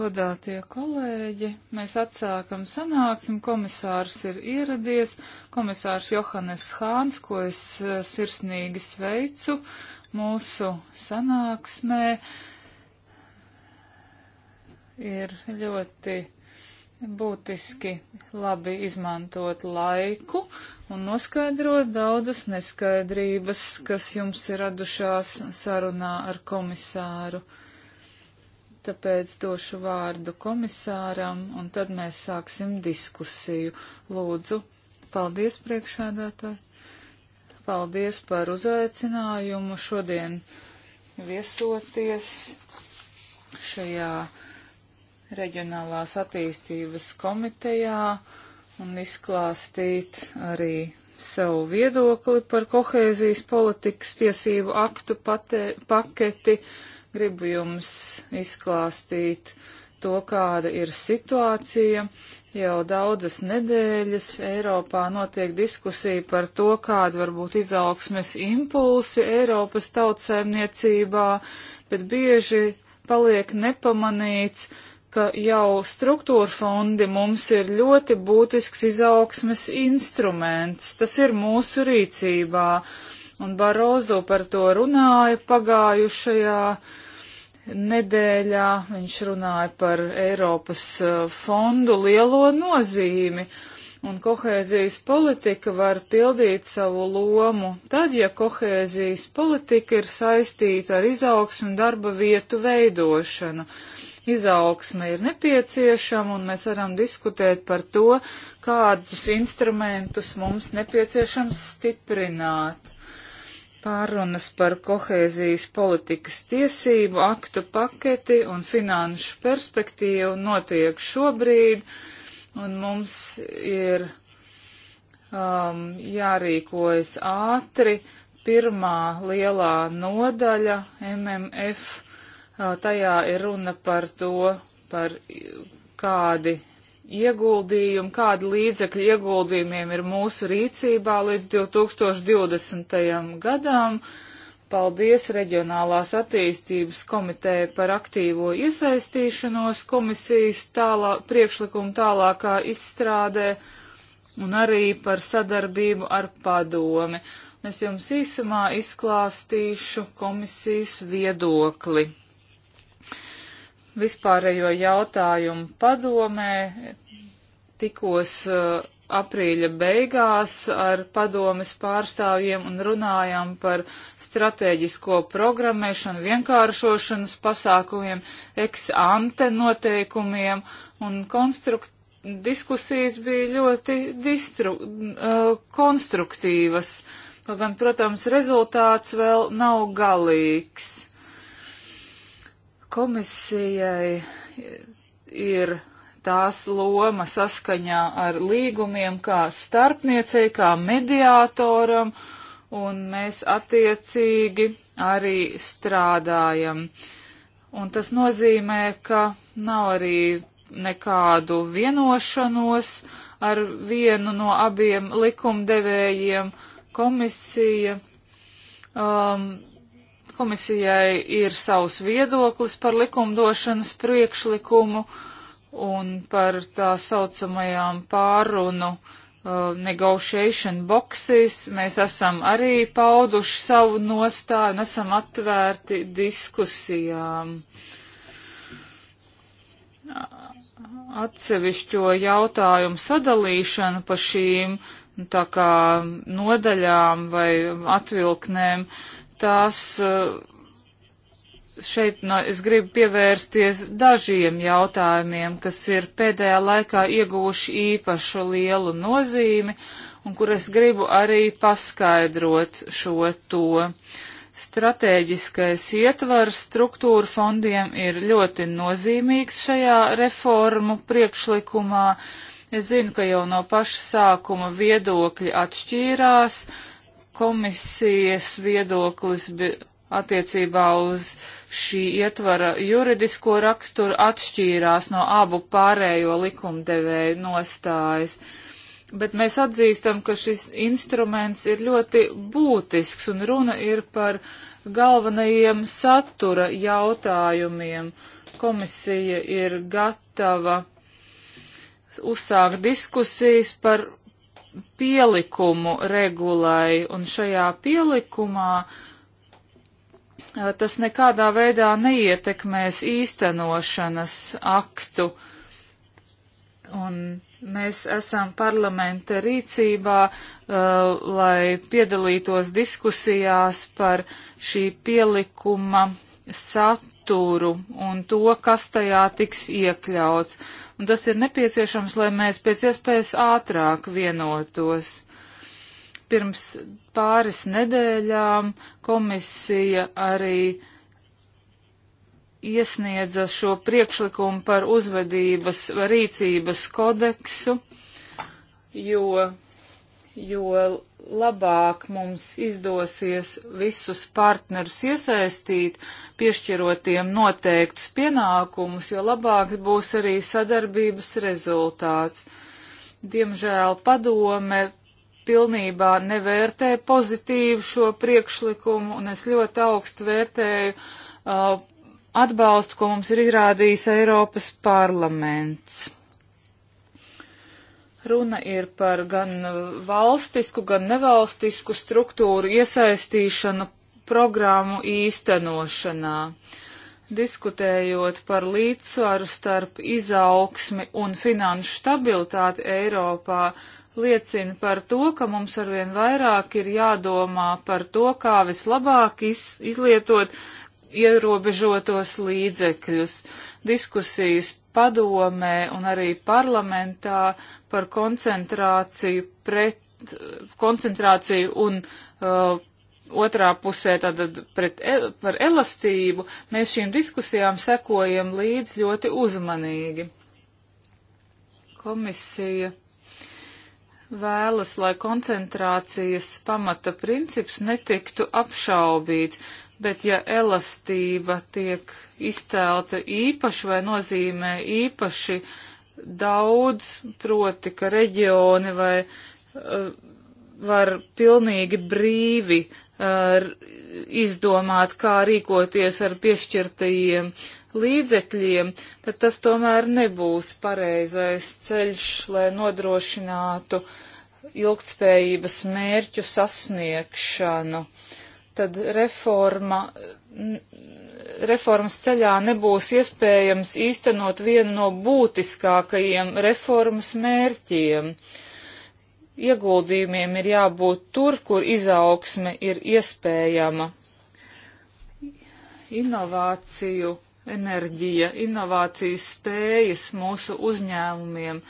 Godātie kolēģi, mēs atsākam sanāksim, komisārs ir ieradies, komisārs Johannes Hāns, ko es uh, sirsnīgi sveicu mūsu sanāksmē. Ir ļoti būtiski labi izmantot laiku un noskaidrot daudzas neskaidrības, kas jums ir radušās sarunā ar komisāru tāpēc došu vārdu komisāram, un tad mēs sāksim diskusiju. Lūdzu, paldies priekšādātāji. Paldies par uzaicinājumu šodien viesoties šajā reģionālās attīstības komitejā un izklāstīt arī savu viedokli par kohēzijas politikas tiesību aktu pate, paketi. Gribu jums izklāstīt to, kāda ir situācija. Jau daudzas nedēļas Eiropā notiek diskusija par to, kāda var būt izaugsmes impulsi Eiropas tautsēmniecībā, bet bieži paliek nepamanīts, ka jau struktūra fondi mums ir ļoti būtisks izaugsmes instruments. Tas ir mūsu rīcībā. Uh, un Barozo par to runāja pagājušajā nedēļā. Viņš runāja par Eiropas uh, fondu lielo nozīmi, un kohēzijas politika var pildīt savu lomu tad, ja kohēzijas politika ir saistīta ar izaugsmu darba vietu veidošanu izaugsme ir nepieciešama, un mēs varam diskutēt par to, kādus instrumentus mums nepieciešams stiprināt pārunas par kohēzijas politikas tiesību aktu paketi un finanšu perspektīvu notiek šobrīd, un mums ir um, jārīkojas ātri. Pirmā lielā nodaļa MMF, uh, tajā ir runa par to, par kādi ieguldījumi, kādi līdzekļi ieguldījumiem ir mūsu rīcībā līdz 2020. gadam. Paldies Reģionālās attīstības komiteja par aktīvo iesaistīšanos komisijas tālā, priekšlikumu tālākā izstrādē un arī par sadarbību ar padomi. Es jums īsumā izklāstīšu komisijas viedokli vispārējo jautājumu padomē tikos uh, aprīļa beigās ar padomes pārstāvjiem un runājām par strateģisko programmēšanu, vienkāršošanas pasākumiem, ex ante noteikumiem un konstrukt. Diskusijas bija ļoti distru, uh, konstruktīvas, kaut gan, protams, rezultāts vēl nav galīgs. Komisijai ir tās loma saskaņā ar līgumiem kā starpniecei, kā mediātoram, un mēs attiecīgi arī strādājam. Un tas nozīmē, ka nav arī nekādu vienošanos ar vienu no abiem likumdevējiem komisija. Um, Komisijai ir savs viedoklis par likumdošanas priekšlikumu un par tā saucamajām pārunu uh, negotiation boxes. Mēs esam arī pauduši savu nostāju un esam atvērti diskusijām. Atsevišķo jautājumu sadalīšanu pa šīm nu, tā kā nodaļām vai atvilknēm tās eh, šeit no, es gribu pievērsties dažiem jautājumiem, kas ir pēdējā laikā ieguvuši īpašu lielu nozīmi un kur es gribu arī paskaidrot šo to. Stratēģiskais ietvars struktūra fondiem ir ļoti nozīmīgs šajā reformu priekšlikumā. Es zinu, ka jau no paša sākuma viedokļi atšķīrās komisijas viedoklis attiecībā uz šī ietvara juridisko raksturu atšķīrās no abu pārējo likumdevēju nostājas. Bet mēs atzīstam, ka šis instruments ir ļoti būtisks un runa ir par galvenajiem satura jautājumiem. Komisija ir gatava uzsākt diskusijas par pielikumu regulai, un šajā pielikumā eh, tas nekādā veidā neietekmēs īstenošanas aktu. Un mēs esam parlamenta rīcībā, uh, lai piedalītos diskusijās par šī pielikuma saturu saturu un to, kas tajā tiks iekļauts. Un tas ir nepieciešams, lai mēs pēc iespējas ātrāk vienotos. Pirms pāris nedēļām komisija arī iesniedza šo priekšlikumu par uzvedības rīcības kodeksu, jo, jo labāk mums izdosies visus partnerus iesaistīt, piešķirot tiem noteiktus pienākumus, jo labāks būs arī sadarbības rezultāts. Diemžēl padome pilnībā nevērtē pozitīvu šo priekšlikumu, un es ļoti augstu vērtēju uh, atbalstu, ko mums ir izrādījis Eiropas parlaments. Runa ir par gan uh, valstisku, gan nevalstisku struktūru iesaistīšanu programmu īstenošanā. Diskutējot par līdzsvaru starp izaugsmi un finanšu stabilitāti Eiropā, liecina par to, ka mums arvien vairāk ir jādomā par to, kā vislabāk iz, izlietot ierobežotos līdzekļus. Uh, diskusijas padomē un arī parlamentā par koncentrāciju pret, koncentrāciju un uh, otrā pusē tātad pret, el, par elastību, mēs šīm diskusijām sekojam līdz ļoti uzmanīgi. Komisija vēlas, lai koncentrācijas pamata princips netiktu apšaubīts, bet ja elastība tiek izcelta īpaši vai nozīmē īpaši daudz, proti, ka reģioni vai uh, var pilnīgi brīvi uh, izdomāt, kā rīkoties ar piešķirtajiem līdzekļiem, tad tas tomēr nebūs pareizais ceļš, lai nodrošinātu ilgtspējības mērķu sasniegšanu. Uh, tad reforma, reformas ceļā nebūs iespējams īstenot vienu no būtiskākajiem reformas mērķiem. Ieguldījumiem ir jābūt tur, kur izaugsme ir iespējama. Inovāciju enerģija, inovāciju spējas mūsu uzņēmumiem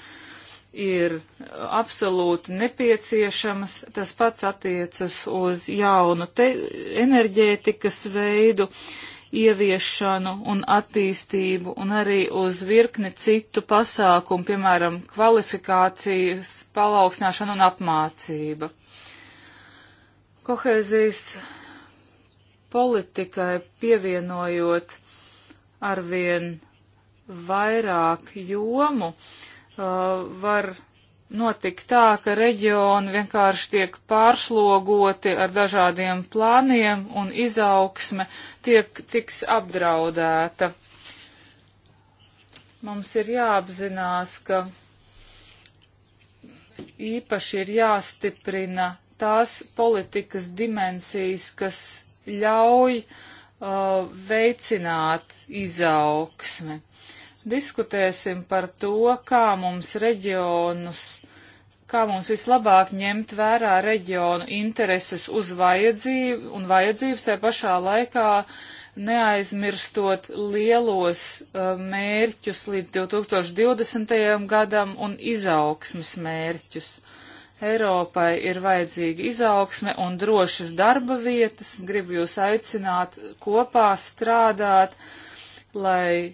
ir absolūti nepieciešamas. Tas pats attiecas uz jaunu enerģētikas veidu ieviešanu un attīstību un arī uz virkni citu pasākumu, piemēram, kvalifikācijas palaugsnāšana un apmācība. Kohēzijas politikai pievienojot arvien vairāk jomu, uh, Uh, var notikt tā, ka reģioni vienkārši tiek pārslogoti ar dažādiem plāniem un izaugsme tiek, tiks apdraudēta. Mums ir jāapzinās, ka īpaši ir jāstiprina tās politikas dimensijas, kas ļauj uh, veicināt izaugsmi diskutēsim par to, kā mums reģionus, kā mums vislabāk ņemt vērā reģionu intereses uz vajadzību un vajadzības, tai pašā laikā neaizmirstot lielos uh, mērķus līdz 2020. gadam un izaugsmas mērķus. Eiropai ir vajadzīga izaugsme un drošas darba vietas. Gribu jūs aicināt kopā strādāt, lai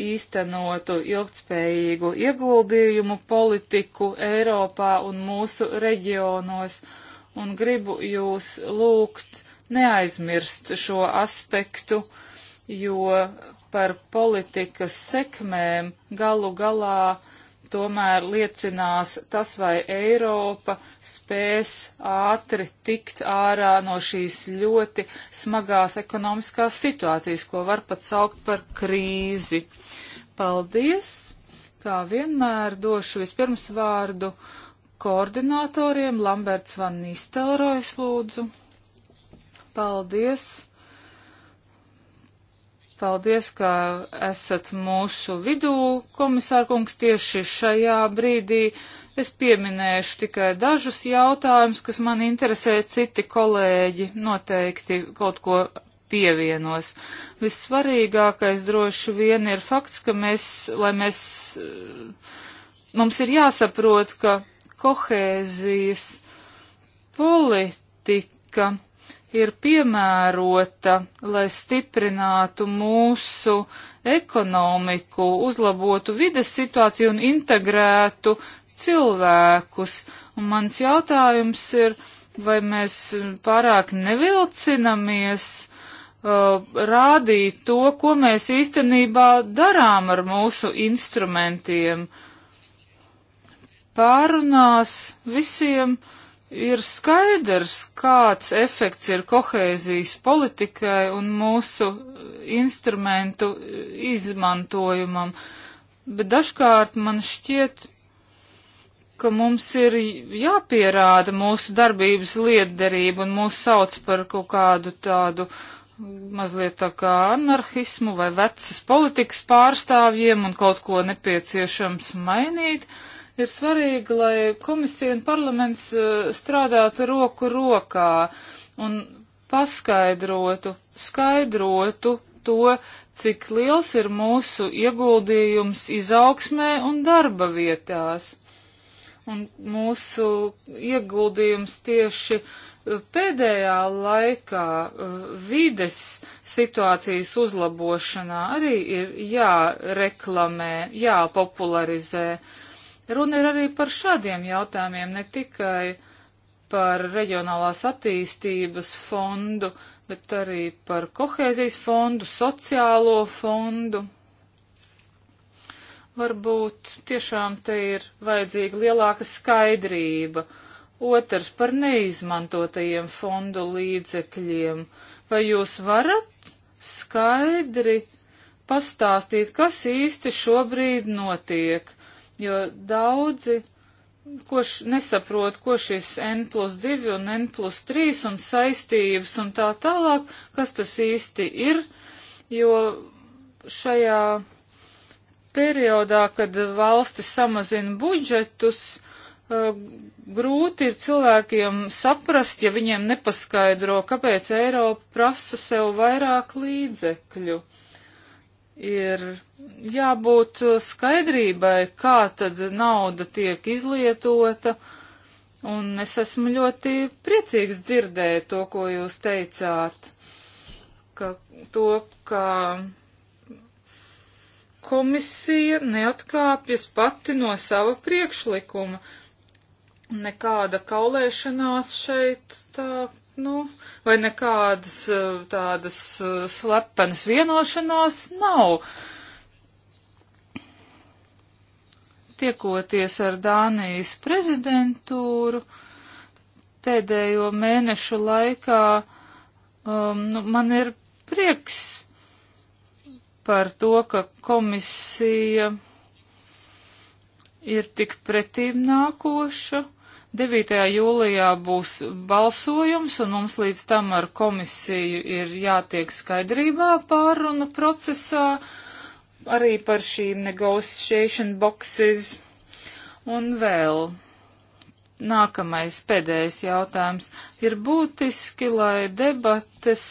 īstenotu ilgtspējīgu ieguldījumu politiku Eiropā un mūsu reģionos, un gribu jūs lūgt neaizmirst šo aspektu, jo par politikas sekmēm galu galā uh, tomēr liecinās tas, vai Eiropa spēs ātri tikt ārā no šīs ļoti smagās ekonomiskās situācijas, ko var pat saukt par krīzi. Paldies! Kā vienmēr došu vispirms vārdu koordinatoriem Lamberts van Nistelrojas lūdzu. Paldies! Paldies, ka esat mūsu vidū, komisārkungs, tieši šajā brīdī. Es pieminēšu tikai dažus jautājumus, kas man interesē, citi kolēģi noteikti kaut ko pievienos. Vissvarīgākais droši vien ir fakts, ka mēs, lai mēs, mums ir jāsaprot, ka kohēzijas politika ir piemērota, lai stiprinātu mūsu ekonomiku, uzlabotu vides situāciju un integrētu cilvēkus. Un mans jautājums ir, vai mēs pārāk nevilcinamies uh, rādīt to, ko mēs īstenībā darām ar mūsu instrumentiem. Pārunās visiem uh, ir skaidrs, kāds efekts ir kohēzijas politikai un mūsu instrumentu izmantojumam, bet dažkārt man šķiet, ka mums ir jāpierāda mūsu darbības lietderība un mūs sauc par kaut kādu tādu mazliet tā kā anarhismu vai vecas politikas pārstāvjiem un kaut ko nepieciešams mainīt. Uh, ir svarīgi, lai komisija un parlaments eh, strādātu roku rokā un paskaidrotu, skaidrotu to, cik liels ir mūsu ieguldījums izaugsmē un darba vietās. Un mūsu ieguldījums tieši eh, pēdējā laikā eh, vides situācijas uzlabošanā arī ir jāreklamē, jāpopularizē. Uh, Runa ir arī par šādiem jautājumiem, ne tikai par reģionālās attīstības fondu, bet arī par kohēzijas fondu, sociālo fondu. Varbūt tiešām te ir vajadzīga lielāka skaidrība. Otrs par neizmantotajiem fondu līdzekļiem. Vai jūs varat skaidri pastāstīt, kas īsti šobrīd notiek? jo daudzi ko š, nesaprot, ko šis N plus 2 un N plus 3 un saistības un tā tālāk, kas tas īsti ir, jo šajā periodā, kad valstis samazina budžetus, e, grūti ir cilvēkiem saprast, ja viņiem nepaskaidro, kāpēc Eiropa prasa sev vairāk līdzekļu ir jābūt uh, skaidrībai, kā tad nauda tiek izlietota, un es esmu ļoti priecīgs dzirdēt to, ko jūs teicāt, ka to, ka komisija neatkāpjas pati no sava priekšlikuma. Nekāda kaulēšanās šeit tā nu, vai nekādas eh, tādas eh, slepenas vienošanās nav. Tiekoties ar Dānijas prezidentūru pēdējo mēnešu laikā, um, nu, man ir prieks par to, ka komisija ir tik pretīm nākoša 9. jūlijā būs balsojums, un mums līdz tam ar komisiju ir jātiek skaidrībā pārunu procesā arī par šīm negotiation boxes. Un vēl nākamais pēdējais jautājums. Ir būtiski, lai debates,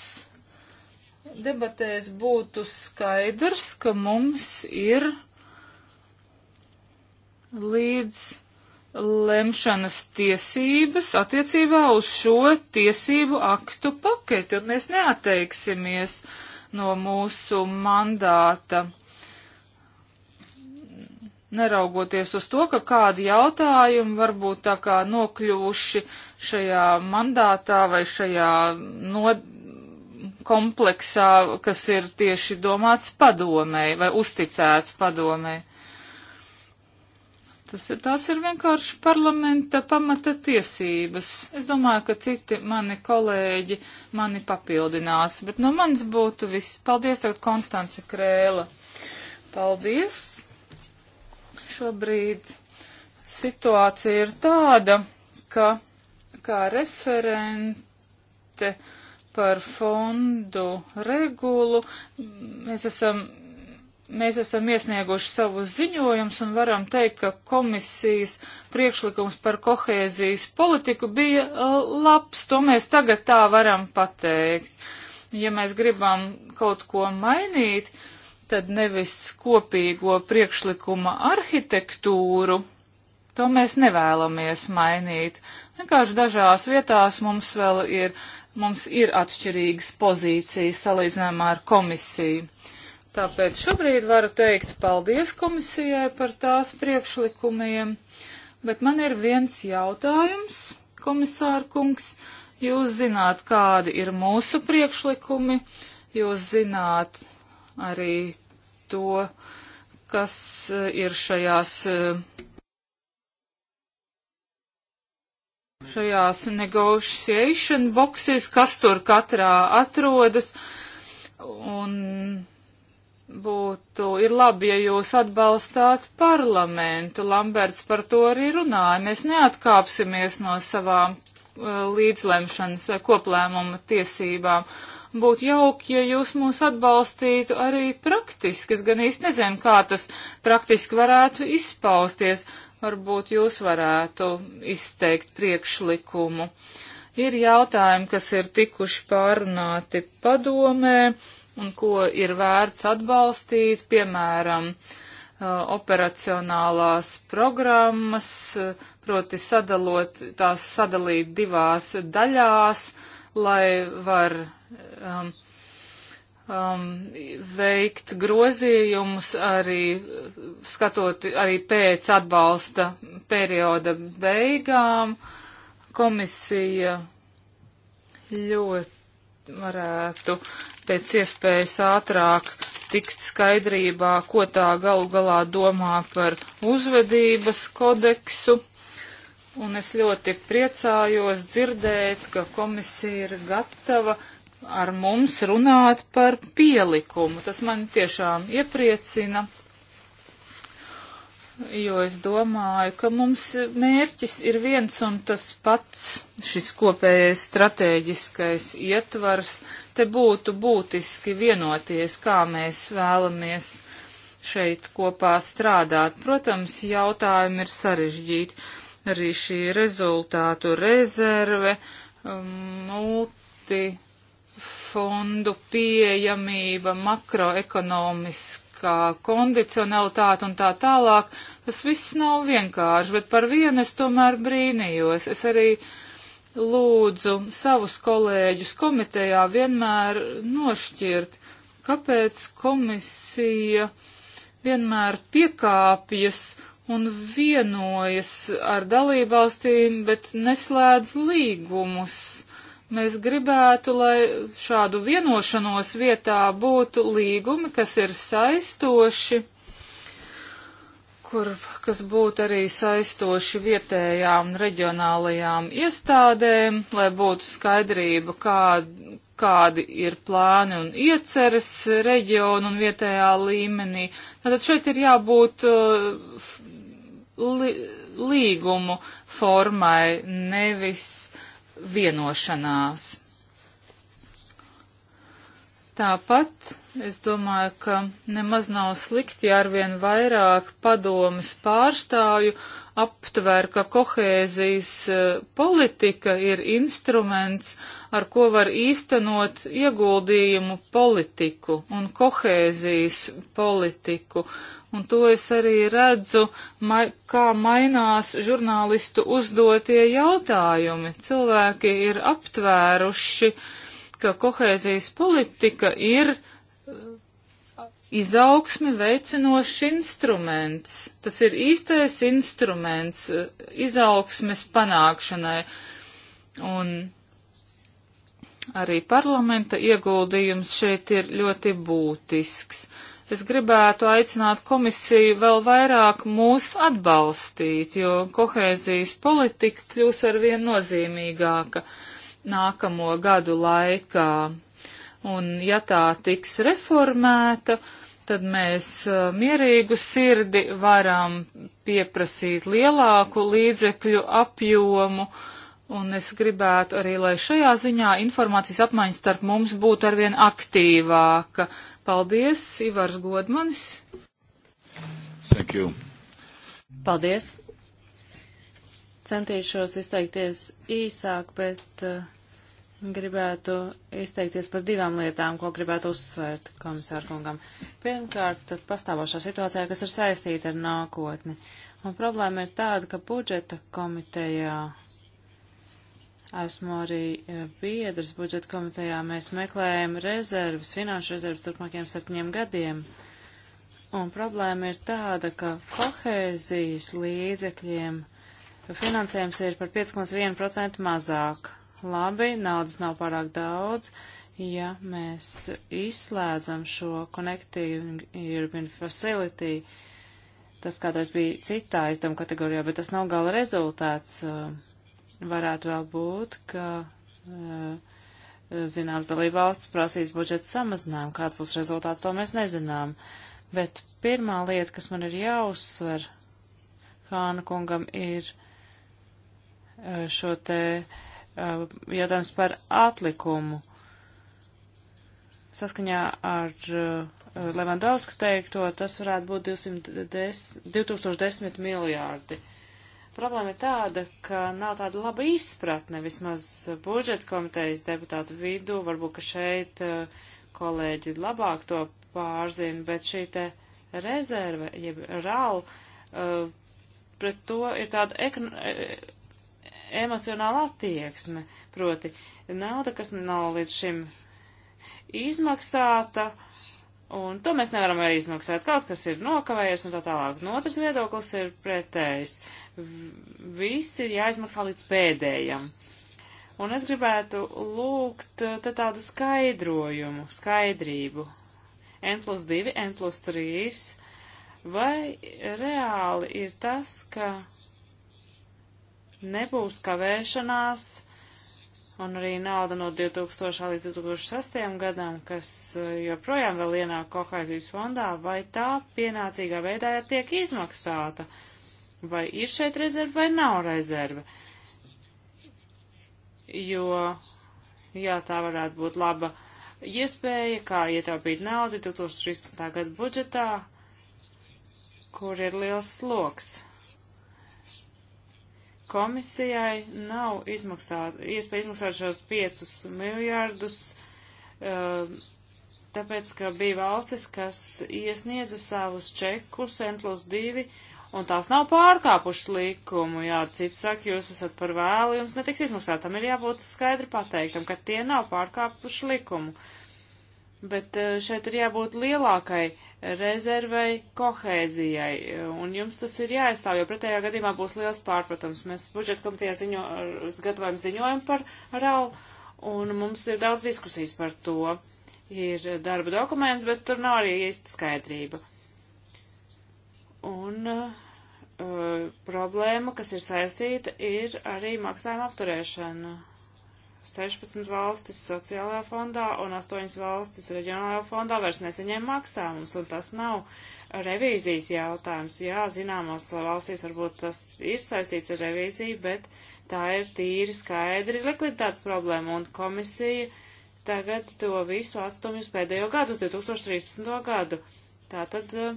debatēs būtu skaidrs, ka mums ir līdz lemšanas tiesības attiecībā uz šo tiesību aktu paketi, un mēs neatteiksimies no mūsu mandāta. Neraugoties uz to, ka kādi jautājumi varbūt tā kā nokļuvuši šajā mandātā vai šajā no kompleksā, kas ir tieši domāts padomēji vai uzticēts padomēji. Tas ir, tās ir vienkārši parlamenta pamata tiesības. Es domāju, ka citi mani kolēģi mani papildinās, bet no manis būtu viss. Paldies, tagad Konstance Krēla. Paldies. Šobrīd situācija ir tāda, ka kā referente par fondu regulu mēs esam mēs esam iesnieguši savus ziņojumus un varam teikt, ka komisijas priekšlikums par kohēzijas politiku bija uh, labs. To mēs tagad tā varam pateikt. Ja mēs gribam kaut ko mainīt, tad nevis kopīgo priekšlikuma arhitektūru, to mēs nevēlamies mainīt. Vienkārši dažās vietās mums vēl ir, mums ir atšķirīgas pozīcijas salīdzinājumā ar komisiju. Uh, Tāpēc šobrīd varu teikt paldies komisijai par tās priekšlikumiem, bet man ir viens jautājums, komisāra kungs. Jūs zināt, kādi ir mūsu priekšlikumi, jūs zināt arī to, kas eh, ir šajās, eh, šajās negotiation boxes, kas tur katrā atrodas. Un būtu, ir labi, ja jūs atbalstāt parlamentu. Lamberts par to arī runāja. Mēs neatkāpsimies no savām uh, līdzlemšanas vai koplēmuma tiesībām. Būtu jauki, ja jūs mūs atbalstītu arī praktiski. Es gan īsti nezinu, kā tas praktiski varētu izpausties. Varbūt jūs varētu izteikt priekšlikumu. Ir jautājumi, kas ir tikuši pārunāti padomē un ko ir vērts atbalstīt, piemēram, uh, operacionālās programmas, uh, proti sadalot, tās sadalīt divās daļās, lai var um, um, veikt grozījumus arī skatot arī pēc atbalsta perioda beigām. Komisija ļoti varētu pēc iespējas ātrāk tikt skaidrībā, ko tā galu galā domā par uzvedības kodeksu. Un es ļoti priecājos dzirdēt, ka komisija ir gatava ar mums runāt par pielikumu. Tas man tiešām iepriecina jo es domāju, ka mums mērķis ir viens un tas pats, šis kopējais strateģiskais ietvars. Te būtu būtiski vienoties, kā mēs vēlamies šeit kopā strādāt. Protams, jautājumi ir sarežģīti. Arī šī rezultātu rezerve, um, multifondu pieejamība, makroekonomiski kā kondicionalitāte un tā tālāk, tas viss nav vienkārši, bet par vienu es tomēr brīnījos. Es arī lūdzu savus kolēģus komitejā vienmēr nošķirt, kāpēc komisija vienmēr piekāpjas un vienojas ar dalībvalstīm, bet neslēdz līgumus Mēs gribētu, lai šādu vienošanos vietā būtu līgumi, kas ir saistoši, kur, kas būtu arī saistoši vietējām reģionālajām iestādēm, lai būtu skaidrība, kā, kādi ir plāni un ieceres reģionu un vietējā līmenī. Tātad šeit ir jābūt uh, li, līgumu formai, nevis vienošanās. Tāpat es domāju, ka nemaz nav slikti, ja arvien vairāk padomas pārstāvju aptver, ka kohēzijas e, politika ir instruments, ar ko var īstenot ieguldījumu politiku un kohēzijas politiku. Un to es arī redzu, mai, kā mainās žurnālistu uzdotie jautājumi. Cilvēki ir aptvēruši ka kohēzijas politika ir uh, izaugsmi veicinošs instruments. Tas ir īstais instruments uh, izaugsmes panākšanai. Un arī parlamenta ieguldījums šeit ir ļoti būtisks. Es gribētu aicināt komisiju vēl vairāk mūs atbalstīt, jo kohēzijas politika kļūs arvien nozīmīgāka. Uh, nākamo gadu laikā. Un ja tā tiks reformēta, tad mēs uh, mierīgu sirdi varam pieprasīt lielāku līdzekļu apjomu. Un es gribētu arī, lai šajā ziņā informācijas apmaiņa starp mums būtu arvien aktīvāka. Paldies, Ivars Godmanis. Thank you. Paldies. Centīšos izteikties īsāk, bet uh, gribētu izteikties par divām lietām, ko gribētu uzsvērt komisārkungam. Pirmkārt, pastāvošā situācijā, kas ir saistīta ar nākotni. Un problēma ir tāda, ka budžeta komitejā esmu arī eh, biedrs budžeta komitejā. Mēs meklējam rezervas, finanšu rezervas turpmākajiem septiņiem gadiem. Un problēma ir tāda, ka kohēzijas līdzekļiem ka finansējums ir par 5,1% mazāk. Labi, naudas nav pārāk daudz. Ja mēs izslēdzam šo Connecting Urban Facility, tas kādreiz bija citā aizdevuma kategorijā, bet tas nav gala rezultāts. Uh, varētu vēl būt, ka uh, zināms dalībvalsts prasīs budžeta samazinājumu. Kāds būs rezultāts, to mēs nezinām. Bet pirmā lieta, kas man ir jāuzsver Hāna kungam, ir Eh, šo te eh, jautājums par atlikumu. Saskaņā ar eh, Levandovska teikto, tas varētu būt 210, 2010 miljārdi. Problēma ir tāda, ka nav tāda laba izpratne vismaz budžeta komitejas deputātu vidū, varbūt, ka šeit kolēģi labāk to pārzina, bet šī te rezerve, jeb RAL, pret to ir tāda emocionāla attieksme, proti nauda, kas nav līdz šim izmaksāta, un to mēs nevaram arī izmaksāt. Kaut kas ir nokavējies un tā tālāk. Un otrs viedoklis ir pretējs. Viss ir jāizmaksā līdz pēdējam. Un es gribētu lūgt eh, tādu skaidrojumu, skaidrību. N plus 2, N plus 3. Vai reāli ir tas, ka nebūs kavēšanās, un arī nauda no 2000 līdz 2006 gadam, kas eh, joprojām vēl ienāk kohēzijas fondā, vai tā pienācīgā veidā tiek izmaksāta, vai ir šeit rezerva vai nav rezerva. Jo, jā, tā varētu būt laba iespēja, kā ietaupīt naudu 2013. gada budžetā, kur ir liels sloks Komisijai nav izmaksāt, iespēja izmaksāt šos 5 miljārdus, eh, tāpēc, ka bija valstis, kas iesniedza savus čekus N plus 2, un tās nav pārkāpušas likumu. Jā, cits saka, jūs esat par vēlu, jums netiks izmaksāt. Tam ir jābūt skaidri pateiktam, ka tie nav pārkāpuši likumu. Uh, bet eh, šeit ir jābūt lielākai rezervei kohēzijai, un jums tas ir jāaizstāv, jo pretējā gadījumā būs liels pārpratums. Mēs budžeta komitejā ziņo, eh, gatavojam ziņojumu par RAL, un mums ir daudz diskusijas par to. Ir darba dokuments, bet tur nav arī īsta skaidrība. Un uh, problēma, kas ir saistīta, ir arī maksājuma apturēšana. 16 valstis sociālajā fondā un 8 valstis reģionālajā fondā vairs nesaņem maksājumus, un tas nav revīzijas jautājums. Jā, zināmās valstīs varbūt tas ir saistīts ar revīziju, bet tā ir tīri skaidri likviditātes problēma, un komisija tagad to visu atstumj uz pēdējo gadu, uz 2013. gadu. Tātad eh,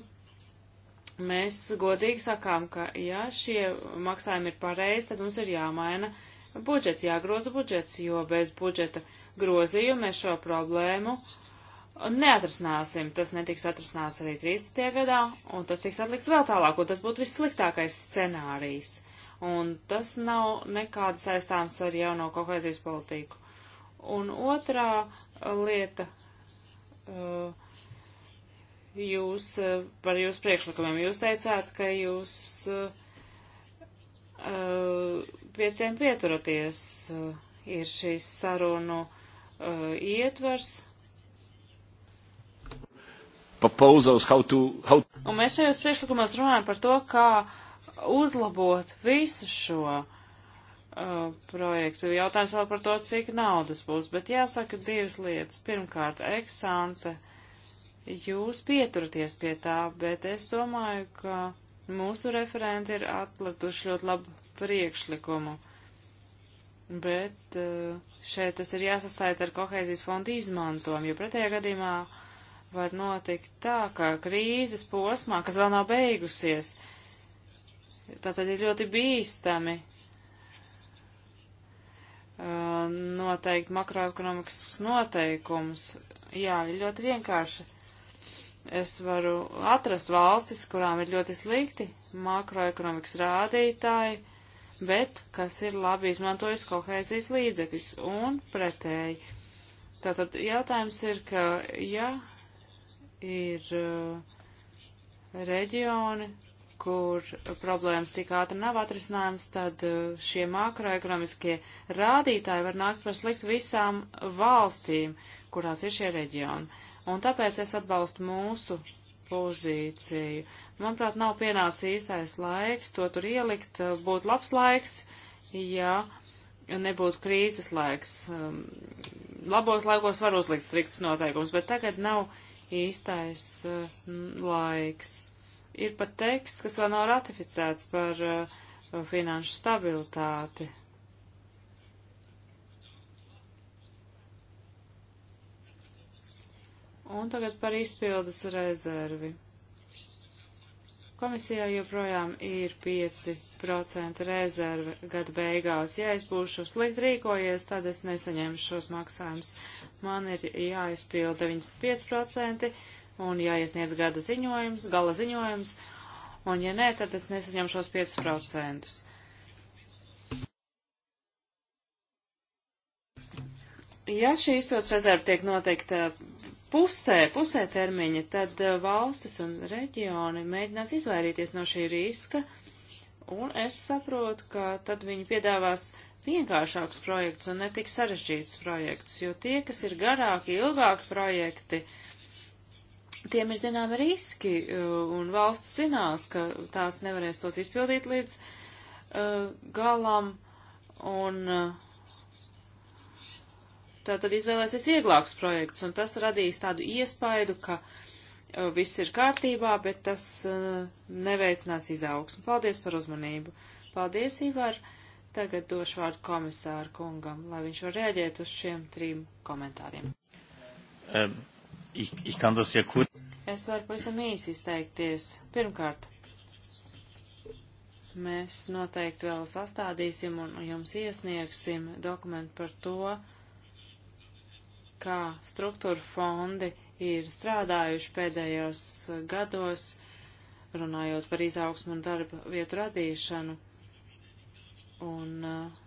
mēs godīgi sakām, ka ja šie maksājumi ir pareizi, tad mums ir jāmaina budžets, jāgroza budžets, jo bez budžeta grozījuma mēs šo problēmu neatrasināsim. Tas netiks atrasināts arī 13. gadā, un tas tiks atlikts vēl tālāk, un tas būtu vissliktākais scenārijs. Un tas nav nekāda saistāms ar jauno kohēzijas politiku. Un otrā lieta. Uh, jūs uh, par jūsu priekšlikumiem. Jūs teicāt, ka jūs uh, uh pie tiem pieturoties. Eh, ir šīs sarunu uh, ietvers. Proposals, how to, how... Un mēs šajos priekšlikumos runājam par to, kā uzlabot visu šo uh, projektu. Jautājums vēl par to, cik naudas būs, bet jāsaka divas lietas. Pirmkārt, eksante, jūs pieturaties pie tā, bet es domāju, ka mūsu referenti ir atlikuši ļoti labu priekšlikumu. Bet eh, šeit tas ir jāsastāja ar kohēzijas fondu izmantojumu, jo pretējā gadījumā var notikt tā, ka krīzes posmā, kas vēl nav beigusies, tā tad ir ļoti bīstami eh, noteikt makroekonomikas noteikumus. Jā, ir ļoti vienkārši. Es varu atrast valstis, kurām ir ļoti slikti makroekonomikas rādītāji, bet kas ir labi izmantojis kohēzijas līdzekļus un pretēji. Tātad jautājums ir, ka ja ir uh, reģioni, kur problēmas tik ātri nav atrisinājums, tad uh, šie makroekonomiskie rādītāji var nākt par sliktu visām valstīm, kurās ir šie reģioni. Un tāpēc es atbalstu mūsu pozīciju. Manuprāt, nav pienācis īstais laiks to tur ielikt, eh, būtu labs laiks, ja nebūtu krīzes laiks. Ehm, labos laikos var uzlikt striktus noteikumus, bet tagad nav īstais eh, laiks. Ir pat teksts, kas vēl nav ratificēts par eh, finanšu stabilitāti. Un tagad par izpildes rezervi. Komisijā joprojām ir 5% rezerve gada beigās. Ja es būšu slikti rīkojies, tad es nesaņemšu šos maksājumus. Man ir jāizpild 95% un jāiesniedz gada ziņojums, gala ziņojums, un ja nē, tad es nesaņemšu šos 5%. Ja šī izpildus rezerve tiek noteikta pusē, pusē termiņa, tad eh, valstis un reģioni mēģinās izvairīties no šī riska, un es saprotu, ka tad viņi piedāvās vienkāršāks projekts un netik sarežģīts projekts, jo tie, kas ir garāki, ilgāki projekti, tiem ir zināmi riski, eh, un valsts zinās, ka tās nevarēs tos izpildīt līdz uh, galam, un uh, tātad izvēlēsies vieglākus projektus, un tas radīs tādu iespaidu, ka uh, viss ir kārtībā, bet tas uh, neveicinās izaugsmu. Paldies par uzmanību. Paldies, Ivar. Tagad došu vārdu komisāru kungam, lai viņš var rēģēt uz šiem trim komentāriem. Um, ich, ich kann das ja kurz. Es varu pavisam īsi izteikties. Pirmkārt, mēs noteikti vēl sastādīsim un jums iesniegsim dokumentu par to, kā struktūra fondi ir strādājuši pēdējos gados, runājot par izaugsmu un darba vietu radīšanu. Un uh,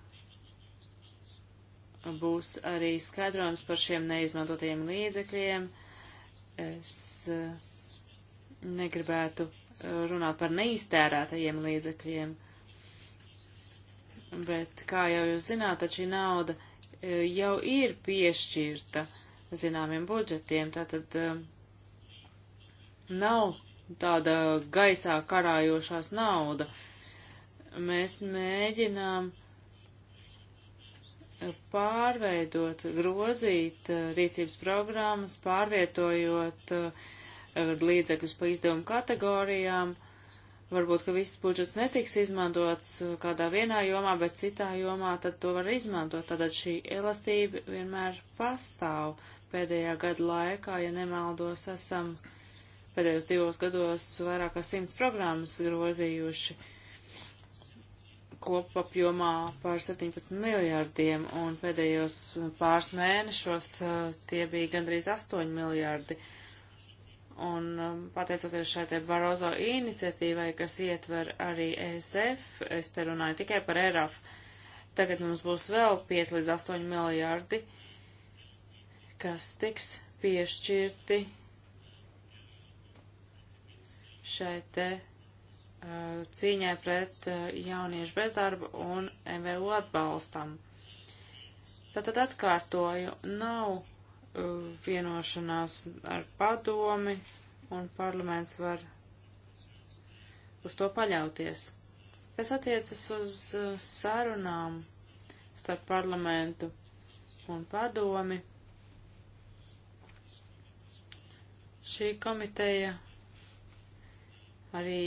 būs arī skaidrojums par šiem neizmantotajiem līdzekļiem. Es uh, negribētu runāt par neiztērētajiem līdzekļiem, bet, kā jau jūs zināt, tad šī nauda E, jau ir piešķirta zināmiem budžetiem, tātad e, nav tāda gaisā karājošās nauda. Mēs mēģinām e, pārveidot, grozīt rīcības programmas, pārvietojot līdzekļus pa izdevumu kategorijām, varbūt, ka viss budžets netiks izmantots uh, kādā vienā jomā, bet citā jomā tad to var izmantot. Tātad šī elastība vienmēr pastāv. Pēdējā gada laikā, ja nemaldos, esam pēdējos divos gados vairāk kā simts programmas grozījuši kopapjomā par 17 miljārdiem, un pēdējos pāris mēnešos uh, tie bija gandrīz 8 miljārdi. Uh, Un um, pateicoties šai te Barozo iniciatīvai, kas ietver arī ESF, es te runāju tikai par ERAF, tagad mums būs vēl 5 līdz 8 miljārdi, kas tiks piešķirti šai te uh, cīņai pret uh, jauniešu bezdarbu un MVU atbalstam. Tātad atkārtoju, nav vienošanās ar padomi, un parlaments var uz to paļauties. Kas attiecas uz uh, sarunām starp parlamentu un padomi, šī komiteja arī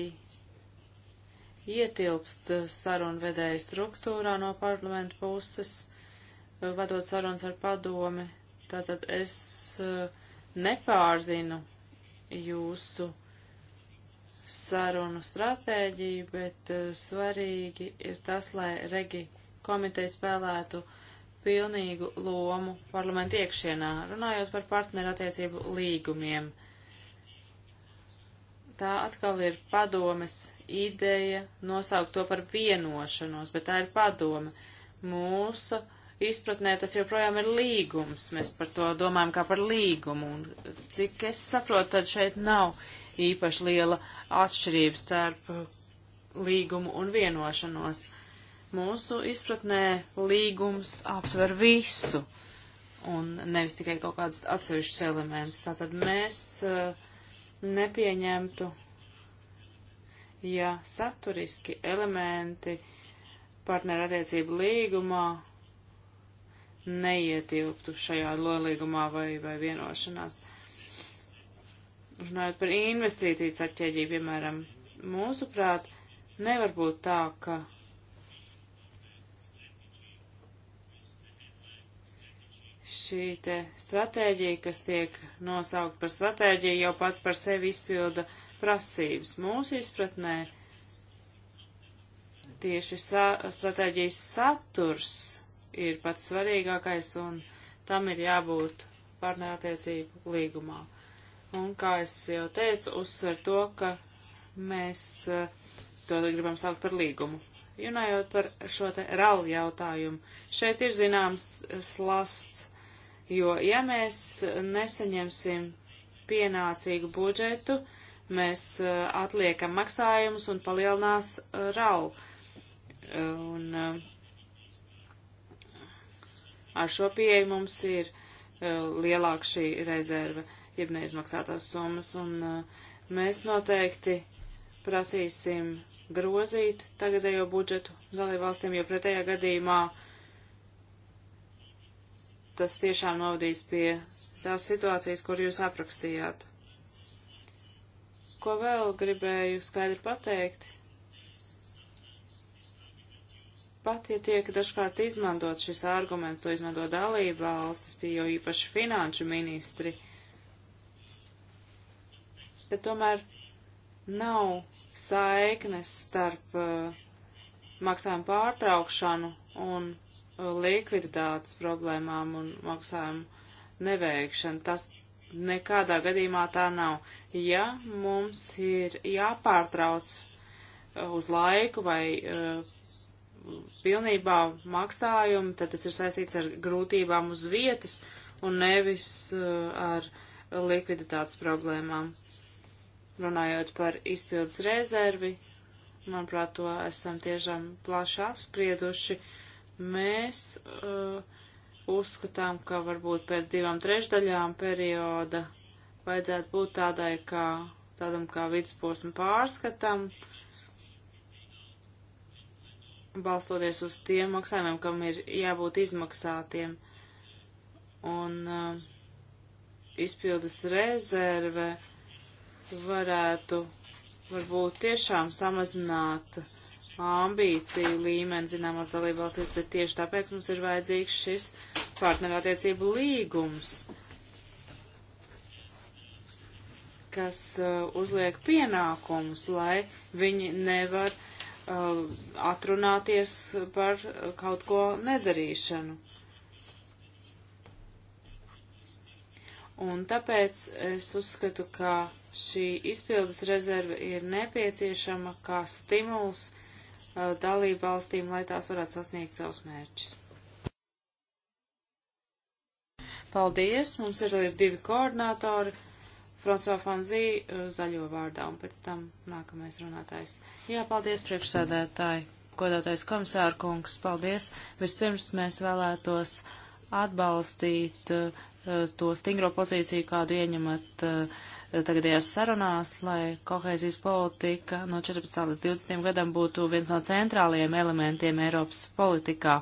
ietilpst sarunvedēju struktūrā no parlamentu puses, uh, vadot sarunas ar padomi, Tātad es eh, nepārzinu jūsu sarunu stratēģiju, bet eh, svarīgi ir tas, lai regi komiteja spēlētu pilnīgu lomu parlamentu iekšienā, runājot par partnerattiecību līgumiem. Tā atkal ir padomes ideja nosaukt to par vienošanos, bet tā ir padome. Mūsu uh, izpratnē tas joprojām ir līgums. Mēs par to domājam kā par līgumu. Un cik es saprotu, tad šeit nav īpaši liela atšķirība starp līgumu un vienošanos. Mūsu izpratnē līgums aptver visu un nevis tikai kaut kādus atsevišķus elementus. Tātad mēs uh, nepieņemtu, ja saturiski elementi partnerattiecību līgumā neietilptu šajā nolīgumā vai, vai vienošanās. Runājot par investīciju ķēģiju, piemēram, mūsuprāt, nevar būt tā, ka šī te stratēģija, kas tiek nosaukt par stratēģiju, jau pat par sevi izpilda prasības. Mūsu izpratnē tieši sa stratēģijas saturs ir pats svarīgākais un tam ir jābūt partnerattiecību līgumā. Un, kā es jau teicu, uzsver to, ka mēs eh, to gribam saukt par līgumu. Runājot par šo te RAL jautājumu, šeit ir zināms eh, slasts, jo ja mēs nesaņemsim pienācīgu budžetu, mēs eh, atliekam maksājumus un palielinās RAL. Un Ar šo pieeju mums ir uh, lielāka šī rezerve, jeb neizmaksātās summas, un uh, mēs noteikti prasīsim grozīt tagadējo budžetu dalībvalstīm, jo pretējā gadījumā tas tiešām novadīs pie tās situācijas, kur jūs aprakstījāt. Ko vēl gribēju skaidri pateikt? pat, ja tiek dažkārt izmantot šis arguments, to izmanto dalība valstis, jo īpaši finanšu ministri, bet tomēr nav saiknes starp uh, maksājumu pārtraukšanu un uh, likviditātes problēmām un maksājumu neveikšanu. Tas nekādā gadījumā tā nav. Ja mums ir jāpārtrauc uh, uz laiku vai uh, pilnībā maksājumu, tad tas ir saistīts ar grūtībām uz vietas un nevis uh, ar likviditātes problēmām. Runājot par izpildus rezervi, manuprāt, to esam tiešām plaši apsprieduši. Mēs uh, uzskatām, ka varbūt pēc divām trešdaļām perioda vajadzētu būt tādai kā tādam kā vidusposmu pārskatam, uh, balstoties uz tiem maksājumiem, kam ir jābūt izmaksātiem. Un uh, izpildes rezerve varētu varbūt tiešām samazināt ambīciju līmeni zināmās dalībvalstīs, bet tieši tāpēc mums ir vajadzīgs šis partnerattiecību līgums, kas uh, uzliek pienākumus, lai viņi nevar uh, Uh, atrunāties par kaut ko nedarīšanu. Un tāpēc es uzskatu, ka šī izpildes rezerve ir nepieciešama kā stimuls uh, dalību valstīm, lai tās varētu sasniegt savus mērķus. Paldies! Mums ir divi koordinātori. Franso Fanzī uh, zaļo vārdā, un pēc tam nākamais runātājs. Jā, paldies priekšsēdētāji, godātais komisāra kungs, paldies. Vispirms mēs vēlētos atbalstīt uh, to stingro pozīciju, kādu ieņemat uh, tagadējās sarunās, lai kohēzijas politika no 14 līdz 20 gadam būtu viens no centrālajiem elementiem Eiropas politikā.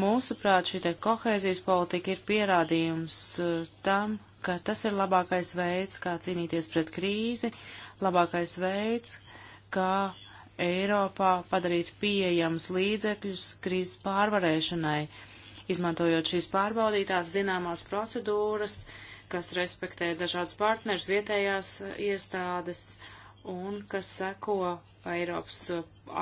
Mūsuprāt, šī kohēzijas politika ir pierādījums uh, tam, ka tas ir labākais veids, kā cīnīties pret krīzi, labākais veids, kā Eiropā padarīt pieejams līdzekļus krīzes pārvarēšanai, izmantojot šīs pārbaudītās zināmās procedūras, kas respektē dažādas partners, vietējās iestādes un kas seko Eiropas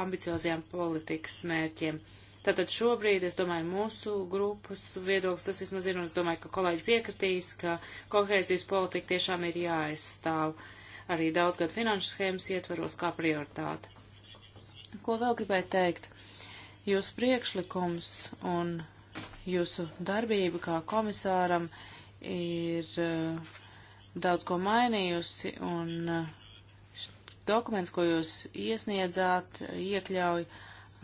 ambiciozajām politikas mērķiem. Tātad šobrīd, es domāju, mūsu grupas viedoklis tas vismaz ir, un es domāju, ka kolēģi piekritīs, ka kohēzijas politika tiešām ir jāaizstāv arī daudzgad finanšu schēmas ietveros kā prioritāte. Ko vēl gribēju teikt? Jūsu priekšlikums un jūsu darbība kā komisāram ir uh, daudz ko mainījusi, un uh, dokuments, ko jūs iesniedzāt, eh, iekļauj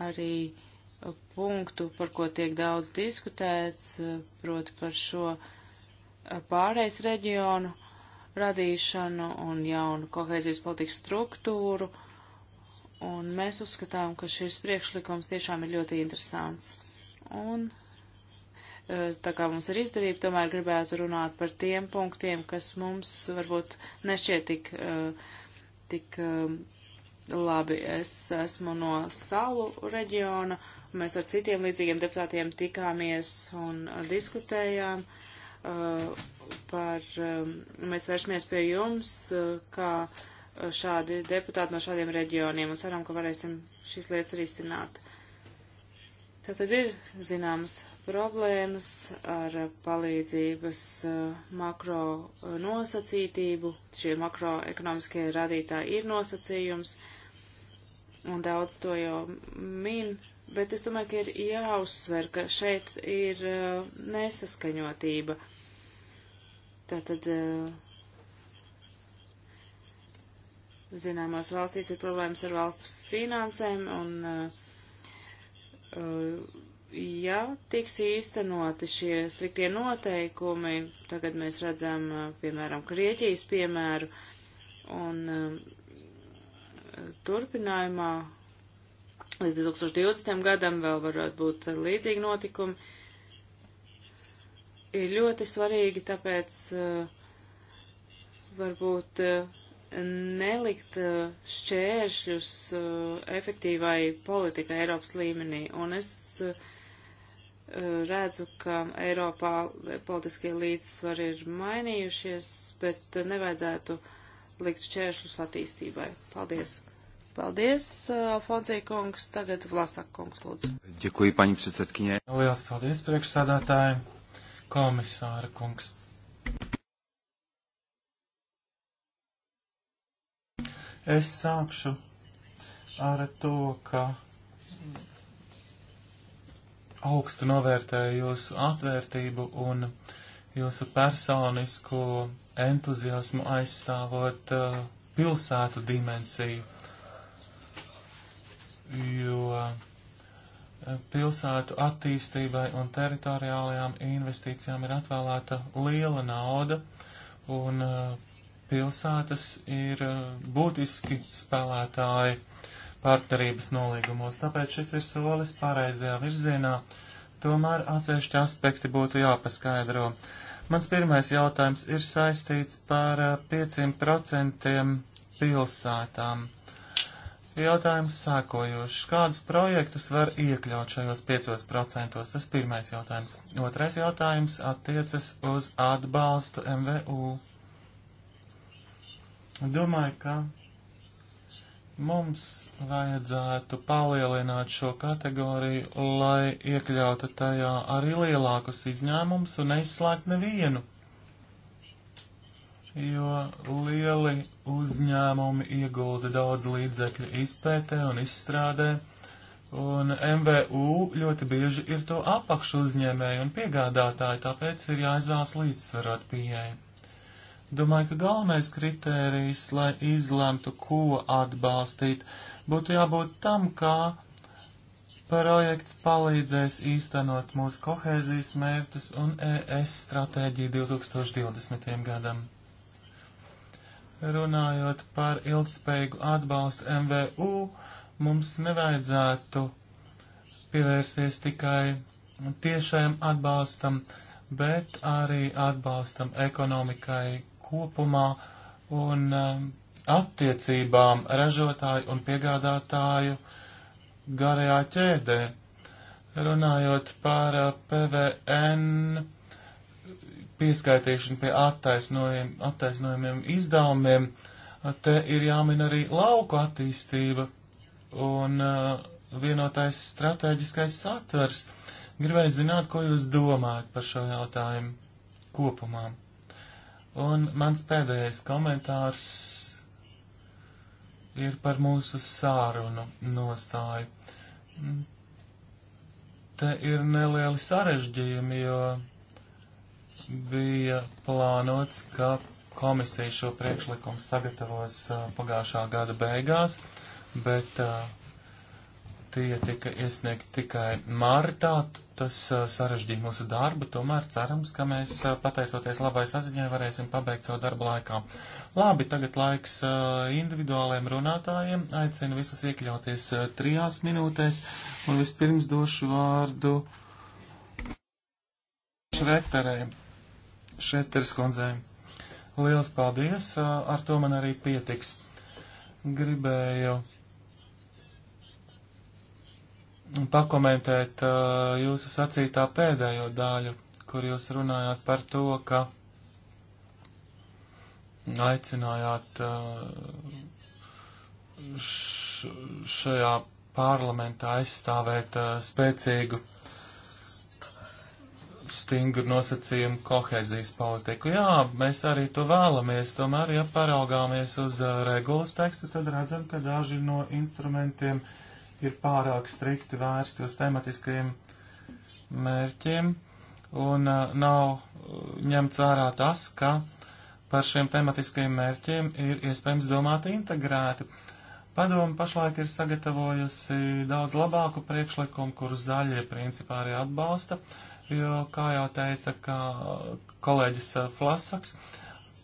arī punktu, par ko tiek daudz diskutēts, proti par šo eh, pārējais reģionu radīšanu un jaunu kohēzijas politikas struktūru. Un mēs uzskatām, ka šis priekšlikums tiešām ir ļoti interesants. Un eh, tā kā mums ir izdevība, tomēr gribētu runāt par tiem punktiem, kas mums varbūt nešķiet tik, eh, tik Labi, es esmu no salu reģiona, un mēs ar citiem līdzīgiem deputātiem tikāmies un diskutējām uh, par, um, mēs vēršamies pie jums, uh, kā uh, šādi deputāti no šādiem reģioniem, un ceram, ka varēsim šīs lietas risināt. Tātad ir zināmas problēmas ar palīdzības uh, makro uh, nosacītību. Šie makroekonomiskie rādītāji ir nosacījums un daudz to jau min, bet es domāju, ka ir jāuzsver, ka šeit ir uh, nesaskaņotība. Tātad, uh, zināmās valstīs ir problēmas ar valsts finansēm, un, uh, uh ja tiks īstenoti šie striktie noteikumi, tagad mēs redzam, uh, piemēram, Grieķijas piemēru, un um, turpinājumā līdz 2020. gadam vēl varētu būt līdzīgi notikumi. Ir ļoti svarīgi, tāpēc eh, varbūt eh, nelikt eh, šķēršļus efektīvai politikai Eiropas līmenī. Un es redzu, ka Eiropā politiskie līdzsvari ir mainījušies, bet nevajadzētu uh, likt šķēršus attīstībai. Paldies! Paldies, uh, Alfonsija kungs, tagad Vlasak kungs, lūdzu. Ďakuji, paņi predsedkiņē. Lielas paldies, priekšsādātāji, komisāra kungs. Es sākšu ar to, ka augstu novērtēju jūsu atvērtību un uh, jūsu personisko entuziasmu aizstāvot uh, pilsētu dimensiju, jo uh, pilsētu attīstībai un teritoriālajām investīcijām ir atvēlēta liela nauda, un uh, pilsētas ir uh, būtiski spēlētāji partnerības nolīgumos, tāpēc šis ir solis pareizajā virzienā. Tomēr atsevišķi aspekti būtu jāpaskaidro. Uh, Mans pirmais jautājums ir saistīts par 5% eh, pilsētām. Jautājums sākojošs. Kādus projektus var iekļaut šajos 5%? Tas pirmais jautājums. Otrais jautājums attiecas uz atbalstu MVU. Domāju, ka Mums vajadzētu palielināt šo kategoriju, lai iekļautu tajā arī lielākus izņēmumus un neizslēgt nevienu. Jo lieli uzņēmumi iegulda daudz līdzekļu izpētē un izstrādē, un MVU ļoti bieži ir to apakšu uzņēmēju un piegādātāji, tāpēc ir jāizvēlas līdzsvarot pieeja. Domāju, ka galvenais kritērijs, lai izlemtu, ko atbalstīt, būtu jābūt tam, kā projekts palīdzēs īstenot mūsu kohēzijas mērķus un ES stratēģiju 2020. gadam. Runājot par ilgspējīgu atbalstu MVU, mums nevajadzētu pievērsties tikai tiešajam atbalstam, bet arī atbalstam ekonomikai, kopumā un um, attiecībām ražotāju un piegādātāju garajā ķēdē. Runājot par uh, PVN pieskaitīšanu pie attaisnojumiem, attaisnojumiem izdevumiem, uh, te ir jāmin arī lauku attīstība un uh, vienotais strateģiskais satvers. Gribēju zināt, ko jūs domājat par šo jautājumu kopumā. Un mans pēdējais komentārs ir par mūsu sārunu nostāju. Te ir nelieli sarežģījumi, jo bija plānots, ka komisija šo priekšlikumu sagatavos uh, pagājušā gada beigās, bet uh, tie tika iesniegti tikai martā. Tas uh, sarežģīja mūsu darbu, tomēr cerams, ka mēs, uh, pateicoties labai saziņai, varēsim pabeigt savu darbu laikā. Labi, tagad laiks uh, individuāliem runātājiem. Aicinu visus iekļauties uh, trijās minūtēs, un vispirms došu vārdu Šreterē, Šreters kundzei. Liels paldies, uh, ar to man arī pietiks. Gribēju pakomentēt uh, jūsu sacītā pēdējo daļu, kur jūs runājāt par to, ka aicinājāt uh, š, šajā parlamentā aizstāvēt uh, spēcīgu, stingru nosacījumu kohēzijas politiku. Jā, mēs arī to vēlamies, tomēr, ja paraugāmies uz regulas tekstu, tad redzam, ka daži no instrumentiem uh, ir pārāk strikti vērsti uz tematiskajiem mērķiem, un uh, nav ņemts vērā tas, ka par šiem tematiskajiem mērķiem ir iespējams domāt integrēti. Padoma pašlaik ir sagatavojusi daudz labāku priekšlikumu, kurus zaļie principā arī atbalsta, jo, kā jau teica kā kolēģis Flasaks,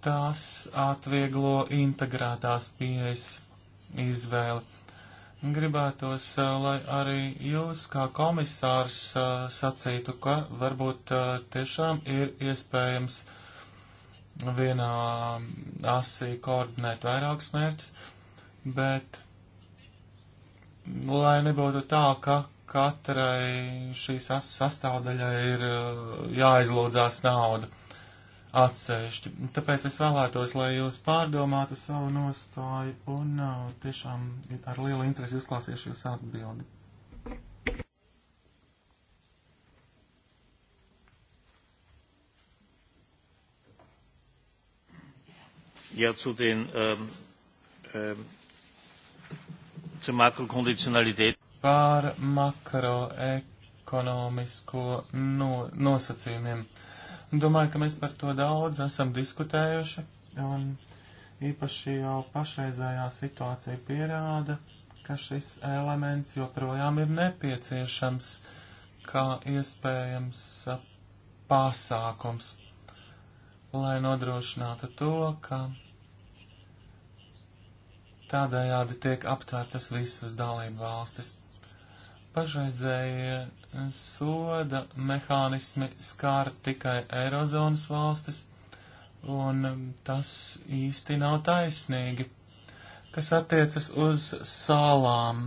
tas atvieglo integrētās pieejas izvēli. Gribētos, lai arī jūs kā komisārs sacītu, ka varbūt tiešām ir iespējams vienā asī koordinēt vairākus mērķus, bet lai nebūtu tā, ka katrai šīs sastāvdaļai ir jāizlūdzās nauda atsevišķi. Tāpēc es vēlētos, lai jūs pārdomātu savu nostāju un uh, tiešām ar lielu interesi uzklausīšu jūsu atbildi. Ja zu den ähm, ähm, zur Makrokonditionalität. Par makroekonomisko no, nosacījumiem. Uh, Domāju, ka mēs par to daudz esam diskutējuši, un īpaši jau pašreizējā situācija pierāda, ka šis elements joprojām ir nepieciešams kā iespējams pasākums, lai nodrošinātu to, ka Tādējādi tiek aptvērtas visas dalību valstis. Pašreizējie soda mehānismi skār tikai Eirozonas valstis, un um, tas īsti nav taisnīgi, kas attiecas uz salām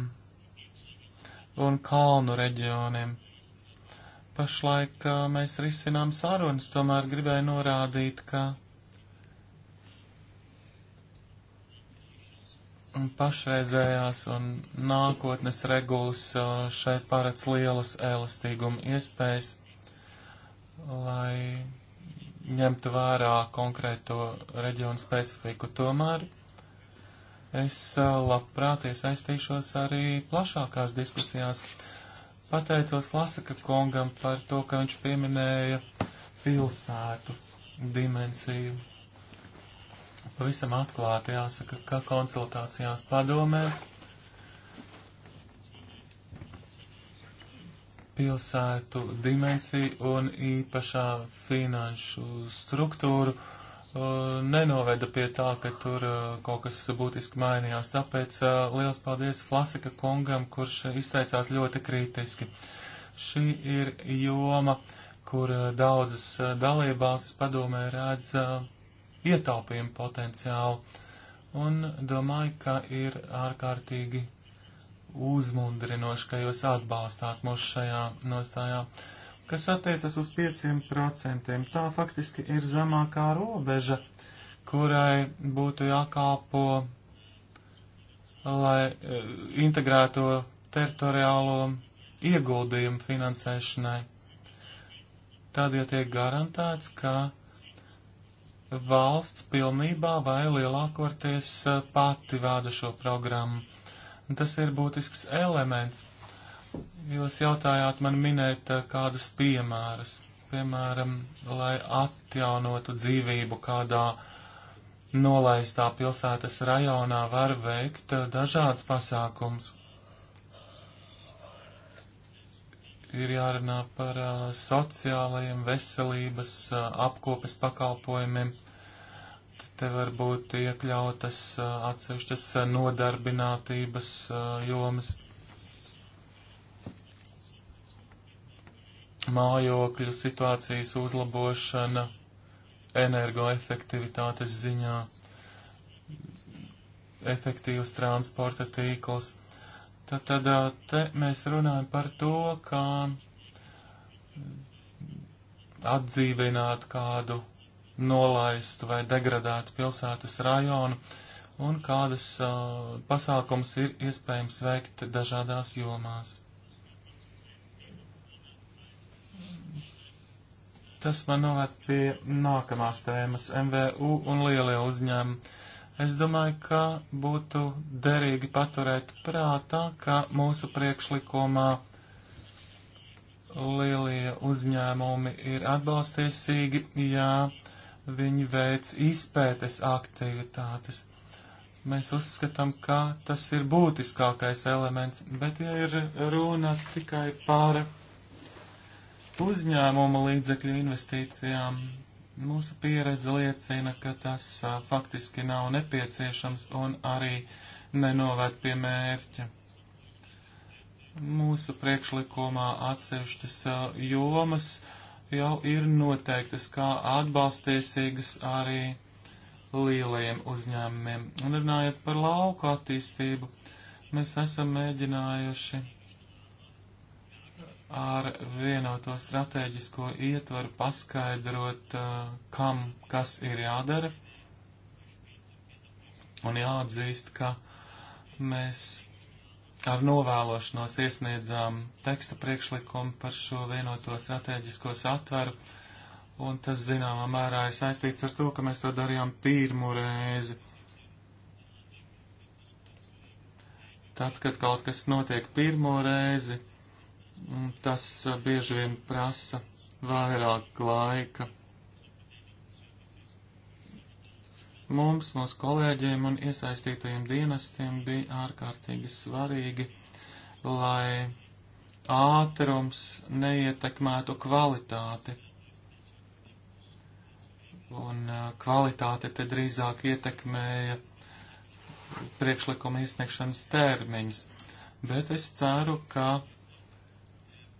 un kalnu reģioniem. Pašlaik uh, mēs risinām sarunas, tomēr gribēju norādīt, ka pašreizējās un nākotnes regulas uh, šeit paredz lielas elastīguma iespējas, lai ņemtu vērā konkrēto reģionu specifiku. Tomēr es uh, labprāt iesaistīšos arī plašākās diskusijās. Pateicos Klasika kongam par to, ka viņš pieminēja pilsētu dimensiju pavisam atklāti jāsaka, ka konsultācijās padomē pilsētu dimensiju un īpašā finanšu struktūru uh, nenoveda pie tā, ka tur uh, kaut kas būtiski mainījās. Tāpēc uh, liels paldies Flasika kungam, kurš izteicās ļoti kritiski. Šī ir joma, kur daudzas dalībvalstis padomē redz ietaupījumu potenciālu. Un domāju, ka ir ārkārtīgi uzmundrinoši, ka jūs atbalstāt mūs šajā nostājā, kas attiecas uz 5%. Tā faktiski ir zemākā robeža, kurai būtu jākalpo, lai eh, integrēto teritoriālo ieguldījumu finansēšanai. Tādēļ ja tiek garantēts, ka valsts pilnībā vai lielākoties eh, pati vāda šo programmu. Tas ir būtisks elements. Jūs jautājāt man minēt eh, kādus piemērus. Piemēram, lai atjaunotu dzīvību kādā nolaistā pilsētas rajonā var veikt eh, dažāds pasākums. ir jārunā par uh, sociālajiem veselības uh, apkopes pakalpojumiem. Te var būt iekļautas atsevišķas nodarbinātības jomas, mājokļu situācijas uzlabošana, energoefektivitātes ziņā, efektīvs transporta tīkls. Tad, tad te mēs runājam par to, kā atdzīvināt kādu nolaistu vai degradētu pilsētas rajonu un kādas uh, pasākums ir iespējams veikt dažādās jomās. Tas man novērt pie nākamās tēmas - MVU un lielie uzņēmumi. Es domāju, ka būtu derīgi paturēt prātā, ka mūsu priekšlikumā lielie uzņēmumi ir atbalstiesīgi, jā, viņi veic izpētes aktivitātes. Mēs uzskatām, ka tas ir būtiskākais elements, bet ja ir runa tikai par uzņēmumu līdzekļu investīcijām, mūsu pieredze liecina, ka tas a, faktiski nav nepieciešams un arī nenovērt pie mērķa. Mūsu priekšlikumā atsevišķas jomas. Uh, jau ir noteiktas kā atbalstiesīgas arī lielajiem uzņēmumiem. Un runājot par lauku attīstību, mēs esam mēģinājuši ar vienoto strateģisko ietvaru paskaidrot, uh, kam kas ir jādara. Un jāatzīst, ka mēs ar novēlošanos iesniedzām teksta priekšlikumu par šo vienoto strateģisko satveru, un tas zināmā mērā ir saistīts ar to, ka mēs to darījām pirmo reizi. Tad, kad kaut kas notiek pirmo reizi, tas uh, bieži vien prasa vairāk laika. Mums, mūsu kolēģiem un iesaistītajiem dienestiem bija ārkārtīgi svarīgi, lai ātrums neietekmētu kvalitāti. Un kvalitāte te drīzāk ietekmēja priekšlikuma izsniegšanas termiņus. Bet es ceru, ka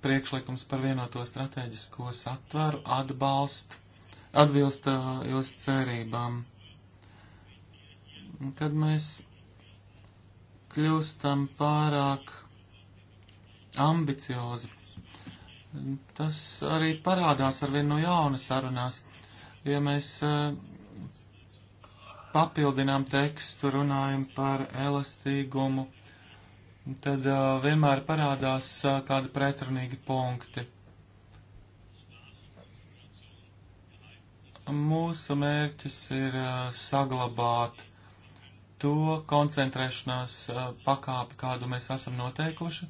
priekšlikums par vienoto strateģisko satvaru atbalst, atbilst jūsu cerībām kad mēs kļūstam pārāk ambiciozi. Tas arī parādās ar vienu no jaunu sarunās. Ja mēs uh, papildinām tekstu, runājam par elastīgumu, tad uh, vienmēr parādās uh, kādi pretrunīgi punkti. Mūsu mērķis ir saglabāt to koncentrēšanās pakāpi, kādu mēs esam noteikuši.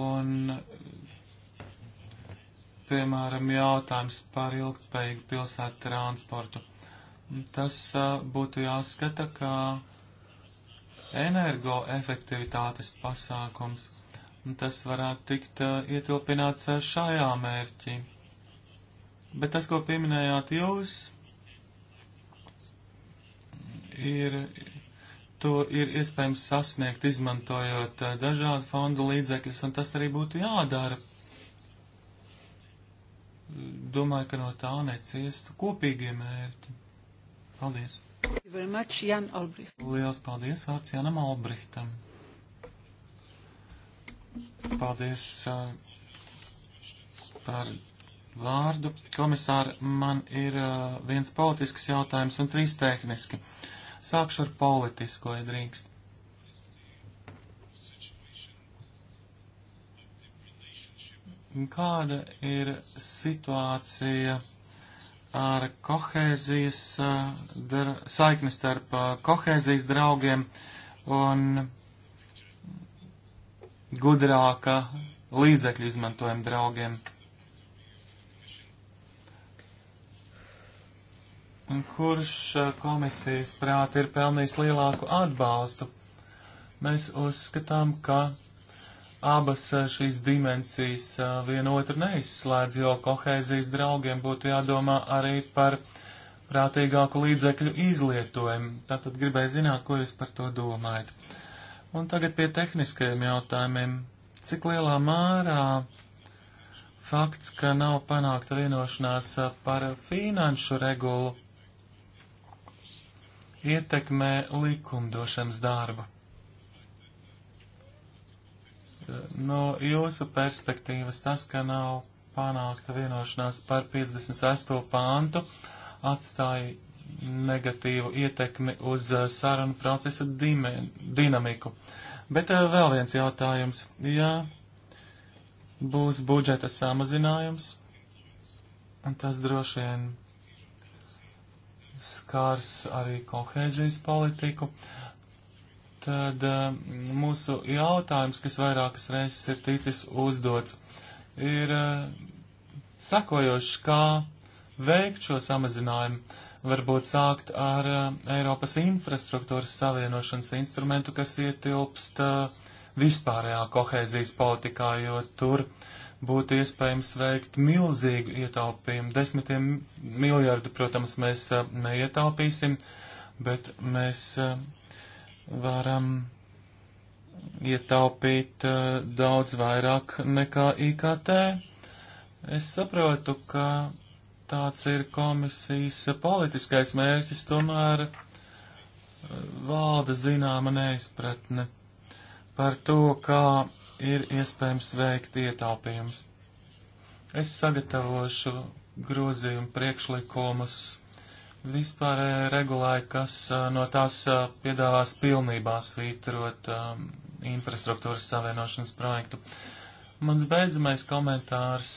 Un, piemēram, jautājums par ilgspējīgu pilsētu transportu. Tas būtu jāskata kā energoefektivitātes pasākums. Tas varētu tikt ietilpināts šajā mērķī. Bet tas, ko pieminējāt jūs, ir, to ir iespējams sasniegt, izmantojot eh, dažādu fondu līdzekļus, un tas arī būtu jādara. Domāju, ka no tā neciestu kopīgie mērķi. Paldies! Much, Jan Albrecht. Lielas paldies vārds Janam Albrechtam. Paldies uh, par vārdu. Komisāri, man ir uh, viens politisks jautājums un trīs tehniski. Uh, Sākšu ar politisko, ja drīkst. Kāda ir situācija ar kohēzijas, eh, dar, saikni starp eh, kohēzijas draugiem un gudrāka līdzekļu izmantojuma draugiem? kurš komisijas prāti ir pelnījis lielāku atbalstu. Mēs uzskatām, ka abas šīs dimensijas vienotru neizslēdz, jo kohēzijas draugiem būtu jādomā arī par prātīgāku līdzekļu izlietojumu. Tātad gribēju zināt, ko jūs par to domājat. Un tagad pie tehniskajiem jautājumiem. Cik lielā mērā fakts, ka nav panākta vienošanās par finanšu regulu, ietekmē likumdošanas darbu. No jūsu perspektīvas tas, ka nav panākta vienošanās par 58. pāntu, atstāja negatīvu ietekmi uz eh, sarunu procesa dime, dinamiku. Bet eh, vēl viens jautājums. Ja būs budžeta samazinājums, tas droši vien skārs arī kohēzijas politiku, tad eh, mūsu jautājums, kas vairākas reizes ir ticis uzdots, ir eh, sakojošs, kā veikt šo samazinājumu. Varbūt sākt ar eh, Eiropas infrastruktūras savienošanas instrumentu, kas ietilpst vispārējā kohēzijas politikā, jo tur uh, būtu iespējams veikt milzīgu ietaupījumu. Desmitiem miljardu, protams, mēs a, neietaupīsim, bet mēs a, varam ietaupīt a, daudz vairāk nekā IKT. Es saprotu, ka tāds ir komisijas politiskais mērķis, tomēr valda zināma neizpratne par to, kā ir iespējams veikt ietaupījumus. Es sagatavošu grozījumu priekšlikumus vispārējai eh, regulai, kas eh, no tās eh, piedāvās pilnībā svītrot um, infrastruktūras savienošanas projektu. Mans beidzamais komentārs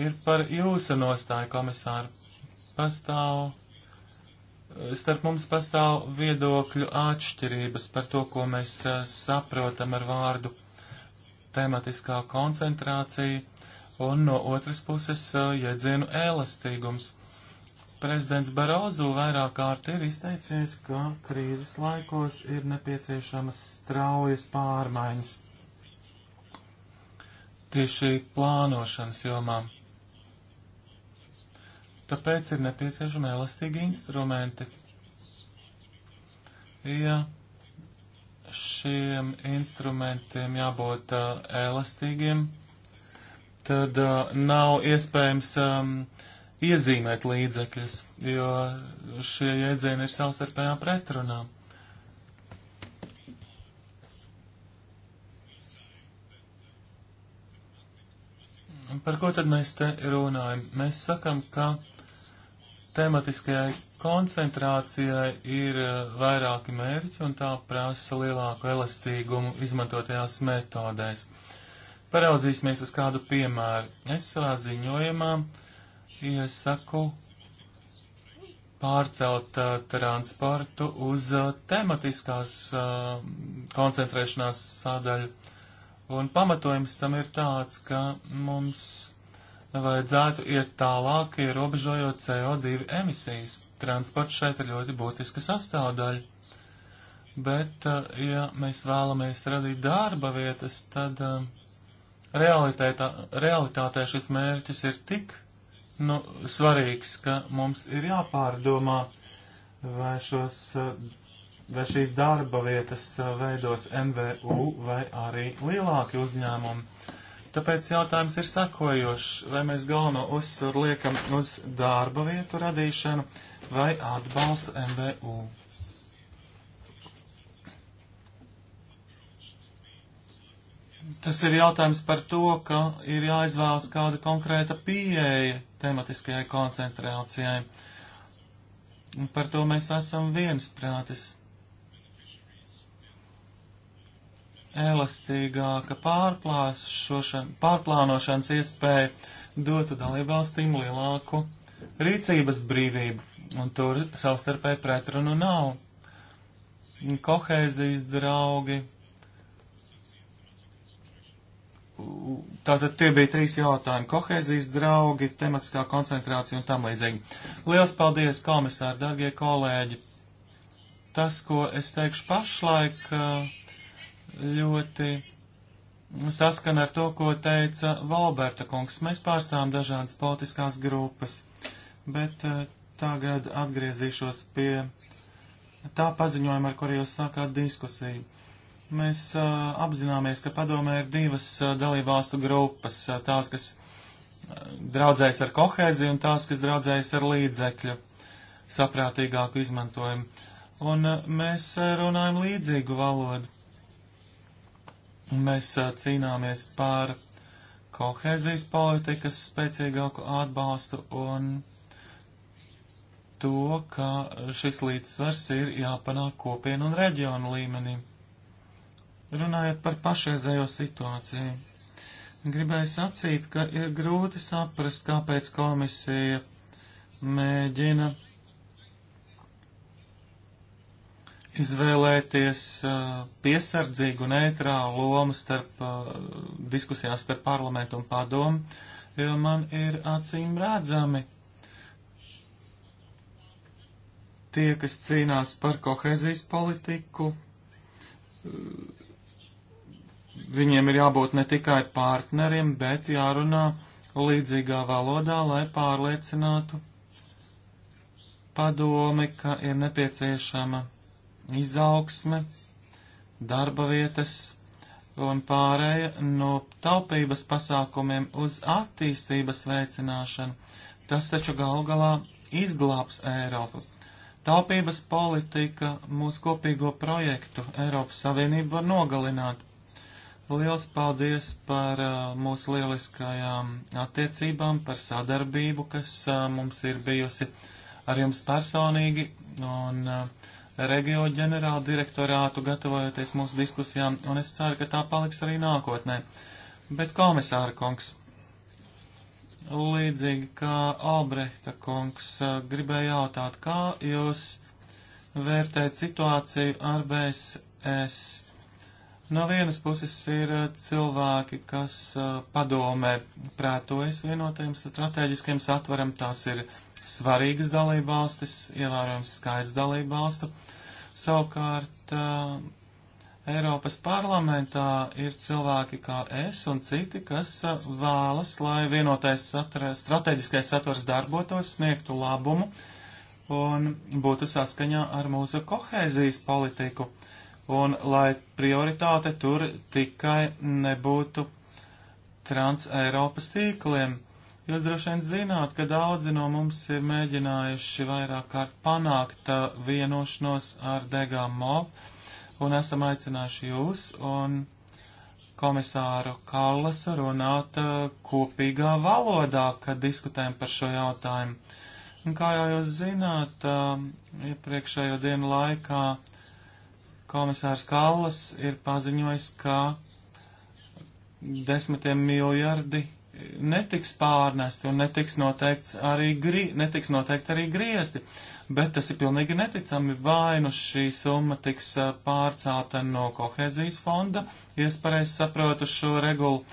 ir par jūsu nostāju, komisāri. Pastāv starp mums pastāv viedokļu atšķirības par to, ko mēs saprotam ar vārdu tematiskā koncentrācija un no otras puses eh, jēdzienu elastīgums. Prezidents Barozu vairāk kārt ir izteicies, ka krīzes laikos ir nepieciešamas straujas pārmaiņas tieši plānošanas jomā. Tāpēc ir nepieciešami elastīgi instrumenti. Ja šiem instrumentiem jābūt uh, elastīgiem, tad uh, nav iespējams um, iezīmēt līdzekļus, jo šie jēdzieni ir savstarpējā pretrunā. Par ko tad mēs te runājam? Mēs sakam, ka tematiskajai koncentrācijai ir eh, vairāki mērķi un tā prasa lielāku elastīgumu izmantotajās metodēs. Paraudzīsimies uz kādu piemēru. Es savā ziņojumā iesaku pārcelt uh, transportu uz uh, tematiskās uh, koncentrēšanās sadaļu. Un pamatojums tam ir tāds, ka mums vajadzētu iet tālāk, ierobežojot CO2 emisijas. Transports šeit ir ļoti būtiska sastāvdaļa. Bet, eh, ja mēs vēlamies radīt darba vietas, tad eh, realitātā, realitātē šis mērķis ir tik nu, svarīgs, ka mums ir jāpārdomā, vai, šos, eh, vai šīs darba vietas veidos MVU vai arī lielāki uzņēmumi Tāpēc jautājums ir sakojošs, vai mēs galveno uzsvaru liekam uz darba vietu radīšanu vai atbalstu MVU. Tas ir jautājums par to, ka ir jāizvēlas kāda konkrēta pieeja tematiskajai koncentrācijai. Un par to mēs esam viensprātis. elastīgāka pārplānošanas iespēja dotu dalībvalstīm lielāku rīcības brīvību, un tur savstarpēji pretrunu nav. Kohēzijas draugi. Tātad tie bija trīs jautājumi. Kohēzijas draugi, tematiskā koncentrācija un tam līdzīgi. Liels paldies, komisāri, darbie kolēģi! Tas, ko es teikšu pašlaik, uh, ļoti saskana ar to, ko teica Valberta kungs. Mēs pārstāvam dažādas politiskās grupas, bet eh, tagad atgriezīšos pie tā paziņojuma, ar kuru jūs sākāt diskusiju. Mēs eh, apzināmies, ka padomē ir divas eh, dalībvalstu grupas, tās, kas draudzējas ar kohēziju un tās, kas draudzējas ar līdzekļu saprātīgāku izmantojumu. Un mēs runājam līdzīgu valodu Mēs a, cīnāmies par kohēzijas politikas spēcīgāku atbalstu un to, ka šis līdzsvars ir jāpanāk kopienu un reģionu līmenī. Runājot par pašreizējo situāciju, gribēju sacīt, ka ir grūti saprast, kāpēc komisija mēģina izvēlēties eh, piesardzīgu neitrālu lomu starp eh, diskusijās starp parlamentu un padomu, jo man ir acīm redzami tie, kas cīnās par kohezijas politiku, viņiem ir jābūt ne tikai partneriem, bet jārunā līdzīgā valodā, lai pārliecinātu padomi, ka ir nepieciešama izaugsme, darba vietas un pārēja no taupības pasākumiem uz attīstības veicināšanu. Tas taču gal galā izglābs Eiropu. Taupības politika mūsu kopīgo projektu Eiropas Savienību var nogalināt. Liels paldies par uh, mūsu lieliskajām attiecībām, par sadarbību, kas uh, mums ir bijusi ar jums personīgi, un uh, reģio ģenerāla direktorātu gatavojoties mūsu diskusijām, un es ceru, ka tā paliks arī nākotnē. Bet komisāra kungs, līdzīgi kā Albrehta kungs, gribēju jautāt, kā jūs vērtēt situāciju ar VSS? No vienas puses ir cilvēki, kas padomē prētojas vienotajam strateģiskiem satvaram, tās ir svarīgas dalībvalstis, ievērojams skaits dalībvalstu. Savukārt uh, Eiropas parlamentā ir cilvēki kā es un citi, kas uh, vēlas, lai vienotais satura, strateģiskais saturs darbotos, sniegtu labumu un būtu saskaņā ar mūsu kohēzijas politiku. Un lai prioritāte tur tikai nebūtu trans Eiropas tīkliem. Uh, Jūs droši vien zināt, ka daudzi no mums ir mēģinājuši vairāk kārt panākt uh, vienošanos ar Degamo un esam aicinājuši jūs un komisāru Kallasa runāt uh, kopīgā valodā, kad diskutējam par šo jautājumu. Un kā jau jūs zināt, um, iepriekšējo dienu laikā komisārs Kallas ir paziņojis, ka desmitiem miljardi netiks pārnesti un netiks, arī gri, netiks noteikti arī griezti, bet tas ir pilnīgi neticami. Vai nu šī summa tiks pārcelta no kohēzijas fonda, iespareiz saprotu šo regulu,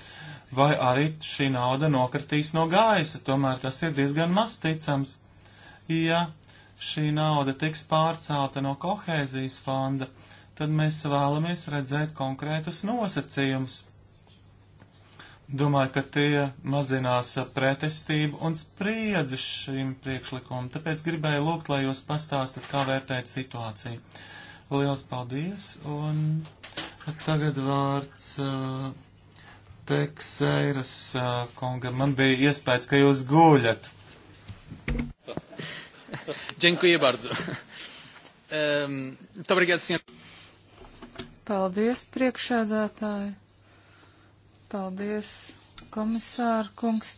vai arī šī nauda nokritīs no gaisa, tomēr tas ir diezgan maz ticams. Ja šī nauda tiks pārcelta no kohēzijas fonda, tad mēs vēlamies redzēt konkrētus nosacījumus Domāju, ka tie mazinās pretestību un spriedzi šim priekšlikumam, tāpēc gribēju lūgt, lai jūs pastāstat, kā vērtēt situāciju. Liels paldies, un tagad vārds uh, Tekseiras uh, kungam. Man bija iespējas, ka jūs guļat. Dziękuję bardzo. Um, Paldies, priekšēdētāji. Paldies, komisāra kungs.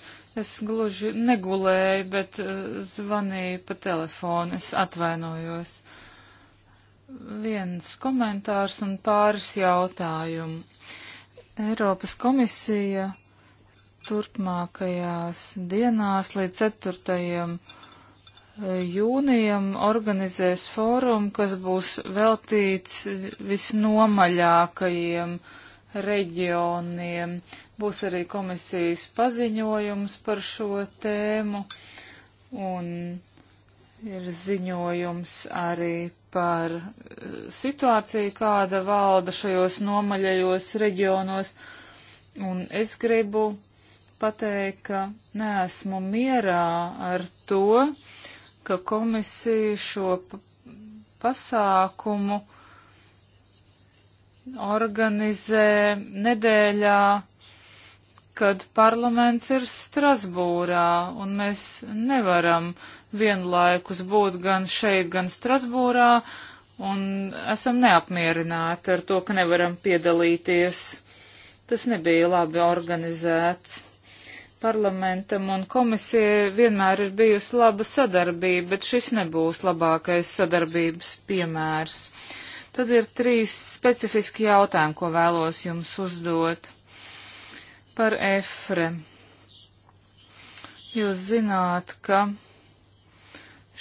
Es gluži negulēju, bet eh, zvanīju pa telefonu. Es atvainojos. Viens komentārs un pāris jautājumu. Eiropas komisija turpmākajās dienās līdz 4 eh, jūnijam organizēs fórumu, kas būs veltīts visnomaļākajiem reģioniem. Būs arī komisijas paziņojums par šo tēmu un ir ziņojums arī par eh, situāciju, kāda valda šajos nomaļajos reģionos. Un es gribu pateikt, ka neesmu mierā ar to, ka komisija šo pasākumu organizē nedēļā, kad parlaments ir Strasbūrā, un mēs nevaram vienlaikus būt gan šeit, gan Strasbūrā, un esam neapmierināti ar to, ka nevaram piedalīties. Tas nebija labi organizēts parlamentam un komisijai vienmēr ir bijusi laba sadarbība, bet šis nebūs labākais sadarbības piemērs. Tad ir trīs specifiski jautājumi, ko vēlos jums uzdot par EFRE. Jūs zināt, ka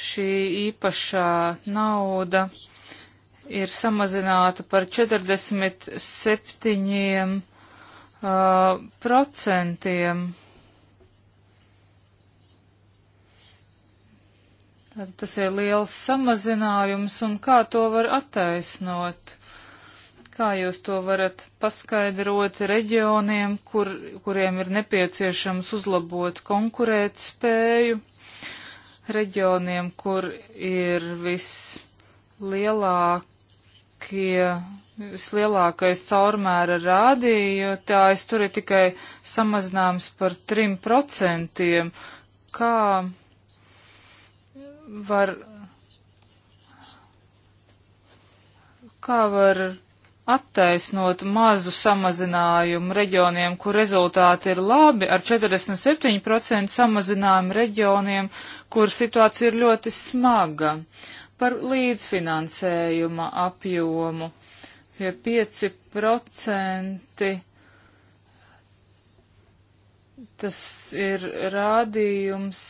šī īpašā nauda ir samazināta par 47 uh, procentiem. Tātad tas ir liels samazinājums, un kā to var attaisnot? Kā jūs to varat paskaidrot reģioniem, kur, kuriem ir nepieciešams uzlabot konkurēt spēju, reģioniem, kur ir vislielākie, vislielākais caurmēra rādījotājs, tur ir tikai samazinājums par 3%. Kā var, kā var attaisnot mazu samazinājumu reģioniem, kur rezultāti ir labi, ar 47% samazinājumu reģioniem, kur situācija ir ļoti smaga, par līdzfinansējuma apjomu, ja 5% tas ir rādījums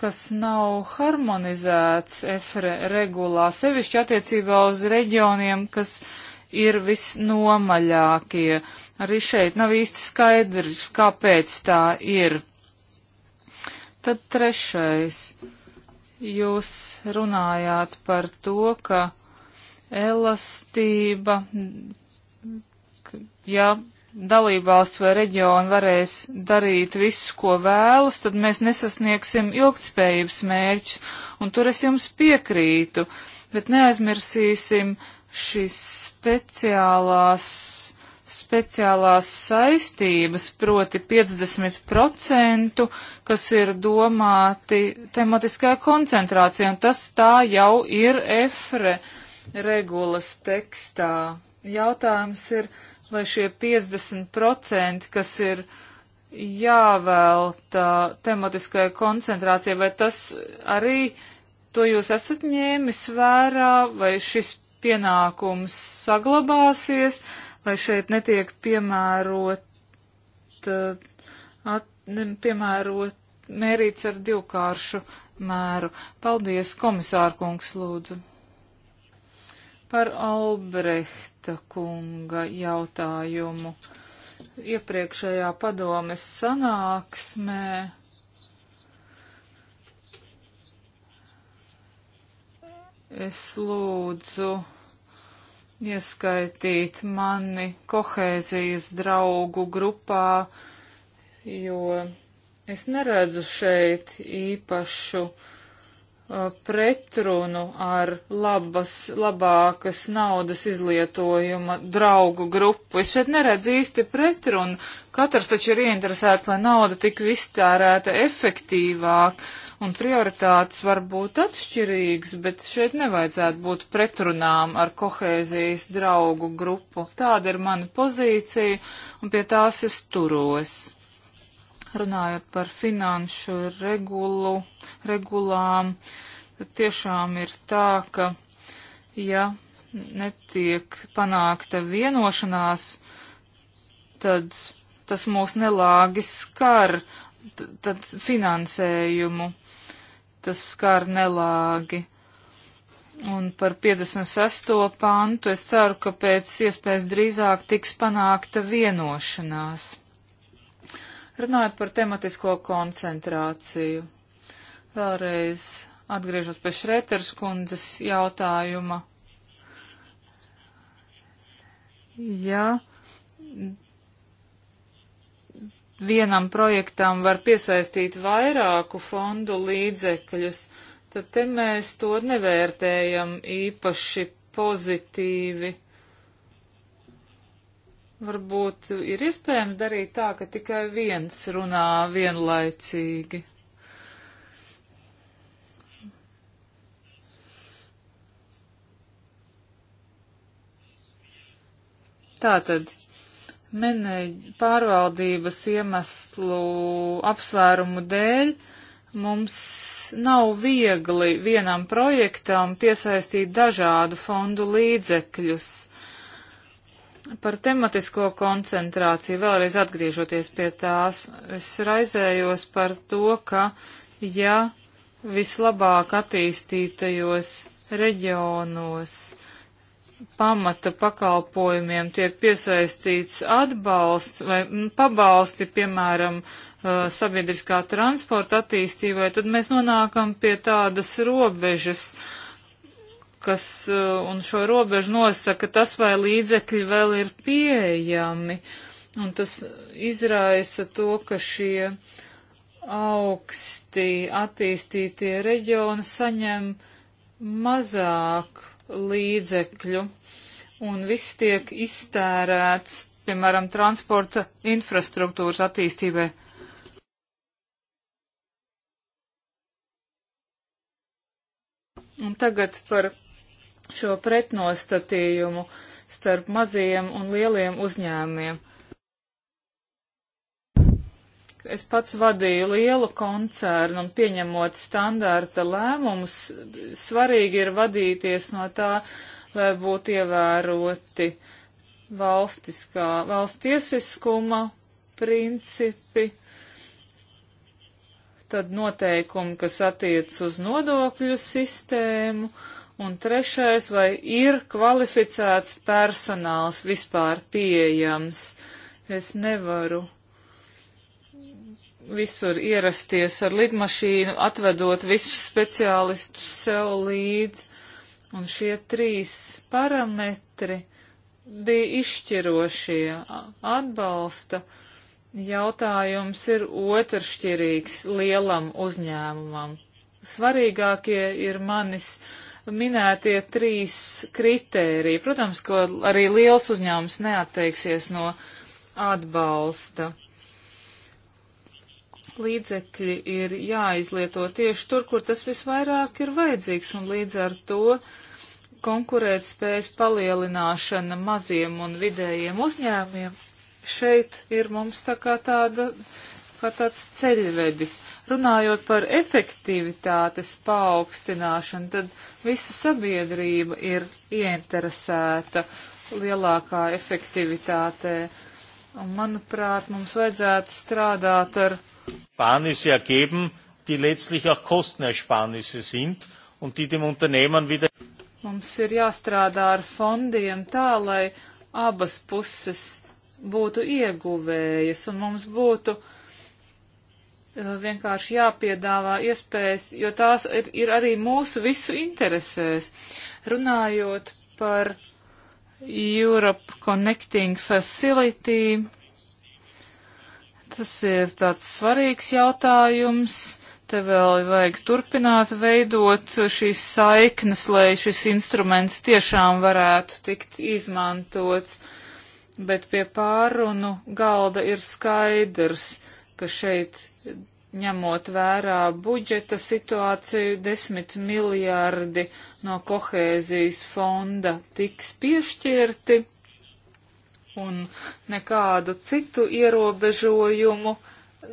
kas nav harmonizēts EFRE regulā, sevišķi attiecībā uz reģioniem, kas ir visnomaļākie. Arī šeit nav īsti skaidrs, kāpēc tā ir. Tad trešais. Jūs runājāt par to, ka elastība, ja dalībvalsts vai reģioni varēs darīt visu, ko vēlas, tad mēs nesasniegsim ilgtspējības mērķus, un tur es jums piekrītu, bet neaizmirsīsim šīs speciālās, speciālās saistības, proti 50%, kas ir domāti tematiskajā koncentrācijā, un tas tā jau ir EFRE regulas tekstā. Jautājums ir, vai šie 50%, kas ir jāvēlta tematiskai koncentrācijai, vai tas arī to jūs esat ņēmis vērā, vai šis pienākums saglabāsies, vai šeit netiek piemērot, uh, at, ne, piemērot mērīts ar divkāršu mēru. Paldies, komisārkungs, lūdzu. Par Albrehta kunga jautājumu iepriekšējā padomes sanāksmē. Es lūdzu ieskaitīt mani kohēzijas draugu grupā, jo es neredzu šeit īpašu uh, Uh, pretrunu ar labas, labākas naudas izlietojuma draugu grupu. Es šeit neredzu īsti pretrunu. Katrs taču ir ieinteresēts, lai nauda tik iztērēta efektīvāk, un prioritātes var būt atšķirīgas, bet šeit nevajadzētu būt pretrunām ar kohēzijas draugu grupu. Tāda ir mana pozīcija, un pie tās es turos runājot par finanšu regulu, regulām, tad tiešām ir tā, ka, ja netiek panākta vienošanās, tad tas mūs nelāgi skar, tad finansējumu tas skar nelāgi. Un par 56. pantu es ceru, ka pēc iespējas drīzāk tiks panākta vienošanās. Runājot par tematisko koncentrāciju, vēlreiz atgriežos pie Šreters kundzes jautājuma. Ja vienam projektam var piesaistīt vairāku fondu līdzekļus, tad te mēs to nevērtējam īpaši pozitīvi. Varbūt ir iespējams darīt tā, ka tikai viens runā vienlaicīgi. Tātad menēģi pārvaldības iemeslu apsvērumu dēļ mums nav viegli vienam projektam piesaistīt dažādu fondu līdzekļus. Par tematisko koncentrāciju vēlreiz atgriežoties pie tās, es raizējos par to, ka ja vislabāk attīstītajos reģionos pamata pakalpojumiem tiek piesaistīts atbalsts vai pabalsti, piemēram, uh, sabiedriskā transporta attīstībai, tad mēs nonākam pie tādas robežas, uh, rokas eh, un šo robežu nosaka tas, vai līdzekļi vēl ir pieejami. Un tas izraisa to, ka šie augsti attīstītie reģioni saņem mazāk līdzekļu un viss tiek iztērēts, piemēram, transporta infrastruktūras attīstībai. Un tagad par šo pretnostatījumu starp maziem un lieliem uzņēmiem. Es pats vadīju lielu koncernu un pieņemot standārta lēmumus, svarīgi ir vadīties no tā, lai būtu ievēroti valstiskā, valstiesiskuma principi, tad noteikumi, kas attiec uz nodokļu sistēmu, uh, Un trešais, vai ir kvalificēts personāls vispār pieejams? Es nevaru visur ierasties ar lidmašīnu, atvedot visus speciālistus sev līdzi. Un šie trīs parametri bija izšķirošie. Atbalsta jautājums ir otršķirīgs lielam uzņēmumam. Svarīgākie ir manis uh, minētie trīs kritēriji. Protams, ka arī liels uzņēmums neatteiksies no atbalsta. Līdzekļi ir jāizlieto tieši tur, kur tas visvairāk ir vajadzīgs, un līdz ar to konkurētspējas palielināšana maziem un vidējiem uzņēmiem šeit ir mums tā kā tāda kā tāds ceļvedis. Runājot par efektivitātes paaugstināšanu, tad visa sabiedrība ir ieinteresēta lielākā efektivitātē. Un, manuprāt, mums vajadzētu strādāt ar. Spānisi ergeben, die letztlich auch Kostenersparnisse sind un die dem Unternehmen wieder. Mums ir jāstrādā ar fondiem tā, lai abas puses būtu ieguvējas un mums būtu uh, Uh, vienkārši jāpiedāvā iespējas, jo tās ir, ir arī mūsu visu interesēs. Runājot par Europe Connecting Facility, tas ir tāds svarīgs jautājums. Te vēl vajag turpināt veidot šīs saiknes, lai šis instruments tiešām varētu tikt izmantots. Bet pie pārunu galda ir skaidrs, ka šeit ņemot vērā budžeta situāciju, 10 miljārdi no kohēzijas fonda tiks piešķirti un nekādu citu ierobežojumu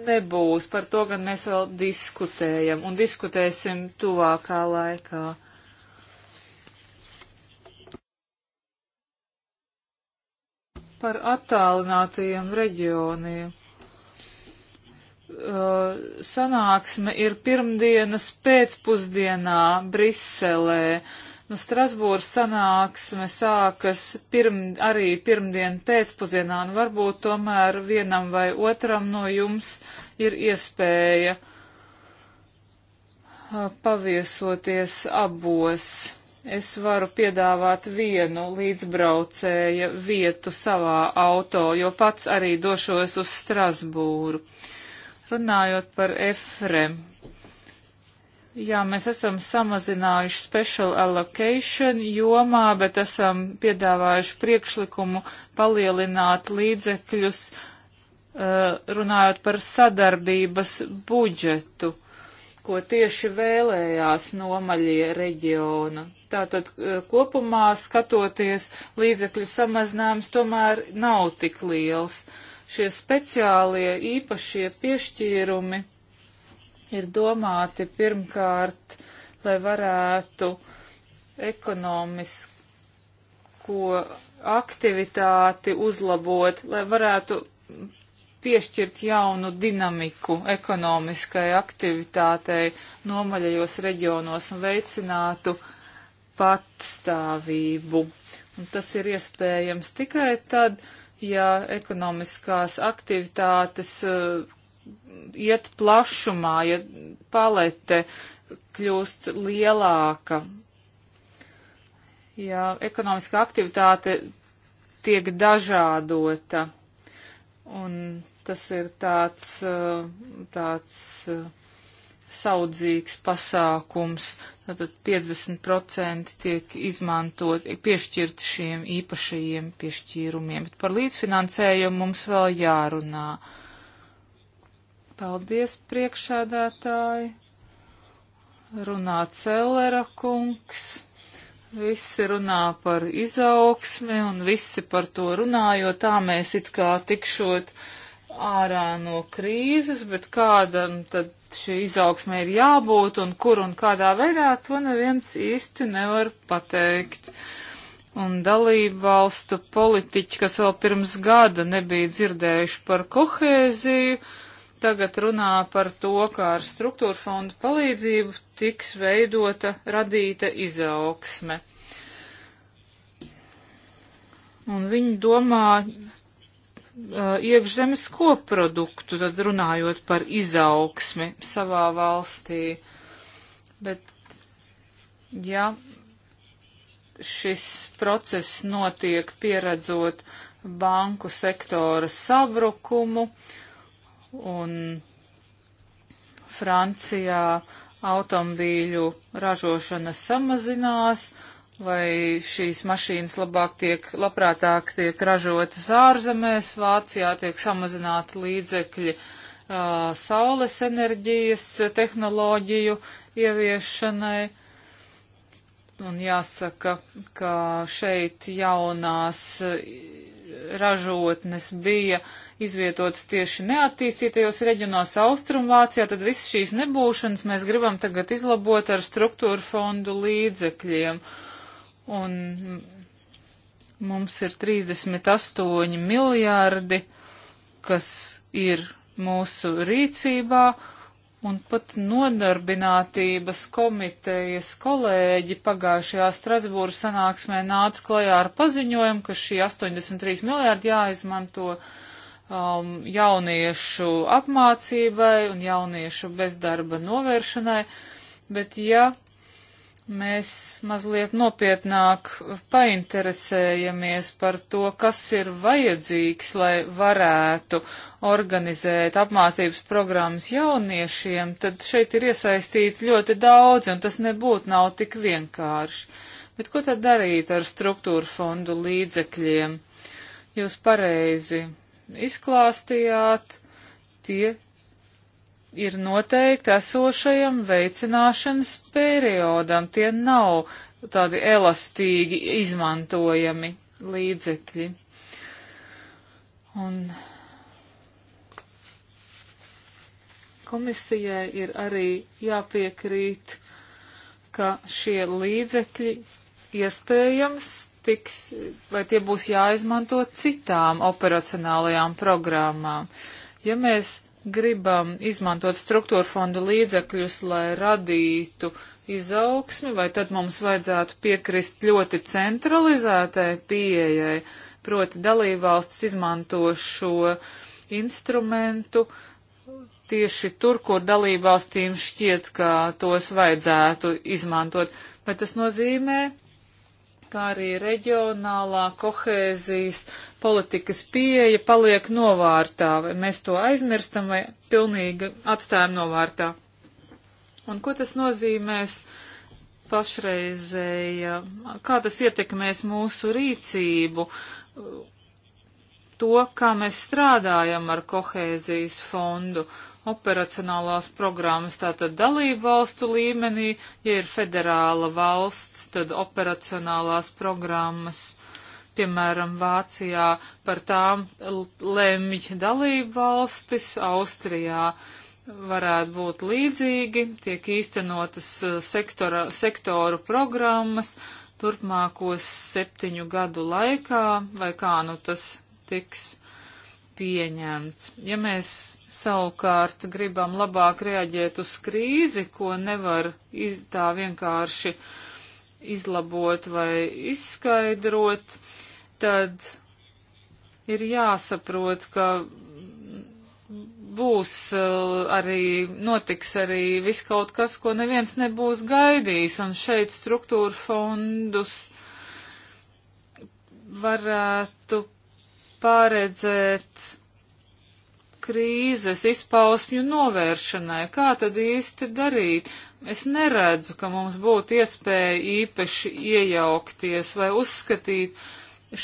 nebūs. Par to gan mēs vēl diskutējam un diskutēsim tuvākā laikā. Par attālinātajiem reģioniem Uh, sanāksme ir pirmdienas pēcpusdienā Briselē. Nu, Strasbūras sanāksme sākas pirm, arī pirmdien pēcpusdienā, un varbūt tomēr vienam vai otram no jums ir iespēja uh, paviesoties abos. Es varu piedāvāt vienu līdzbraucēja vietu savā auto, jo pats arī došos uz Strasbūru. Uh, Runājot par EFREM, jā, mēs esam samazinājuši special allocation jomā, bet esam piedāvājuši priekšlikumu palielināt līdzekļus, eh, runājot par sadarbības budžetu ko tieši vēlējās nomaļie reģionu. Tātad eh, kopumā skatoties, līdzekļu samazinājums tomēr nav tik liels. Uh, šie speciālie īpašie piešķīrumi ir domāti pirmkārt, lai varētu ekonomisko aktivitāti uzlabot, lai varētu piešķirt jaunu dinamiku ekonomiskai aktivitātei nomaļajos reģionos un veicinātu patstāvību. Un tas ir iespējams tikai tad, ja ekonomiskās aktivitātes uh, iet plašumā, ja palete kļūst lielāka, ja ekonomiskā aktivitāte tiek dažādota. Un tas ir tāds, eh, tāds eh, saudzīgs pasākums, tātad 50% tiek izmantot, piešķirt šiem īpašajiem piešķīrumiem, bet par līdzfinansējumu mums vēl jārunā. Paldies, priekšādātāji! Runā Cellera kungs. Visi runā par izaugsmi un visi par to runā, jo tā mēs it kā tikšot ārā no krīzes, bet kādam nu, tad šī izaugsme ir jābūt un kur un kādā veidā, to neviens īsti nevar pateikt. Un dalību valstu politiķi, kas vēl pirms gada nebija dzirdējuši par kohēziju, tagad runā par to, kā ar struktūra fondu palīdzību tiks veidota, radīta izaugsme. Un viņi domā Uh, iekšzemes koproduktu, tad runājot par izaugsmi savā valstī. Bet, ja šis process notiek pieredzot banku sektora sabrukumu un Francijā automobīļu ražošana samazinās, uh, vai šīs mašīnas labāk tiek, labprātāk tiek ražotas ārzemēs, Vācijā tiek samazināti līdzekļi uh, saules enerģijas tehnoloģiju ieviešanai. Un jāsaka, ka šeit jaunās ražotnes bija izvietotas tieši neattīstītajos reģionos Austrumvācijā, tad visas šīs nebūšanas mēs gribam tagad izlabot ar struktūra fondu līdzekļiem. Uh, un mums ir 38 miljārdi, kas ir mūsu rīcībā, un pat nodarbinātības komitejas kolēģi pagājušajā Strasbūras sanāksmē nāca klajā ar paziņojumu, ka šī 83 miljārdi jāizmanto um, jauniešu apmācībai un jauniešu bezdarba novēršanai, bet ja mēs mazliet nopietnāk painteresējamies par to, kas ir vajadzīgs, lai varētu organizēt apmācības programmas jauniešiem, tad šeit ir iesaistīts ļoti daudz, un tas nebūtu nav tik vienkārši. Bet ko tad darīt ar struktūra fondu līdzekļiem? Jūs pareizi izklāstījāt, tie ir noteikti esošajam veicināšanas periodam. Tie nav tādi elastīgi izmantojami līdzekļi. Un komisijai ir arī jāpiekrīt, ka šie līdzekļi iespējams tiks, vai tie būs jāizmanto citām operacionālajām programmām. Ja mēs gribam izmantot struktūra fondu līdzekļus, lai radītu izaugsmi, vai tad mums vajadzētu piekrist ļoti centralizētai pieejai, proti dalībvalsts izmanto šo instrumentu tieši tur, kur dalībvalstīm šķiet, ka tos vajadzētu izmantot. Vai tas nozīmē, kā arī reģionālā kohēzijas politikas pieeja paliek novārtā, vai mēs to aizmirstam vai pilnīgi atstājam novārtā. Un ko tas nozīmēs pašreizēja, kā tas ietekmēs mūsu rīcību, to, kā mēs strādājam ar kohēzijas fondu operacionālās programmas, tātad dalību valstu līmenī, ja ir federāla valsts, tad operacionālās programmas, piemēram, Vācijā, par tām lemj dalību valstis, Austrijā varētu būt līdzīgi, tiek īstenotas uh, sektora, sektoru programmas turpmākos septiņu gadu laikā, vai kā nu tas tiks pieņemts. Ja mēs savukārt gribam labāk reaģēt uz krīzi, ko nevar iz, tā vienkārši izlabot vai izskaidrot, tad ir jāsaprot, ka būs eh, arī, notiks arī viss kaut kas, ko neviens nebūs gaidījis, un šeit struktūra fondus varētu paredzēt krīzes izpausmju novēršanai. Kā tad īsti darīt? Es neredzu, ka mums būtu iespēja īpaši iejaukties vai uzskatīt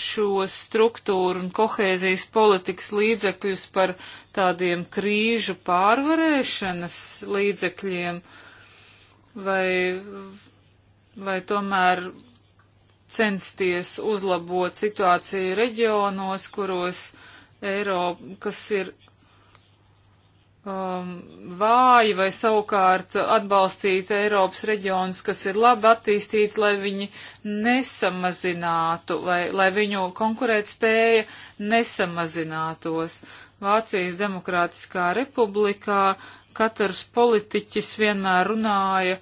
šo struktūru un kohēzijas politikas līdzekļus par tādiem krīžu pārvarēšanas līdzekļiem, vai, vai tomēr censties uzlabot situāciju reģionos, kuros Eiropa, kas ir um, vāji vai savukārt atbalstīt Eiropas reģionus, kas ir labi attīstīti, lai viņi nesamazinātu, lai, lai viņu konkurētspēja nesamazinātos. Vācijas Demokrātiskā republikā katrs politiķis vienmēr runāja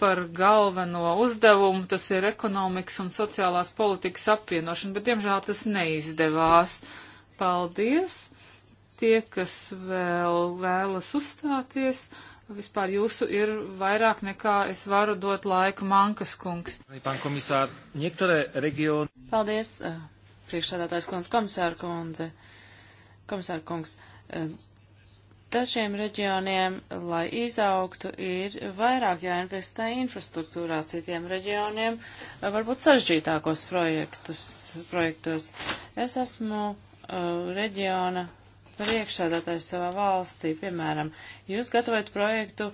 par galveno uzdevumu, tas ir ekonomikas un sociālās politikas apvienošana, bet diemžēl tas neizdevās. Paldies! Tie, kas vēl vēlas uzstāties, vispār jūsu ir vairāk nekā es varu dot laiku Mankas kungs. Paldies, eh, priekšsādātājs kundze, komisāra kundze, komisāra kungs. Eh, dažiem reģioniem, lai izaugtu, ir vairāk jāinvestē infrastruktūrā, citiem reģioniem eh, varbūt sarežģītākos projektus, projektos. Es esmu uh, reģiona priekšsēdētājs savā valstī. Piemēram, jūs gatavojat projektu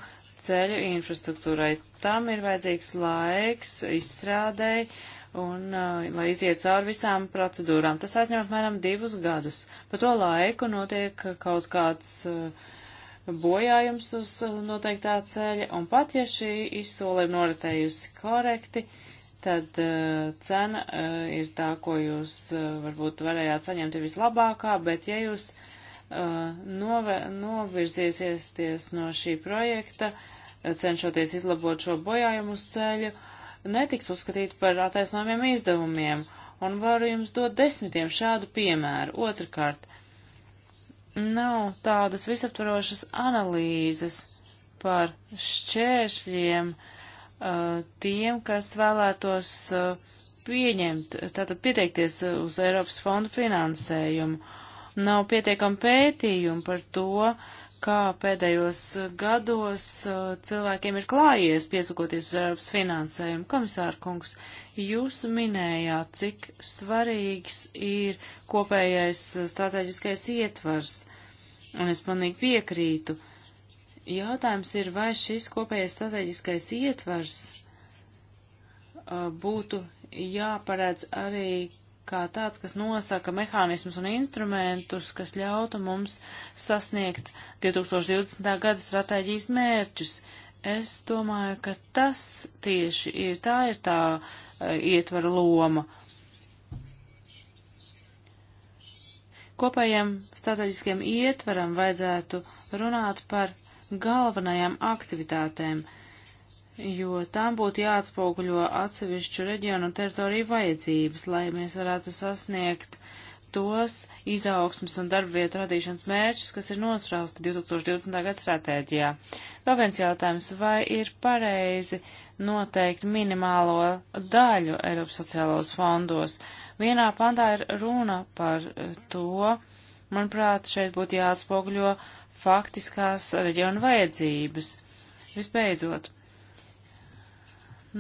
ceļu infrastruktūrai. Tam ir vajadzīgs laiks izstrādēji un, uh, lai iziet cauri visām procedūrām. Tas aizņem apmēram divus gadus. Pa to laiku notiek kaut kāds uh, bojājums uz noteiktā ceļa, un pat ja šī izsole ir noritējusi korekti, tad uh, cena uh, ir tā, ko jūs uh, varbūt varējāt saņemt vislabākā, bet ja jūs uh, Uh, nove, novirzīsies no šī projekta, uh, cenšoties izlabot šo bojājumu uz ceļu, netiks uzskatīt par attaisnojumiem izdevumiem, un varu jums dot desmitiem šādu piemēru. Otrakārt, nav tādas visaptvarošas analīzes par šķēršļiem uh, tiem, kas vēlētos pieņemt, tātad pieteikties uz Eiropas fondu finansējumu nav pietiekami pētījumi par to, kā pēdējos gados uh, cilvēkiem ir klājies piesakoties uz Eiropas finansējumu. Komisāra kungs, jūs minējāt, cik svarīgs ir kopējais uh, strateģiskais ietvars, un es pilnīgi piekrītu. Jautājums ir, vai šis kopējais strateģiskais ietvars uh, būtu jāparedz arī kā tāds, kas nosaka mehānismus un instrumentus, kas ļautu mums sasniegt 2020. gada stratēģijas mērķus. Es domāju, ka tas tieši ir tā, ir tā e, ietvara loma. Kopējiem strateģiskiem ietvaram vajadzētu runāt par galvenajām aktivitātēm, jo tām būtu jāatspoguļo atsevišķu reģionu un teritoriju vajadzības, lai mēs varētu sasniegt tos izaugsmas un darbvietu radīšanas mērķus, kas ir nosprausti 2020. gada stratēģijā. Vēl viens jautājums, vai ir pareizi noteikt minimālo daļu Eiropas sociālos fondos? Vienā pantā ir runa par eh, to, manuprāt, šeit būtu jāatspoguļo faktiskās reģionu vajadzības. Visbeidzot,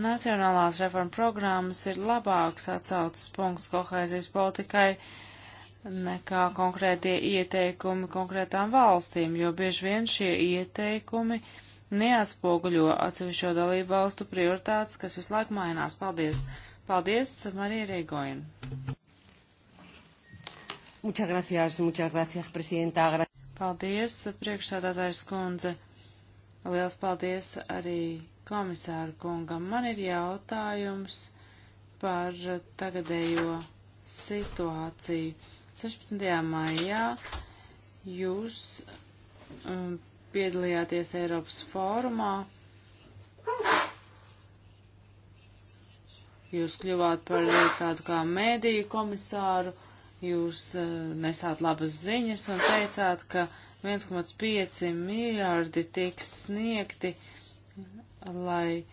Nacionālās reforma programmas ir labāks atsaucas punkts kohēzijas politikai nekā konkrētie ieteikumi konkrētām valstīm, jo bieži vien šie ieteikumi neatspoguļo atsevišķo dalību valstu prioritātes, kas visu laiku mainās. Paldies! Paldies, Marija Rīgojina! Muchas gracias, muchas gracias, presidenta. Paldies, priekšsādātājs kundze. Liels paldies arī komisāru kungam. Man ir jautājums par tagadējo situāciju. 16. maijā jūs um, piedalījāties Eiropas fórumā. Jūs kļuvāt par tādu kā mēdīju komisāru, jūs uh, nesāt labas ziņas un teicāt, ka 1,5 miljārdi tiks sniegti uh, lai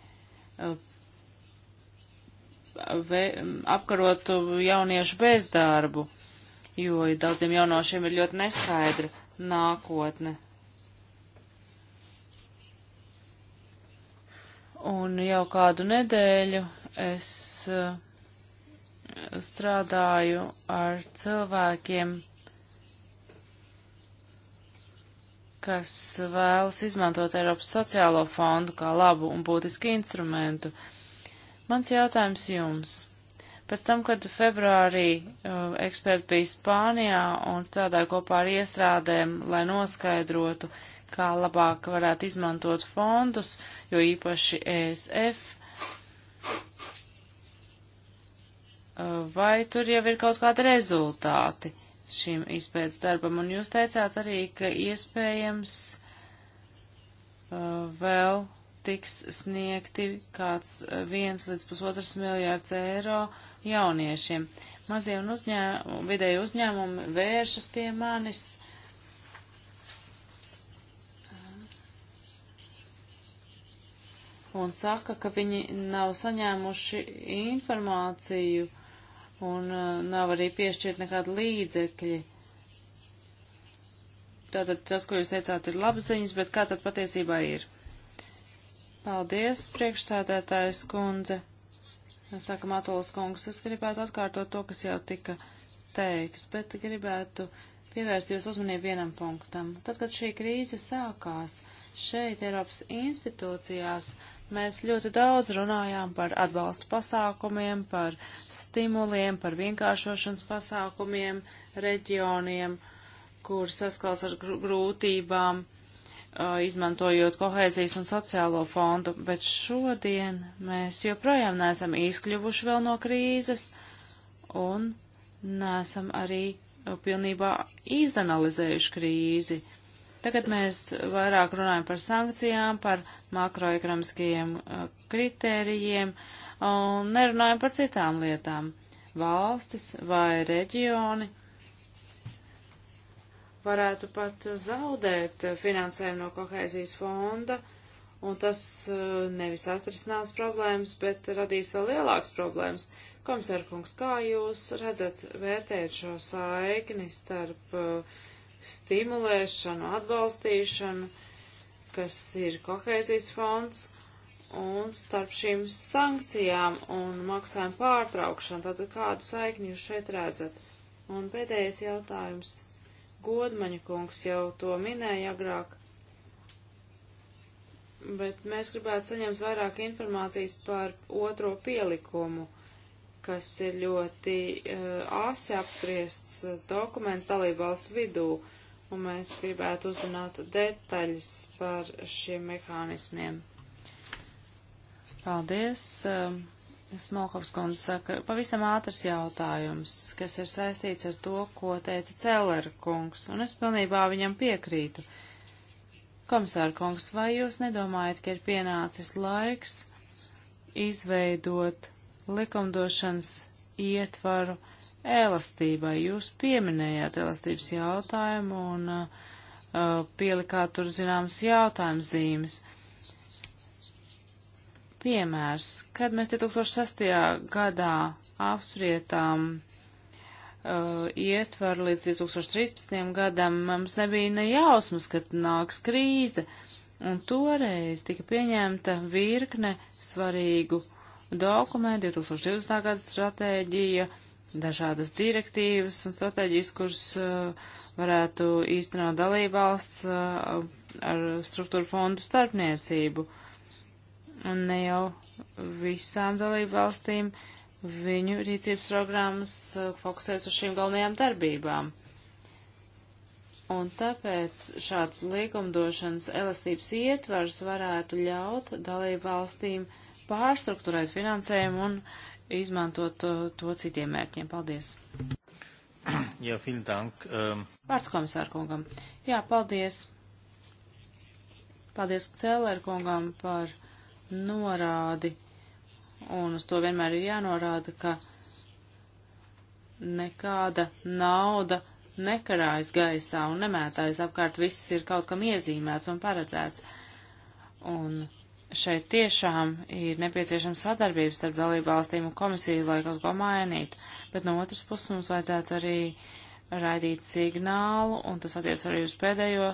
eh, apkarotu jauniešu bezdarbu, jo daudziem jaunošiem ir ļoti neskaidra nākotne. Un jau kādu nedēļu es eh, strādāju ar cilvēkiem, kas vēlas izmantot Eiropas sociālo fondu kā labu un būtisku instrumentu. Mans jautājums jums. Pēc tam, kad februārī uh, eksperti bija Spānijā un strādāja kopā ar iestrādēm, lai noskaidrotu, kā labāk varētu izmantot fondus, jo īpaši ESF, uh, vai tur jau ir kaut kādi rezultāti? šim izpētes darbam. Un jūs teicāt arī, ka iespējams uh, vēl tiks sniegti kāds uh, viens līdz pusotras miljārds eiro jauniešiem. Mazie un uzņēmumi, vidēji uzņēmumi vēršas pie manis. Un saka, ka viņi nav saņēmuši informāciju uh, un uh, nav arī piešķirt nekādu līdzekļi. Tātad tas, ko jūs teicāt, ir labas ziņas, bet kā tad patiesībā ir? Paldies, priekšsēdētājs kundze. Saka Matolas kungs, es gribētu atkārtot to, kas jau tika teikts, bet gribētu pievērst jūs uzmanību vienam punktam. Tad, kad šī krīze sākās, uh, Šeit Eiropas institūcijās mēs ļoti daudz runājām par atbalstu pasākumiem, par stimuliem, par vienkāršošanas pasākumiem reģioniem, kur saskals ar grūtībām, izmantojot kohēzijas un sociālo fondu, bet šodien mēs joprojām neesam izkļuvuši vēl no krīzes un neesam arī pilnībā izanalizējuši krīzi. Uh, Tagad mēs vairāk runājam par sankcijām, par makroekonomiskajiem uh, kritērijiem un nerunājam par citām lietām. Valstis vai reģioni varētu pat zaudēt finansējumu no kohēzijas fonda, un tas uh, nevis atrisinās problēmas, bet radīs vēl lielākas problēmas. Komisārkungs, kā jūs redzat, vērtējot šo saikni starp uh, stimulēšanu, atbalstīšanu, kas ir kohēzijas fonds, un starp šīm sankcijām un maksājumu pārtraukšanu, tātad kādu saikni jūs šeit redzat. Un pēdējais jautājums. Godmaņa kungs jau to minēja agrāk, bet mēs gribētu saņemt vairāk informācijas par otro pielikumu, kas ir ļoti uh, asi apspriests eh, dokuments dalību valstu vidū. Uh, un mēs gribētu uzzināt detaļas par šiem mehānismiem. Paldies. Um, Smokovs kundze saka, pavisam ātrs jautājums, kas ir saistīts ar to, ko teica Celera kungs, un es pilnībā viņam piekrītu. Komisāra kungs, vai jūs nedomājat, ka ir pienācis laiks izveidot likumdošanas ietvaru, uh, elastībai. Jūs pieminējāt elastības jautājumu un uh, uh pielikāt tur zināmas jautājums zīmes. Piemērs, kad mēs 2006. gadā apsprietām uh, ietvaru līdz 2013. gadam, mums nebija ne jausmas, kad nāks krīze, un toreiz tika pieņemta virkne svarīgu dokumentu, 2020. gada stratēģija, uh, dažādas direktīvas un stratēģijas, kuras uh, varētu īstenot dalībvalsts uh, ar struktūra fondu starpniecību. Un ne jau visām dalībvalstīm viņu rīcības programmas uh, fokusēs uz šīm galvenajām darbībām. Un tāpēc šāds likumdošanas elastības ietvars varētu ļaut dalībvalstīm pārstruktūrēt finansējumu un uh, izmantot uh, to citiem mērķiem. Paldies! Jā, vielen dank. Um... Vārds komisārkungam. Jā, paldies. Paldies Cēlērkungam par norādi. Un uz to vienmēr ir jānorāda, ka nekāda nauda nekarājas gaisā un nemētājas apkārt. Viss ir kaut kam iezīmēts un paredzēts. Un šeit tiešām ir nepieciešama sadarbības starp dalību valstīm un komisiju, lai kaut ko mainītu. Bet no otras puses mums vajadzētu arī raidīt signālu, un tas attiec arī uz pēdējo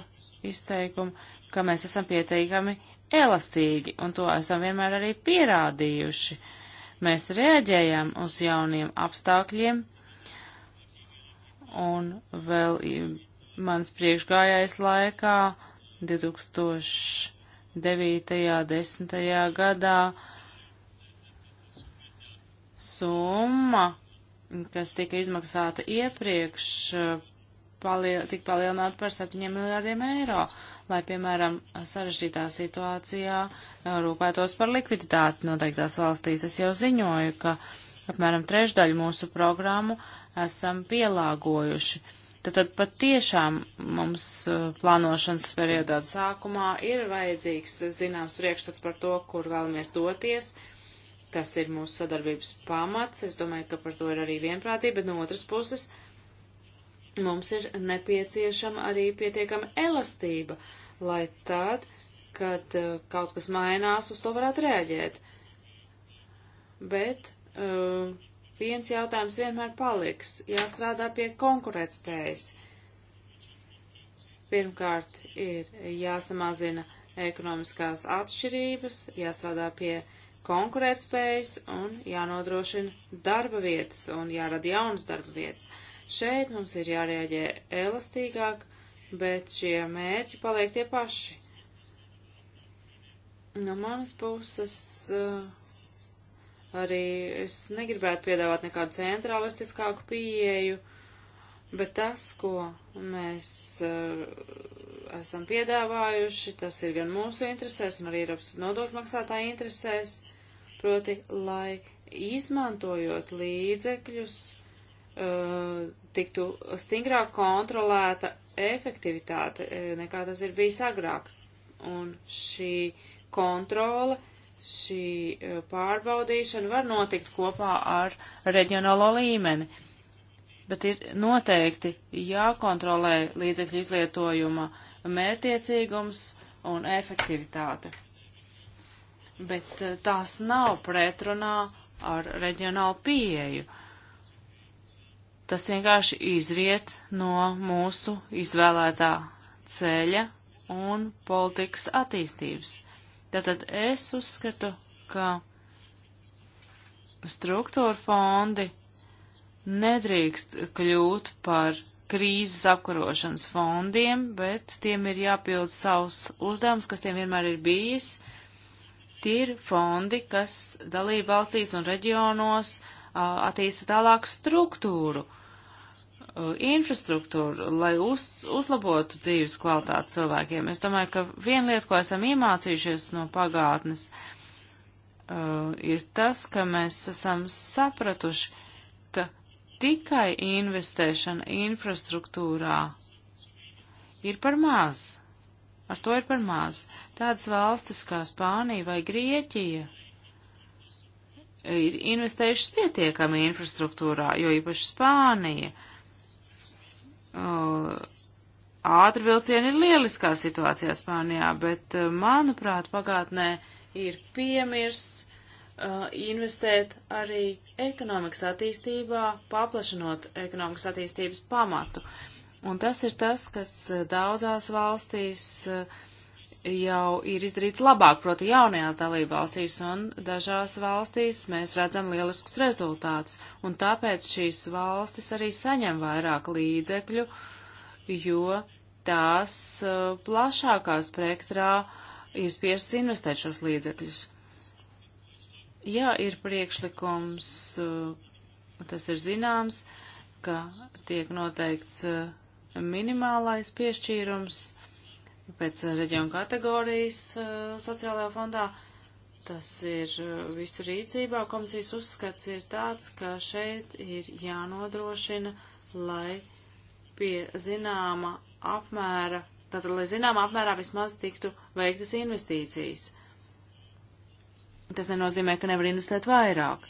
izteikumu, ka mēs esam pietiekami elastīgi, un to esam vienmēr arī pierādījuši. Mēs reaģējam uz jauniem apstākļiem, un vēl mans priekšgājais laikā 2000. 9. 10. gadā summa, kas tika izmaksāta iepriekš, paliel, tika palielināta par 7 miljārdiem eiro, lai, piemēram, sarežģītā situācijā eh, rūpētos par likviditāti noteiktās valstīs. Es jau ziņoju, ka apmēram trešdaļu mūsu programmu esam pielāgojuši. Uh, Tad, tad pat tiešām mums uh, plānošanas periodā sākumā ir vajadzīgs zināms priekšstats par to, kur vēlamies doties. Tas ir mūsu sadarbības pamats. Es domāju, ka par to ir arī vienprātība, bet no otras puses mums ir nepieciešama arī pietiekama elastība, lai tad, kad uh, kaut kas mainās, uz to varētu rēģēt. Bet uh, viens jautājums vienmēr paliks - jāstrādā pie konkurētspējas. Pirmkārt ir jāsamazina ekonomiskās atšķirības, jāstrādā pie konkurētspējas un jānodrošina darba vietas un jārada jaunas darba vietas. Šeit mums ir jārēģē elastīgāk, bet šie mērķi paliek tie paši. No manas puses. Uh, arī es negribētu piedāvāt nekādu centralistiskāku pieeju, bet tas, ko mēs uh, esam piedāvājuši, tas ir gan mūsu interesēs, gan arī Eiropas nodokmaksātāja interesēs, proti, lai izmantojot līdzekļus, uh, tiktu stingrāk kontrolēta efektivitāte eh, nekā tas ir bijis agrāk. Un šī kontrole uh, šī eh, pārbaudīšana var notikt kopā ar reģionālo līmeni, bet ir noteikti jākontrolē līdzekļu izlietojuma mērtiecīgums un efektivitāte. Bet eh, tās nav pretrunā ar reģionālu pieeju. Tas vienkārši izriet no mūsu izvēlētā ceļa un politikas attīstības. Tātad es uzskatu, ka struktūra fondi nedrīkst kļūt par krīzes apkarošanas fondiem, bet tiem ir jāpild savs uzdevums, kas tiem vienmēr ir bijis. Tie ir fondi, kas dalība valstīs un reģionos attīsta tālāk struktūru. Uh, Uh, infrastruktūru, lai uz, uzlabotu dzīves kvalitāti cilvēkiem. Es domāju, ka viena lieta, ko esam iemācījušies no pagātnes, uh, ir tas, ka mēs esam sapratuši, ka tikai investēšana infrastruktūrā ir par maz. Ar to ir par maz. Tādas valstis kā Spānija vai Grieķija ir investējušas pietiekami infrastruktūrā, jo īpaši Spānija. Uh, Uh, ātri vilcieni ir lieliskā situācijā Spānijā, bet, uh, manuprāt, pagātnē ir piemirsts uh, investēt arī ekonomikas attīstībā, paplašinot ekonomikas attīstības pamatu. Un tas ir tas, kas daudzās valstīs uh, jau ir izdarīts labāk, proti jaunajās dalībvalstīs, un dažās valstīs mēs redzam lieliskus rezultātus, un tāpēc šīs valstis arī saņem vairāk līdzekļu, jo tās uh, plašākā spektrā ir spiests investēt šos līdzekļus. Jā, ir priekšlikums, uh, tas ir zināms, ka tiek noteikts uh, minimālais piešķīrums, pēc eh, reģionu kategorijas eh, sociālajā fondā. Tas ir eh, visu rīcībā. Komisijas uzskats ir tāds, ka šeit ir jānodrošina, lai pie zināma apmēra, tātad, lai zināma apmērā vismaz tiktu veiktas investīcijas. Tas nenozīmē, ka nevar investēt vairāk.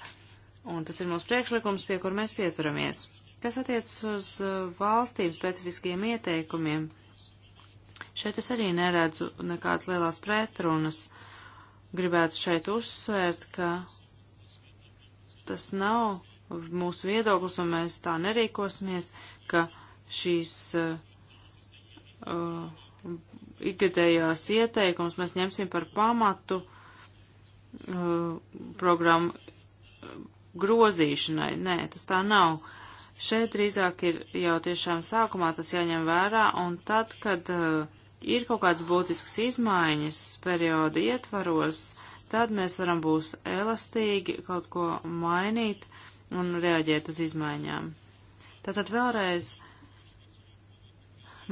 Un tas ir mūsu priekšlikums, pie kur mēs pieturamies. Kas attiecas uz valstīm specifiskiem ieteikumiem, Šeit es arī neredzu nekādas lielās pretrunas. Gribētu šeit uzsvērt, ka tas nav mūsu viedoklis, un mēs tā nerīkosimies, ka šīs uh, uh ikgadējās ieteikums mēs ņemsim par pamatu uh, programmu uh, grozīšanai. Nē, tas tā nav. Šeit drīzāk ir jau tiešām sākumā tas jāņem vērā, un tad, kad uh, ir kaut kāds būtisks izmaiņas perioda ietvaros, tad mēs varam būs elastīgi kaut ko mainīt un reaģēt uz izmaiņām. Tātad vēlreiz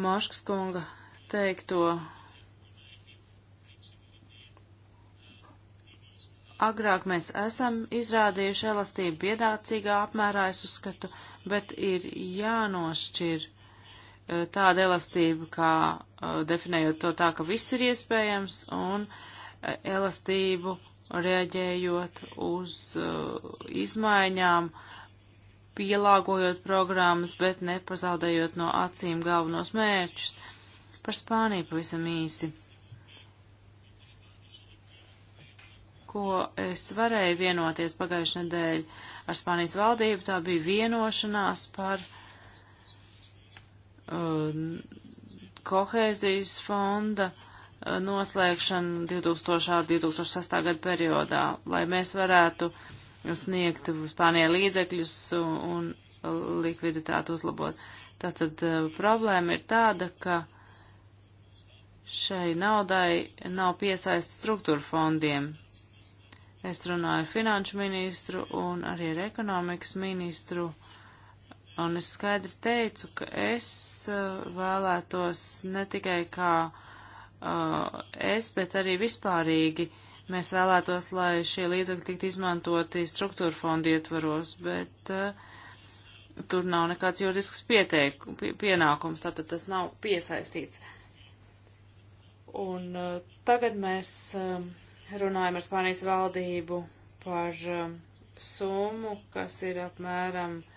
Moškas kunga teikto agrāk mēs esam izrādījuši elastību piedācīgā apmērā, es uzskatu, bet ir jānošķir Eh, tāda elastība, kā eh, definējot to tā, ka viss ir iespējams, un eh, elastību reaģējot uz izmaiņām, pielāgojot programmas, bet nepazaudējot no acīm galvenos mērķus. Par Spāniju pavisam īsi. Ko es varēju vienoties pagājušajā nedēļā ar Spānijas valdību, tā bija vienošanās par uh, Uh, kohēzijas fonda uh, noslēgšanu 2000-2006. gada periodā, lai mēs varētu sniegt Spānijai līdzekļus un likviditāti uzlabot. Tātad uh, problēma ir tāda, ka šai naudai nav piesaist struktūra fondiem. Es runāju finanšu ministru un arī ar ekonomikas ministru. Uh, Un es skaidri teicu, ka es uh, vēlētos ne tikai kā uh, es, bet arī vispārīgi mēs vēlētos, lai šie līdzekļi tiktu izmantoti struktūra fondu ietvaros, bet uh, tur nav nekāds juridisks pieteik, pienākums, tātad tas nav piesaistīts. Un uh, tagad mēs uh, runājam ar Spānijas valdību par uh, summu, kas ir apmēram uh,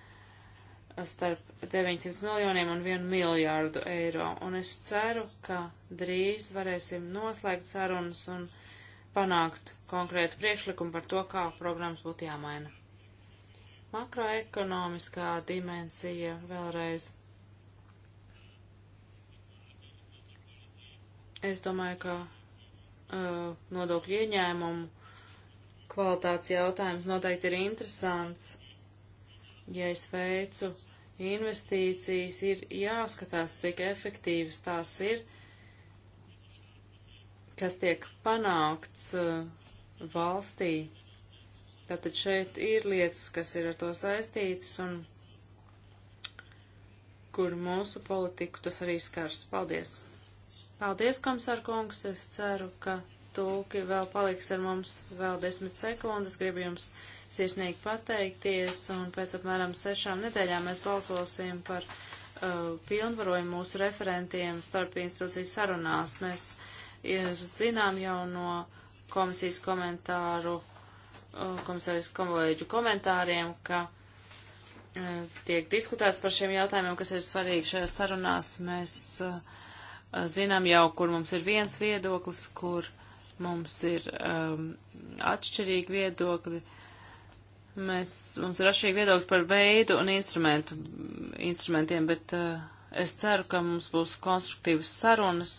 starp 900 miljoniem un 1 miljārdu eiro, un es ceru, ka drīz varēsim noslēgt sarunas un panākt konkrētu priekšlikumu par to, kā programmas būtu jāmaina. Makroekonomiskā dimensija vēlreiz. Es domāju, ka uh, nodokļu ieņēmumu kvalitātes jautājums noteikti ir interesants, ja es veicu investīcijas ir jāskatās, cik efektīvas tās ir, kas tiek panākts uh, valstī. Tātad šeit ir lietas, kas ir ar to saistītas un kur mūsu politiku tas arī skars. Paldies! Paldies, komisārkungs! Es ceru, ka tūki vēl paliks ar mums vēl desmit sekundes. Gribu jums sirsnīgi pateikties, un pēc apmēram sešām nedēļām mēs balsosim par uh, pilnvarojumu mūsu referentiem starp institūcijas sarunās. Mēs ir, zinām jau no komisijas komentāru, uh, komisijas kolēģu komentāriem, ka uh, tiek diskutēts par šiem jautājumiem, kas ir svarīgi šajās sarunās. Mēs uh, zinām jau, kur mums ir viens viedoklis, kur mums ir um, atšķirīgi viedokļi. Uh, Mēs, mums ir atšķirīgi viedokļi par veidu un instrumentu, instrumentiem, bet uh, es ceru, ka mums būs konstruktīvas sarunas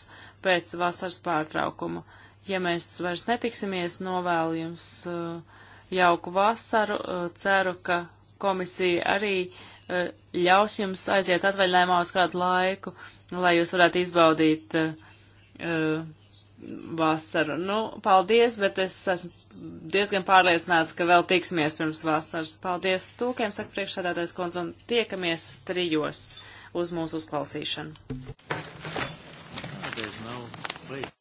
pēc vasaras pārtraukuma. Ja mēs vairs netiksimies, novēlu jums uh, jauku vasaru, uh, ceru, ka komisija arī uh, ļaus jums aiziet atvaļinājumā uz kādu laiku, lai jūs varētu izbaudīt uh, uh, vasaru. Nu, paldies, bet es esmu diezgan pārliecināts, ka vēl tiksimies pirms vasaras. Paldies tūkiem, saka priekšsēdētājs kundze, un tiekamies trijos uz mūsu uzklausīšanu. Oh,